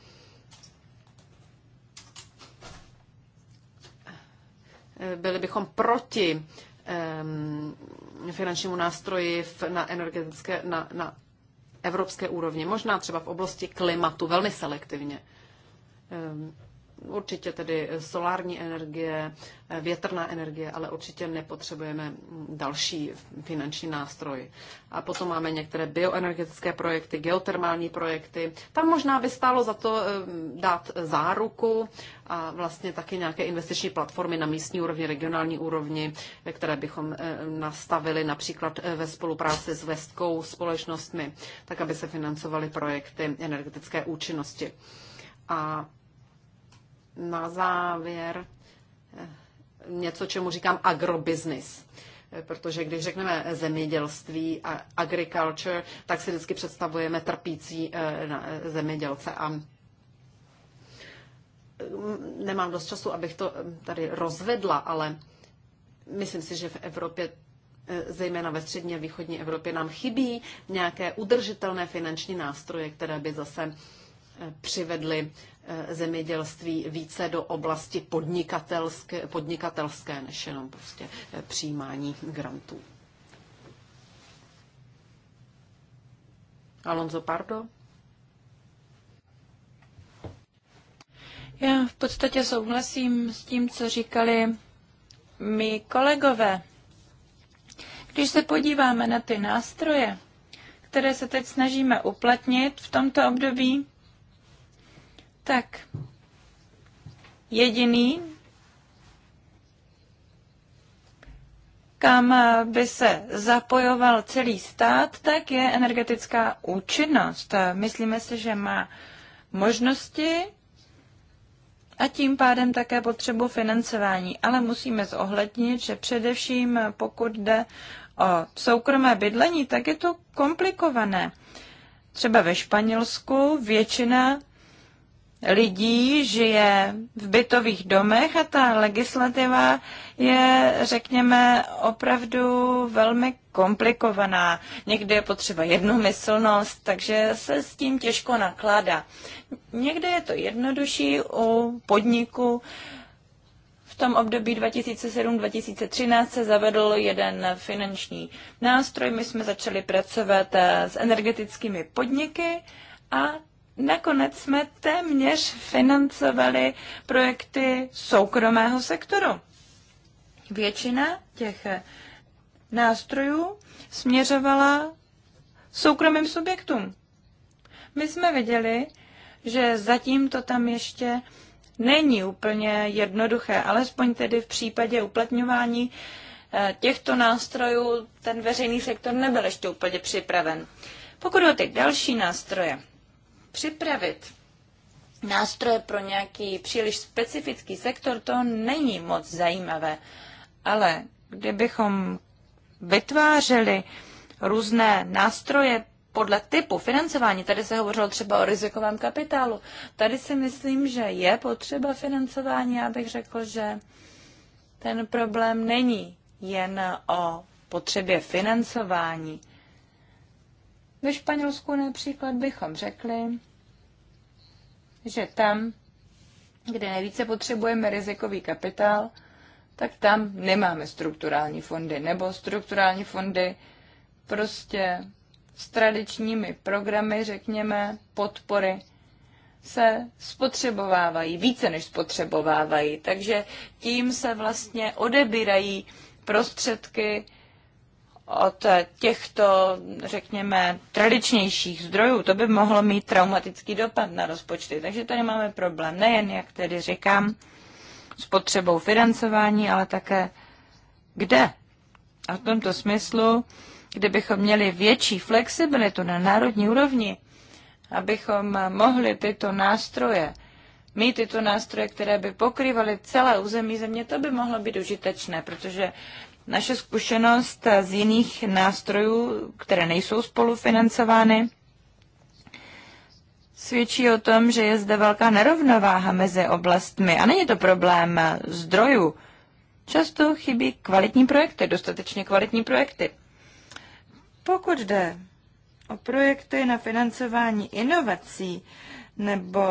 byli bychom proti ehm, finančnímu nástroji na energetické, na, na evropské úrovni. Možná třeba v oblasti klimatu, velmi selektivně. Ehm, Určitě tedy solární energie, větrná energie, ale určitě nepotřebujeme další finanční nástroj. A potom máme některé bioenergetické projekty, geotermální projekty. Tam možná by stálo za to eh, dát záruku a vlastně taky nějaké investiční platformy na místní úrovni, regionální úrovni, které bychom eh, nastavili například eh, ve spolupráci s vestkou, společnostmi, tak aby se financovaly projekty energetické účinnosti. A na závěr eh, něco, čemu říkám agrobiznis. Eh, protože když řekneme zemědělství a agriculture, tak si vždycky představujeme trpící eh, zemědělce a mm, nemám dost času, abych to tady rozvedla, ale myslím si, že v Evropě zejména ve střední a východní Evropě, nám chybí nějaké udržitelné finanční nástroje, které by zase přivedli eh, zemědělství více do oblasti podnikatelské, podnikatelské než jenom prostě eh, přijímání grantů. Alonso Pardo? Já v podstatě souhlasím s tím, co říkali mý kolegové. Když se podíváme na ty nástroje, které se teď snažíme uplatnit v tomto období, tak jediný, kam by se zapojoval celý stát, tak je energetická účinnost. Myslíme si, že má možnosti a tím pádem také potřebu financování. Ale musíme zohlednit, že především pokud jde o soukromé bydlení, tak je to komplikované. Třeba ve Španělsku většina lidí žije v bytových domech a ta legislativa je, řekněme, opravdu velmi komplikovaná. Někdy je potřeba jednomyslnost, takže se s tím těžko nakládá. Někde je to jednodušší u podniku. V tom období 2007-2013 se zavedl jeden finanční nástroj. My jsme začali pracovat s energetickými podniky a nakonec jsme téměř financovali projekty soukromého sektoru. Většina těch eh, nástrojů směřovala soukromým subjektům. My jsme viděli, že zatím to tam ještě není úplně jednoduché, alespoň tedy v případě uplatňování eh, těchto nástrojů ten veřejný sektor nebyl ještě úplně připraven. Pokud o ty další nástroje, připravit nástroje pro nějaký příliš specifický sektor, to není moc zajímavé. Ale kdybychom vytvářeli různé nástroje podle typu financování, tady se hovořilo třeba o rizikovém kapitálu, tady si myslím, že je potřeba financování. Já bych řekl, že ten problém není jen o potřebě financování. Ve Španělsku například bychom řekli, že tam, kde nejvíce potřebujeme rizikový kapitál, tak tam nemáme strukturální fondy, nebo strukturální fondy prostě s tradičními programy, řekněme, podpory se spotřebovávají, více než spotřebovávají. Takže tím se vlastně odebírají prostředky od těchto, řekněme, tradičnějších zdrojů, to by mohlo mít traumatický dopad na rozpočty. Takže tady máme problém nejen, jak tedy říkám, s potřebou financování, ale také kde. A v tomto smyslu, kdybychom měli větší flexibilitu na národní úrovni, abychom mohli tyto nástroje, mít tyto nástroje, které by pokrývaly celé území země, to by mohlo být užitečné, protože naše zkušenost z jiných nástrojů, které nejsou spolufinancovány, svědčí o tom, že je zde velká nerovnováha mezi oblastmi. A není to problém zdrojů. Často chybí kvalitní projekty, dostatečně kvalitní projekty. Pokud jde o projekty na financování inovací nebo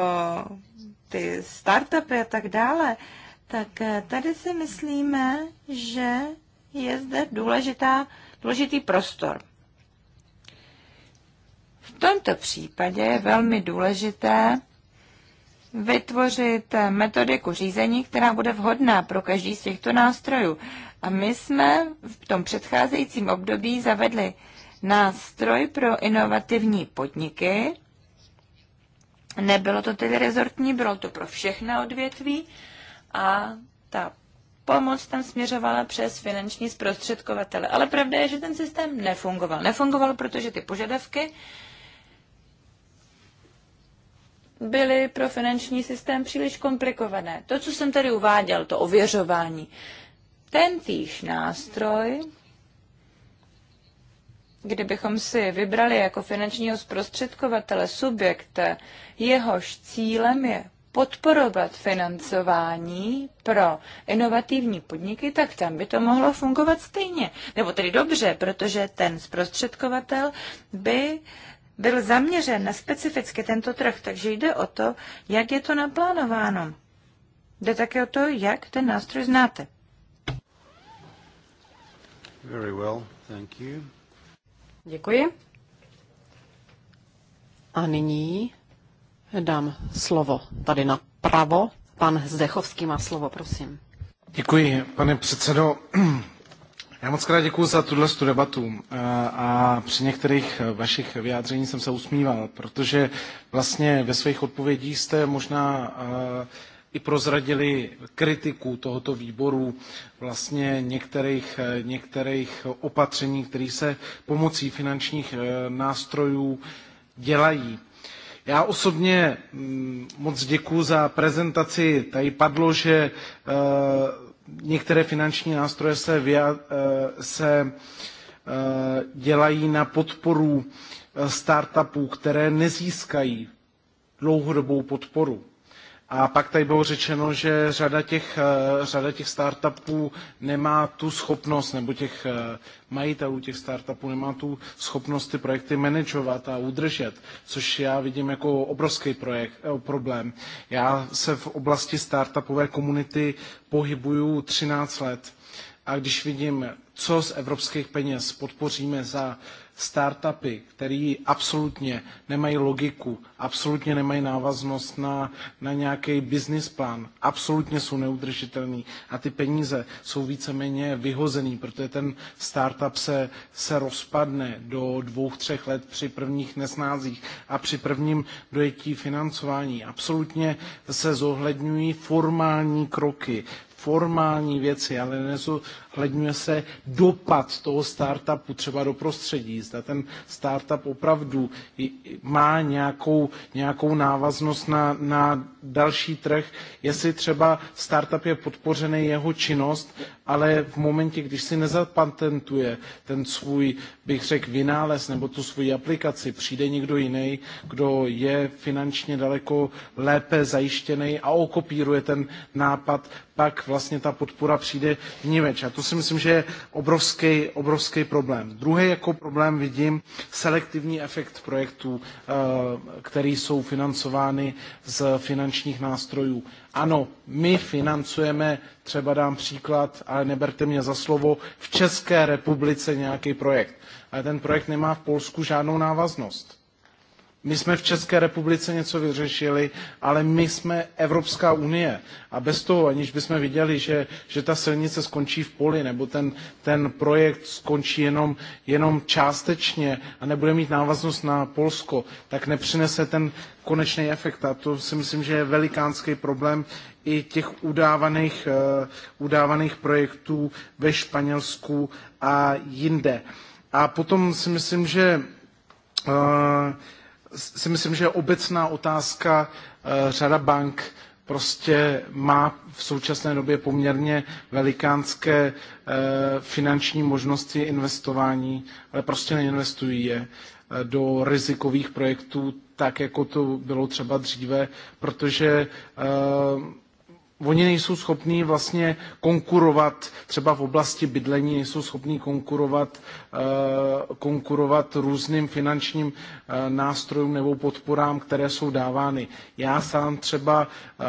ty startupy a tak dále, tak tady si myslíme, že je zde důležitá, důležitý prostor. V tomto případě je velmi důležité vytvořit metodiku řízení, která bude vhodná pro každý z těchto nástrojů. A my jsme v tom předcházejícím období zavedli nástroj pro inovativní podniky. Nebylo to tedy rezortní, bylo to pro všechna odvětví a ta pomoc tam směřovala přes finanční zprostředkovatele. Ale pravda je, že ten systém nefungoval. Nefungoval, protože ty požadavky byly pro finanční systém příliš komplikované. To, co jsem tady uváděl, to ověřování, ten týž nástroj, kdybychom si vybrali jako finančního zprostředkovatele subjekt, jehož cílem je podporovat financování pro inovativní podniky, tak tam by to mohlo fungovat stejně. Nebo tedy dobře, protože ten zprostředkovatel by byl zaměřen na specificky tento trh, takže jde o to, jak je to naplánováno. Jde také o to, jak ten nástroj znáte. Very well, thank you. Děkuji. A nyní dám slovo tady napravo. Pan Zdechovský má slovo, prosím. Děkuji, pane předsedo. Já moc krát děkuji za tuhle debatu a při některých vašich vyjádření jsem se usmíval, protože vlastně ve svých odpovědích jste možná eh, i prozradili kritiku tohoto výboru vlastně některých, eh, některých opatření, které se pomocí finančních eh, nástrojů dělají. Já osobně mm, moc děkuji za prezentaci. Tady padlo, že eh, některé finanční nástroje se, via, eh, se eh, dělají na podporu startupů, které nezískají dlouhodobou podporu. A pak tady bylo řečeno, že řada těch, eh, řada těch startupů nemá tu schopnost, nebo těch eh, majitelů těch startupů nemá tu schopnost ty projekty manažovat a udržet, což já vidím jako obrovský projekt, eh, problém. Já se v oblasti startupové komunity pohybuju 13 let a když vidím, co z evropských peněz podpoříme za startupy, které absolutně nemají logiku, absolutně nemají návaznost na, na nějaký business plán, absolutně jsou neudržitelný a ty peníze jsou víceméně vyhozený, protože ten startup se, se rozpadne do dvou, třech let při prvních nesnázích a při prvním dojetí financování. Absolutně se zohledňují formální kroky, formální věci, ale, nejsou hledňuje se dopad toho startupu třeba do prostředí. Zda ten startup opravdu má nějakou, nějakou návaznost na, na další trh, jestli třeba startup je podpořený jeho činnost, ale v momentě, když si nezapatentuje ten svůj, bych řekl, vynález nebo tu svoji aplikaci, přijde někdo jiný, kdo je finančně daleko lépe zajištěný a okopíruje ten nápad, pak vlastně ta podpora přijde vníveč. A to to si myslím, že je obrovský, obrovský problém. Druhý jako problém vidím selektivní efekt projektů, eh, které jsou financovány z finančních nástrojů. Ano, my financujeme, třeba dám příklad, ale neberte mě za slovo, v České republice nějaký projekt. Ale ten projekt nemá v Polsku žádnou návaznost my jsme v České republice něco vyřešili, ale my jsme Evropská unie. A bez toho, aniž bychom viděli, že, že ta silnice skončí v poli, nebo ten, ten projekt skončí jenom, jenom částečně a nebude mít návaznost na Polsko, tak nepřinese ten konečný efekt. A to si myslím, že je velikánský problém i těch udávaných, uh, udávaných projektů ve Španělsku a jinde. A potom si myslím, že uh, si myslím, že obecná otázka eh, řada bank prostě má v současné době poměrně velikánské eh, finanční možnosti investování, ale prostě neinvestují je eh, do rizikových projektů tak, jako to bylo třeba dříve, protože oni nejsou schopní vlastně konkurovat třeba v oblasti bydlení, nejsou schopní konkurovat, eh, konkurovat různým finančním eh, nástrojům nebo podporám, které jsou dávány. Já sám třeba eh,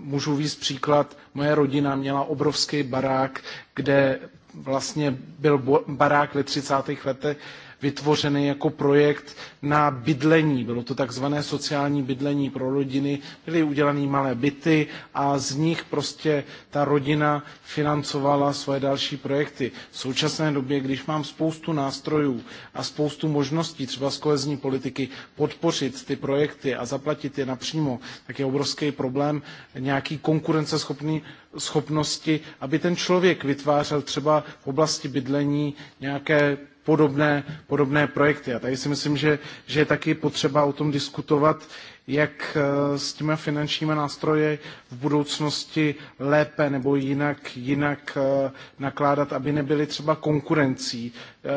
můžu víc příklad, moje rodina měla obrovský barák, kde vlastně byl barák ve 30. letech vytvořeny jako projekt na bydlení. Bylo to takzvané sociální bydlení pro rodiny, byly udělané malé byty a z nich prostě ta rodina financovala svoje další projekty. V současné době, když mám spoustu nástrojů a spoustu možností třeba z kohezní politiky podpořit ty projekty a zaplatit je napřímo, tak je obrovský problém nějaký konkurenceschopný schopnosti, aby ten člověk vytvářel třeba v oblasti bydlení nějaké podobné, podobné projekty. A tady si myslím, že, že je taky potřeba o tom diskutovat, jak eh, s těmi finančními nástroji v budoucnosti lépe nebo jinak, jinak eh, nakládat, aby nebyly třeba konkurencí eh,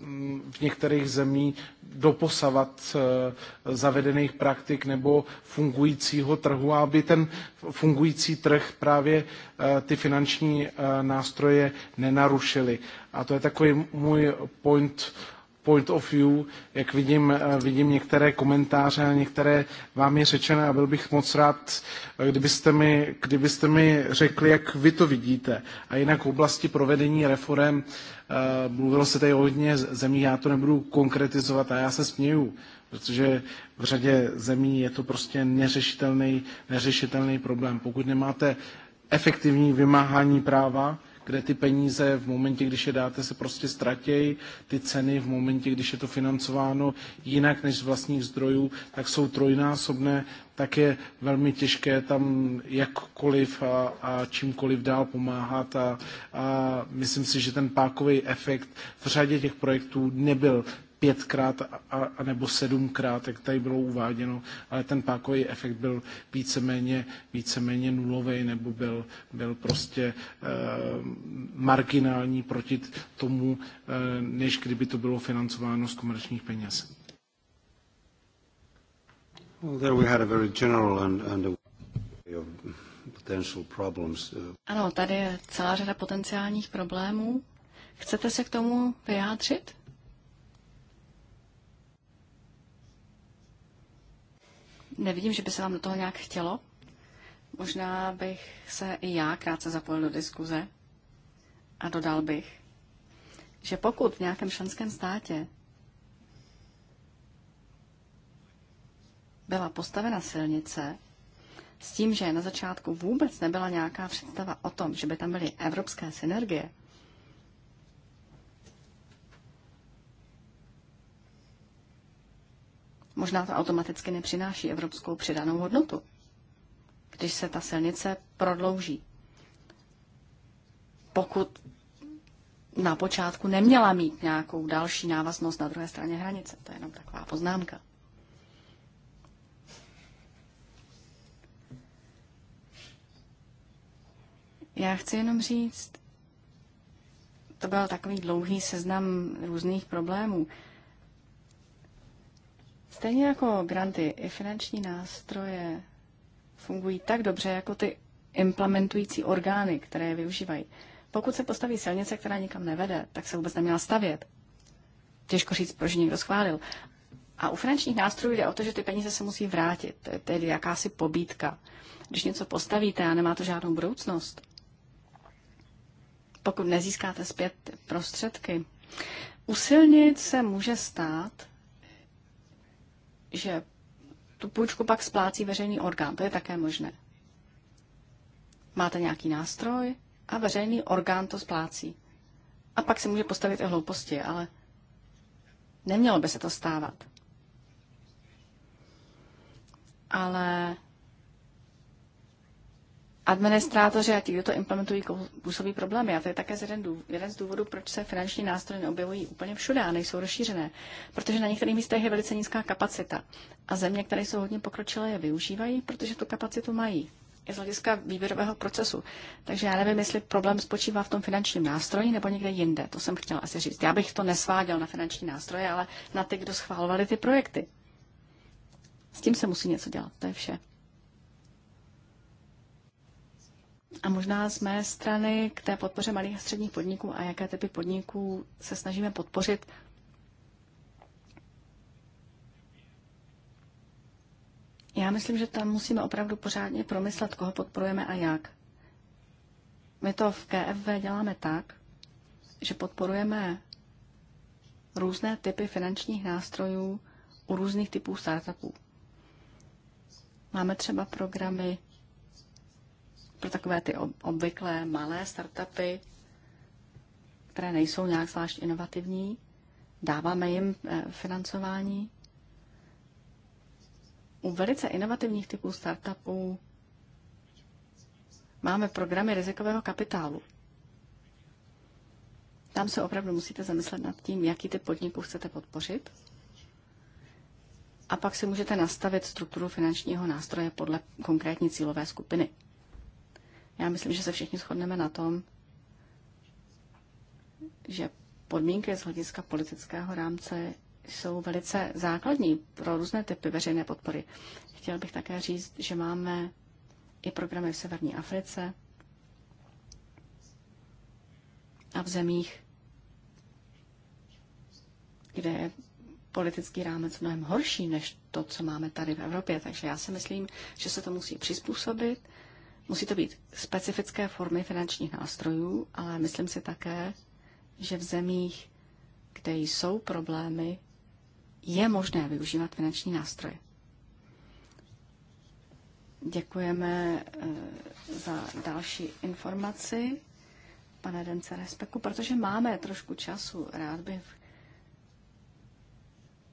mm, v některých zemí doposavat zavedených praktik nebo fungujícího trhu a aby ten fungující trh právě ty finanční nástroje nenarušily. A to je takový můj point point of view, jak vidím, eh, vidím některé komentáře a některé vám je řečené a byl bych moc rád, eh, kdybyste mi, kdybyste mi řekli, jak vy to vidíte. A jinak v oblasti provedení reform eh, mluvilo se tady o hodně zemí, já to nebudu konkretizovat a já se směju, protože v řadě zemí je to prostě neřešitelný, neřešitelný problém. Pokud nemáte efektivní vymáhání práva, kde ty peníze v momentě, když je dáte, se prostě ztratějí. Ty ceny v momentě, když je to financováno jinak než z vlastních zdrojů, tak jsou trojnásobné, tak je velmi těžké tam jakkoliv a, a čímkoliv dál pomáhat a, a myslím si, že ten pákový efekt v řadě těch projektů nebyl pětkrát a, a nebo sedmkrát, jak tady bylo uváděno, ale ten pákový efekt byl víceméně, víceméně nulový nebo byl, byl prostě eh, marginální proti tomu, eh, než kdyby to bylo financováno z komerčních peněz. Well, there we had a very general and, and a uh, ano, tady je celá řada potenciálních problémů. Chcete se k tomu vyjádřit? Nevidím, že by se vám do toho nějak chtělo. Možná bych se i já krátce zapojil do diskuze a dodal bych, že pokud v nějakém členském státě byla postavena silnice s tím, že na začátku vůbec nebyla nějaká představa o tom, že by tam byly evropské synergie, Možná to automaticky nepřináší evropskou přidanou hodnotu, když se ta silnice prodlouží. Pokud na počátku neměla mít nějakou další návaznost na druhé straně hranice. To je jenom taková poznámka. Já chci jenom říct, to byl takový dlouhý seznam různých problémů. Stejně jako granty, i finanční nástroje fungují tak dobře, jako ty implementující orgány, které je využívají. Pokud se postaví silnice, která nikam nevede, tak se vůbec neměla stavět. Těžko říct, proč někdo schválil. A u finančních nástrojů jde o to, že ty peníze se musí vrátit. To je tedy jakási pobídka. Když něco postavíte a nemá to žádnou budoucnost, pokud nezískáte zpět prostředky, u silnic se může stát, že tu půjčku pak splácí veřejný orgán. To je také možné. Máte nějaký nástroj a veřejný orgán to splácí. A pak se může postavit i hlouposti, ale nemělo by se to stávat. Ale administrátoři a ti, kdo to implementují, působí problémy. A to je také z jeden, důvod, jeden z důvodů, proč se finanční nástroje neobjevují úplně všude a nejsou rozšířené. Protože na některých místech je velice nízká kapacita. A země, které jsou hodně pokročilé, je využívají, protože tu kapacitu mají. Je z hlediska výběrového procesu. Takže já nevím, jestli problém spočívá v tom finančním nástroji nebo někde jinde. To jsem chtěla asi říct. Já bych to nesváděl na finanční nástroje, ale na ty, kdo schválovali ty projekty. S tím se musí něco dělat. To je vše. A možná z mé strany k té podpoře malých a středních podniků a jaké typy podniků se snažíme podpořit. Já myslím, že tam musíme opravdu pořádně promyslet, koho podporujeme a jak. My to v KFV děláme tak, že podporujeme různé typy finančních nástrojů u různých typů startupů. Máme třeba programy pro takové ty obvyklé malé startupy, které nejsou nějak zvlášť inovativní. Dáváme jim eh, financování. U velice inovativních typů startupů máme programy rizikového kapitálu. Tam se opravdu musíte zamyslet nad tím, jaký typ podniků chcete podpořit. A pak si můžete nastavit strukturu finančního nástroje podle konkrétní cílové skupiny. Já myslím, že se všichni shodneme na tom, že podmínky z hlediska politického rámce jsou velice základní pro různé typy veřejné podpory. Chtěl bych také říct, že máme i programy v Severní Africe a v zemích, kde je politický rámec mnohem horší než to, co máme tady v Evropě. Takže já si myslím, že se to musí přizpůsobit Musí to být specifické formy finančních nástrojů, ale myslím si také, že v zemích, kde jsou problémy, je možné využívat finanční nástroje. Děkujeme eh, za další informaci, pane Dence Respeku, protože máme trošku času. Rád bych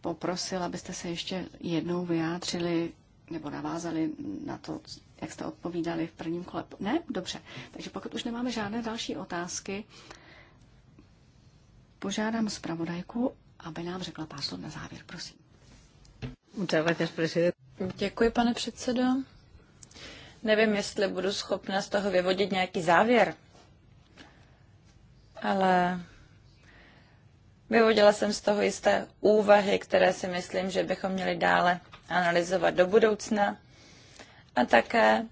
poprosil, abyste se ještě jednou vyjádřili nebo navázali na to, jak jste odpovídali v prvním kole. Ne? Dobře. Takže pokud už nemáme žádné další otázky, požádám zpravodajku, aby nám řekla pár slov na závěr, prosím. Děkuji, pane předsedo. Nevím, jestli budu schopna z toho vyvodit nějaký závěr, ale vyvodila jsem z toho jisté úvahy, které si myslím, že bychom měli dále analyzovat do budoucna a také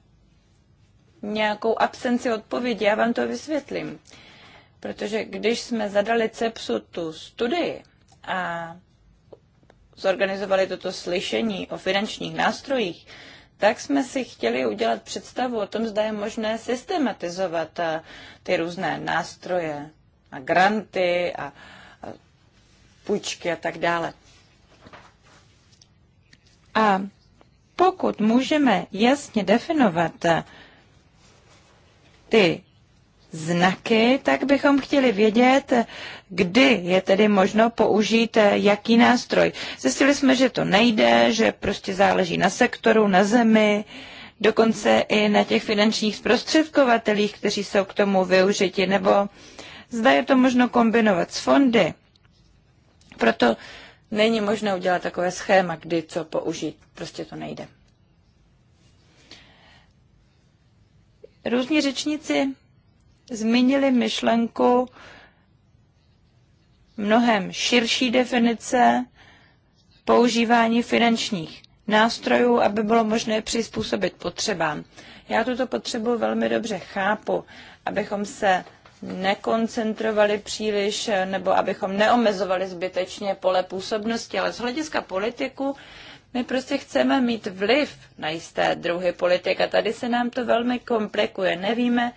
nějakou absenci odpovědi. Já vám to vysvětlím. Protože když jsme zadali CEPSu tu studii a zorganizovali toto slyšení o finančních nástrojích, tak jsme si chtěli udělat představu o tom, zda je možné systematizovat eh, ty různé nástroje a granty a půjčky a tak dále. A pokud můžeme jasně definovat eh, ty znaky, tak bychom chtěli vědět, eh, kdy je tedy možno použít eh, jaký nástroj. Zjistili jsme, že to nejde, že prostě záleží na sektoru, na zemi, dokonce i na těch finančních zprostředkovatelích, kteří jsou k tomu využiti, nebo zda je to možno kombinovat s fondy. Proto Není možné udělat takové schéma, kdy co použít. Prostě to nejde. Různí řečníci zmínili myšlenku mnohem širší definice používání finančních nástrojů, aby bylo možné přizpůsobit potřebám. Já tuto potřebu velmi dobře chápu, abychom se nekoncentrovali příliš nebo abychom neomezovali zbytečně pole působnosti, ale z hlediska politiku my prostě chceme mít vliv na jisté druhy politik a tady se nám to velmi komplikuje. Nevíme,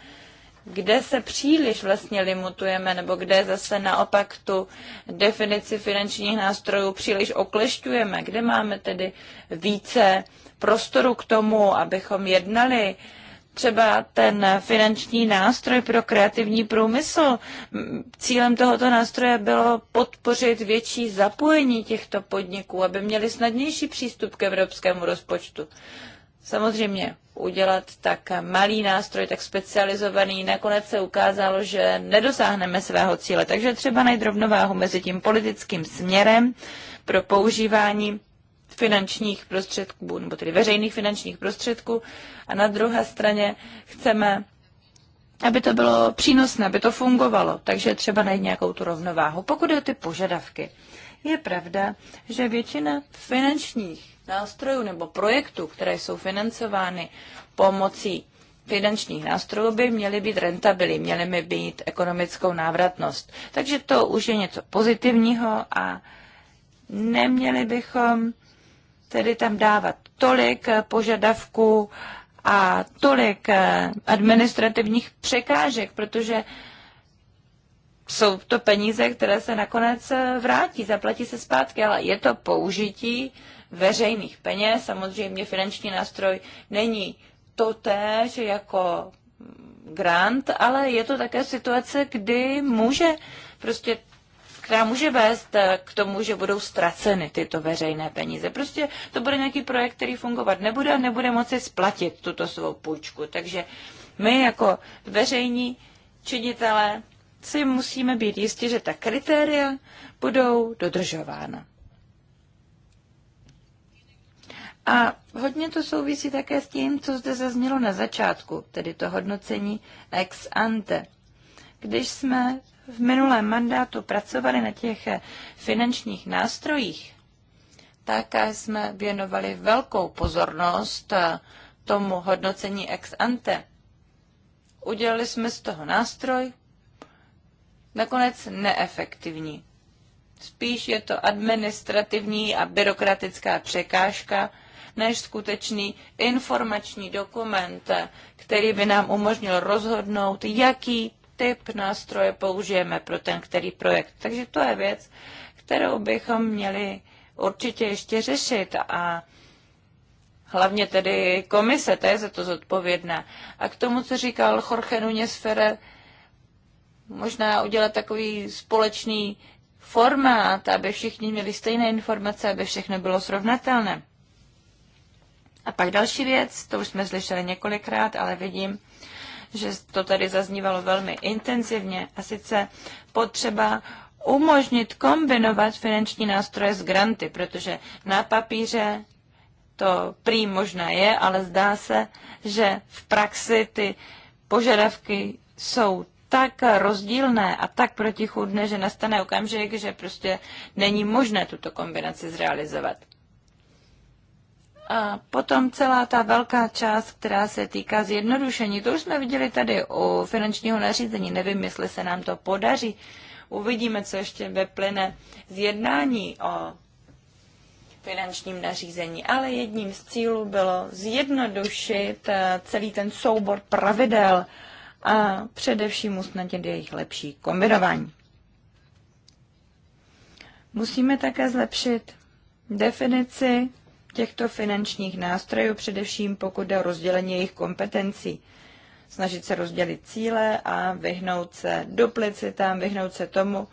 kde se příliš vlastně limitujeme, nebo kde zase naopak tu definici finančních nástrojů příliš oklešťujeme, kde máme tedy více prostoru k tomu, abychom jednali, třeba ten finanční nástroj pro kreativní průmysl. Cílem tohoto nástroje bylo podpořit větší zapojení těchto podniků, aby měli snadnější přístup k evropskému rozpočtu. Samozřejmě udělat tak malý nástroj, tak specializovaný, nakonec se ukázalo, že nedosáhneme svého cíle. Takže třeba najít rovnováhu mezi tím politickým směrem pro používání finančních prostředků, nebo tedy veřejných finančních prostředků. A na druhé straně chceme, aby to bylo přínosné, aby to fungovalo. Takže třeba najít nějakou tu rovnováhu. Pokud je o ty požadavky, je pravda, že většina finančních nástrojů nebo projektů, které jsou financovány pomocí finančních nástrojů by měly být rentabilní, měly by být ekonomickou návratnost. Takže to už je něco pozitivního a neměli bychom tedy tam dávat tolik požadavků a tolik eh, administrativních překážek, protože jsou to peníze, které se nakonec eh, vrátí, zaplatí se zpátky, ale je to použití veřejných peněz. Samozřejmě finanční nástroj není to též jako grant, ale je to také situace, kdy může prostě která může vést eh, k tomu, že budou ztraceny tyto veřejné peníze. Prostě to bude nějaký projekt, který fungovat nebude a nebude moci splatit tuto svou půjčku. Takže my jako veřejní činitelé si musíme být jistí, že ta kritéria budou dodržována. A hodně to souvisí také s tím, co zde zaznělo na začátku, tedy to hodnocení ex ante. Když jsme v minulém mandátu pracovali na těch finančních nástrojích, tak jsme věnovali velkou pozornost tomu hodnocení ex ante. Udělali jsme z toho nástroj, nakonec neefektivní. Spíš je to administrativní a byrokratická překážka, než skutečný informační dokument, který by nám umožnil rozhodnout, jaký typ nástroje použijeme pro ten který projekt. Takže to je věc, kterou bychom měli určitě ještě řešit a hlavně tedy komise, to je za to zodpovědná. A k tomu, co říkal Jorge Nunes Ferrer, možná udělat takový společný formát, aby všichni měli stejné informace, aby všechno bylo srovnatelné. A pak další věc, to už jsme slyšeli několikrát, ale vidím, že to tady zaznívalo velmi intenzivně, a sice potřeba umožnit kombinovat finanční nástroje s granty, protože na papíře to prý možná je, ale zdá se, že v praxi ty požadavky jsou tak rozdílné a tak protichůdné, že nastane okamžik, že prostě není možné tuto kombinaci zrealizovat. A potom celá ta velká část, která se týká zjednodušení, to už jsme viděli tady u finančního nařízení, nevím, jestli se nám to podaří. Uvidíme, co ještě vyplyne z jednání o finančním nařízení, ale jedním z cílů bylo zjednodušit eh, celý ten soubor pravidel a především usnadnit jejich lepší kombinování. Musíme také zlepšit definici těchto finančních nástrojů, především pokud jde o rozdělení jejich kompetencí. Snažit se rozdělit cíle a vyhnout se duplicitám, vyhnout se tomu,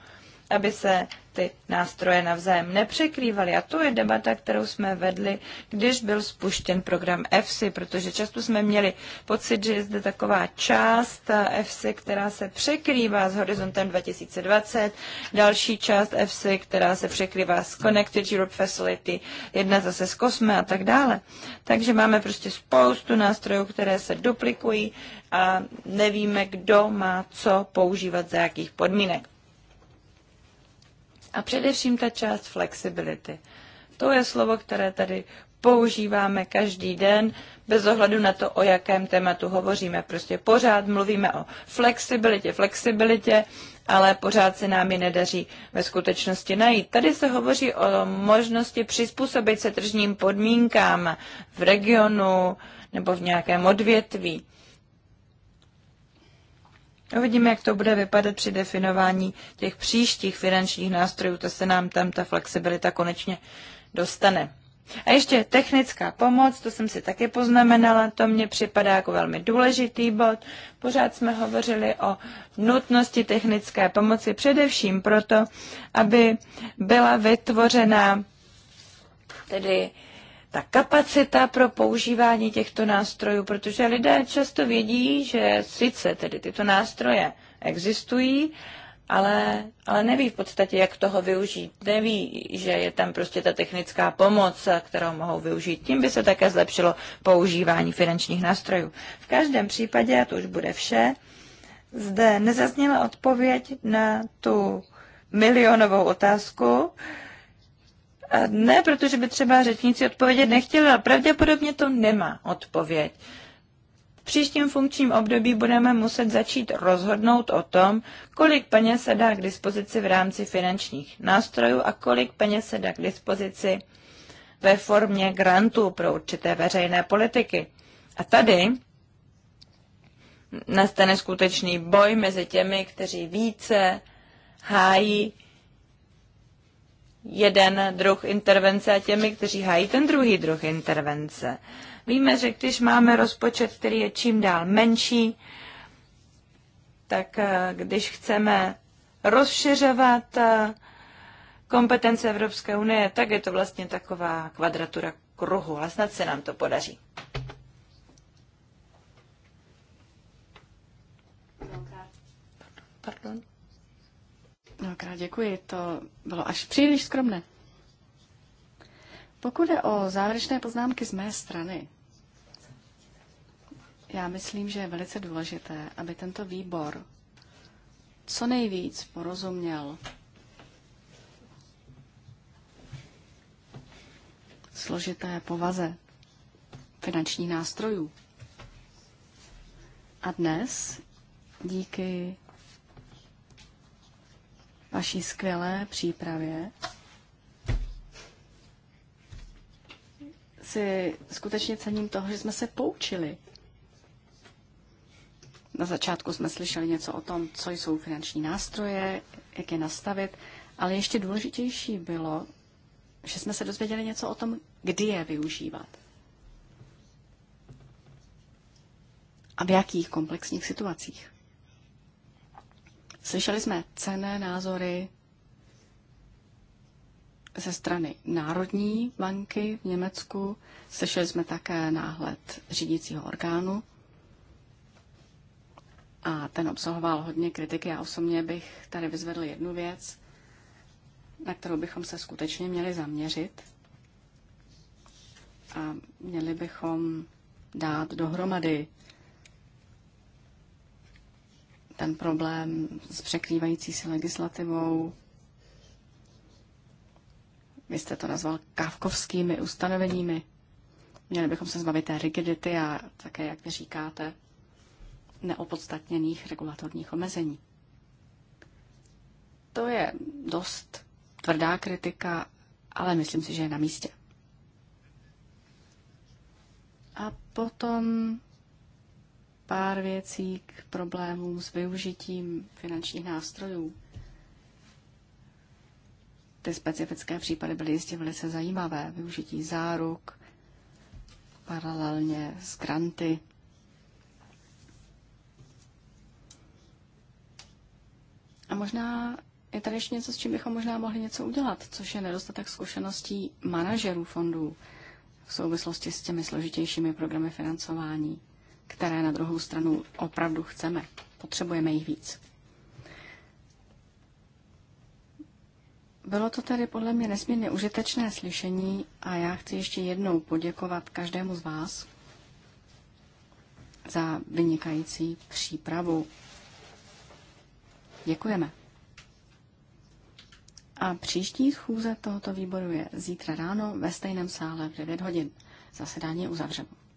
aby se ty nástroje navzájem nepřekrývaly. A to je debata, kterou jsme vedli, když byl spuštěn program EFSI, protože často jsme měli pocit, že je zde taková část EFSI, která se překrývá s horizontem 2020, další část EFSI, která se překrývá s Connected Europe Facility, jedna zase s Kosme a tak dále. Takže máme prostě spoustu nástrojů, které se duplikují a nevíme, kdo má co používat za jakých podmínek. A především ta část flexibility. To je slovo, které tady používáme každý den, bez ohledu na to, o jakém tématu hovoříme. Prostě pořád mluvíme o flexibilitě, flexibilitě, ale pořád se nám ji nedaří ve skutečnosti najít. Tady se hovoří o možnosti přizpůsobit se tržním podmínkám v regionu nebo v nějakém odvětví. Uvidíme, jak to bude vypadat při definování těch příštích finančních nástrojů, to se nám tam ta flexibilita konečně dostane. A ještě technická pomoc, to jsem si taky poznamenala, to mně připadá jako velmi důležitý bod. Pořád jsme hovořili o nutnosti technické pomoci, především proto, aby byla vytvořena tedy ta kapacita pro používání těchto nástrojů, protože lidé často vědí, že sice tedy tyto nástroje existují, ale, ale neví v podstatě, jak toho využít. Neví, že je tam prostě ta technická pomoc, kterou mohou využít. Tím by se také zlepšilo používání finančních nástrojů. V každém případě, a to už bude vše, zde nezazněla odpověď na tu milionovou otázku, ne protože by třeba řečníci odpovědět nechtěli, ale pravděpodobně to nemá odpověď. V příštím funkčním období budeme muset začít rozhodnout o tom, kolik peněz se dá k dispozici v rámci finančních nástrojů a kolik peněz se dá k dispozici ve formě grantů pro určité veřejné politiky. A tady nastane skutečný boj mezi těmi, kteří více hájí jeden druh intervence a těmi, kteří hájí ten druhý druh intervence. Víme, že když máme rozpočet, který je čím dál menší, tak eh, když chceme rozšiřovat eh, kompetence Evropské unie, tak je to vlastně taková kvadratura kruhu, ale snad se nám to podaří. Pardon. Mnohokrát děkuji, to bylo až příliš skromné. Pokud je o závěrečné poznámky z mé strany, já myslím, že je velice důležité, aby tento výbor co nejvíc porozuměl složité povaze finančních nástrojů. A dnes díky vaší skvělé přípravě si skutečně cením toho, že jsme se poučili. Na začátku jsme slyšeli něco o tom, co jsou finanční nástroje, jak je nastavit, ale ještě důležitější bylo, že jsme se dozvěděli něco o tom, kdy je využívat. A v jakých komplexních situacích. Slyšeli jsme cené názory ze strany Národní banky v Německu, slyšeli jsme také náhled řídícího orgánu a ten obsahoval hodně kritiky. Já osobně bych tady vyzvedl jednu věc, na kterou bychom se skutečně měli zaměřit a měli bychom dát dohromady ten problém s překrývající se legislativou. Vy jste to nazval kávkovskými ustanoveními. Měli bychom se zbavit té rigidity a také, jak vy říkáte, neopodstatněných regulatorních omezení. To je dost tvrdá kritika, ale myslím si, že je na místě. A potom pár věcí k problémům s využitím finančních nástrojů. Ty specifické případy byly jistě velice zajímavé. Využití záruk paralelně s granty. A možná je tady ještě něco, s čím bychom možná mohli něco udělat, což je nedostatek zkušeností manažerů fondů v souvislosti s těmi složitějšími programy financování které na druhou stranu opravdu chceme. Potřebujeme jich víc. Bylo to tedy podle mě nesmírně užitečné slyšení a já chci ještě jednou poděkovat každému z vás za vynikající přípravu. Děkujeme. A příští schůze tohoto výboru je zítra ráno ve stejném sále v 9 hodin. Zasedání je uzavřeno.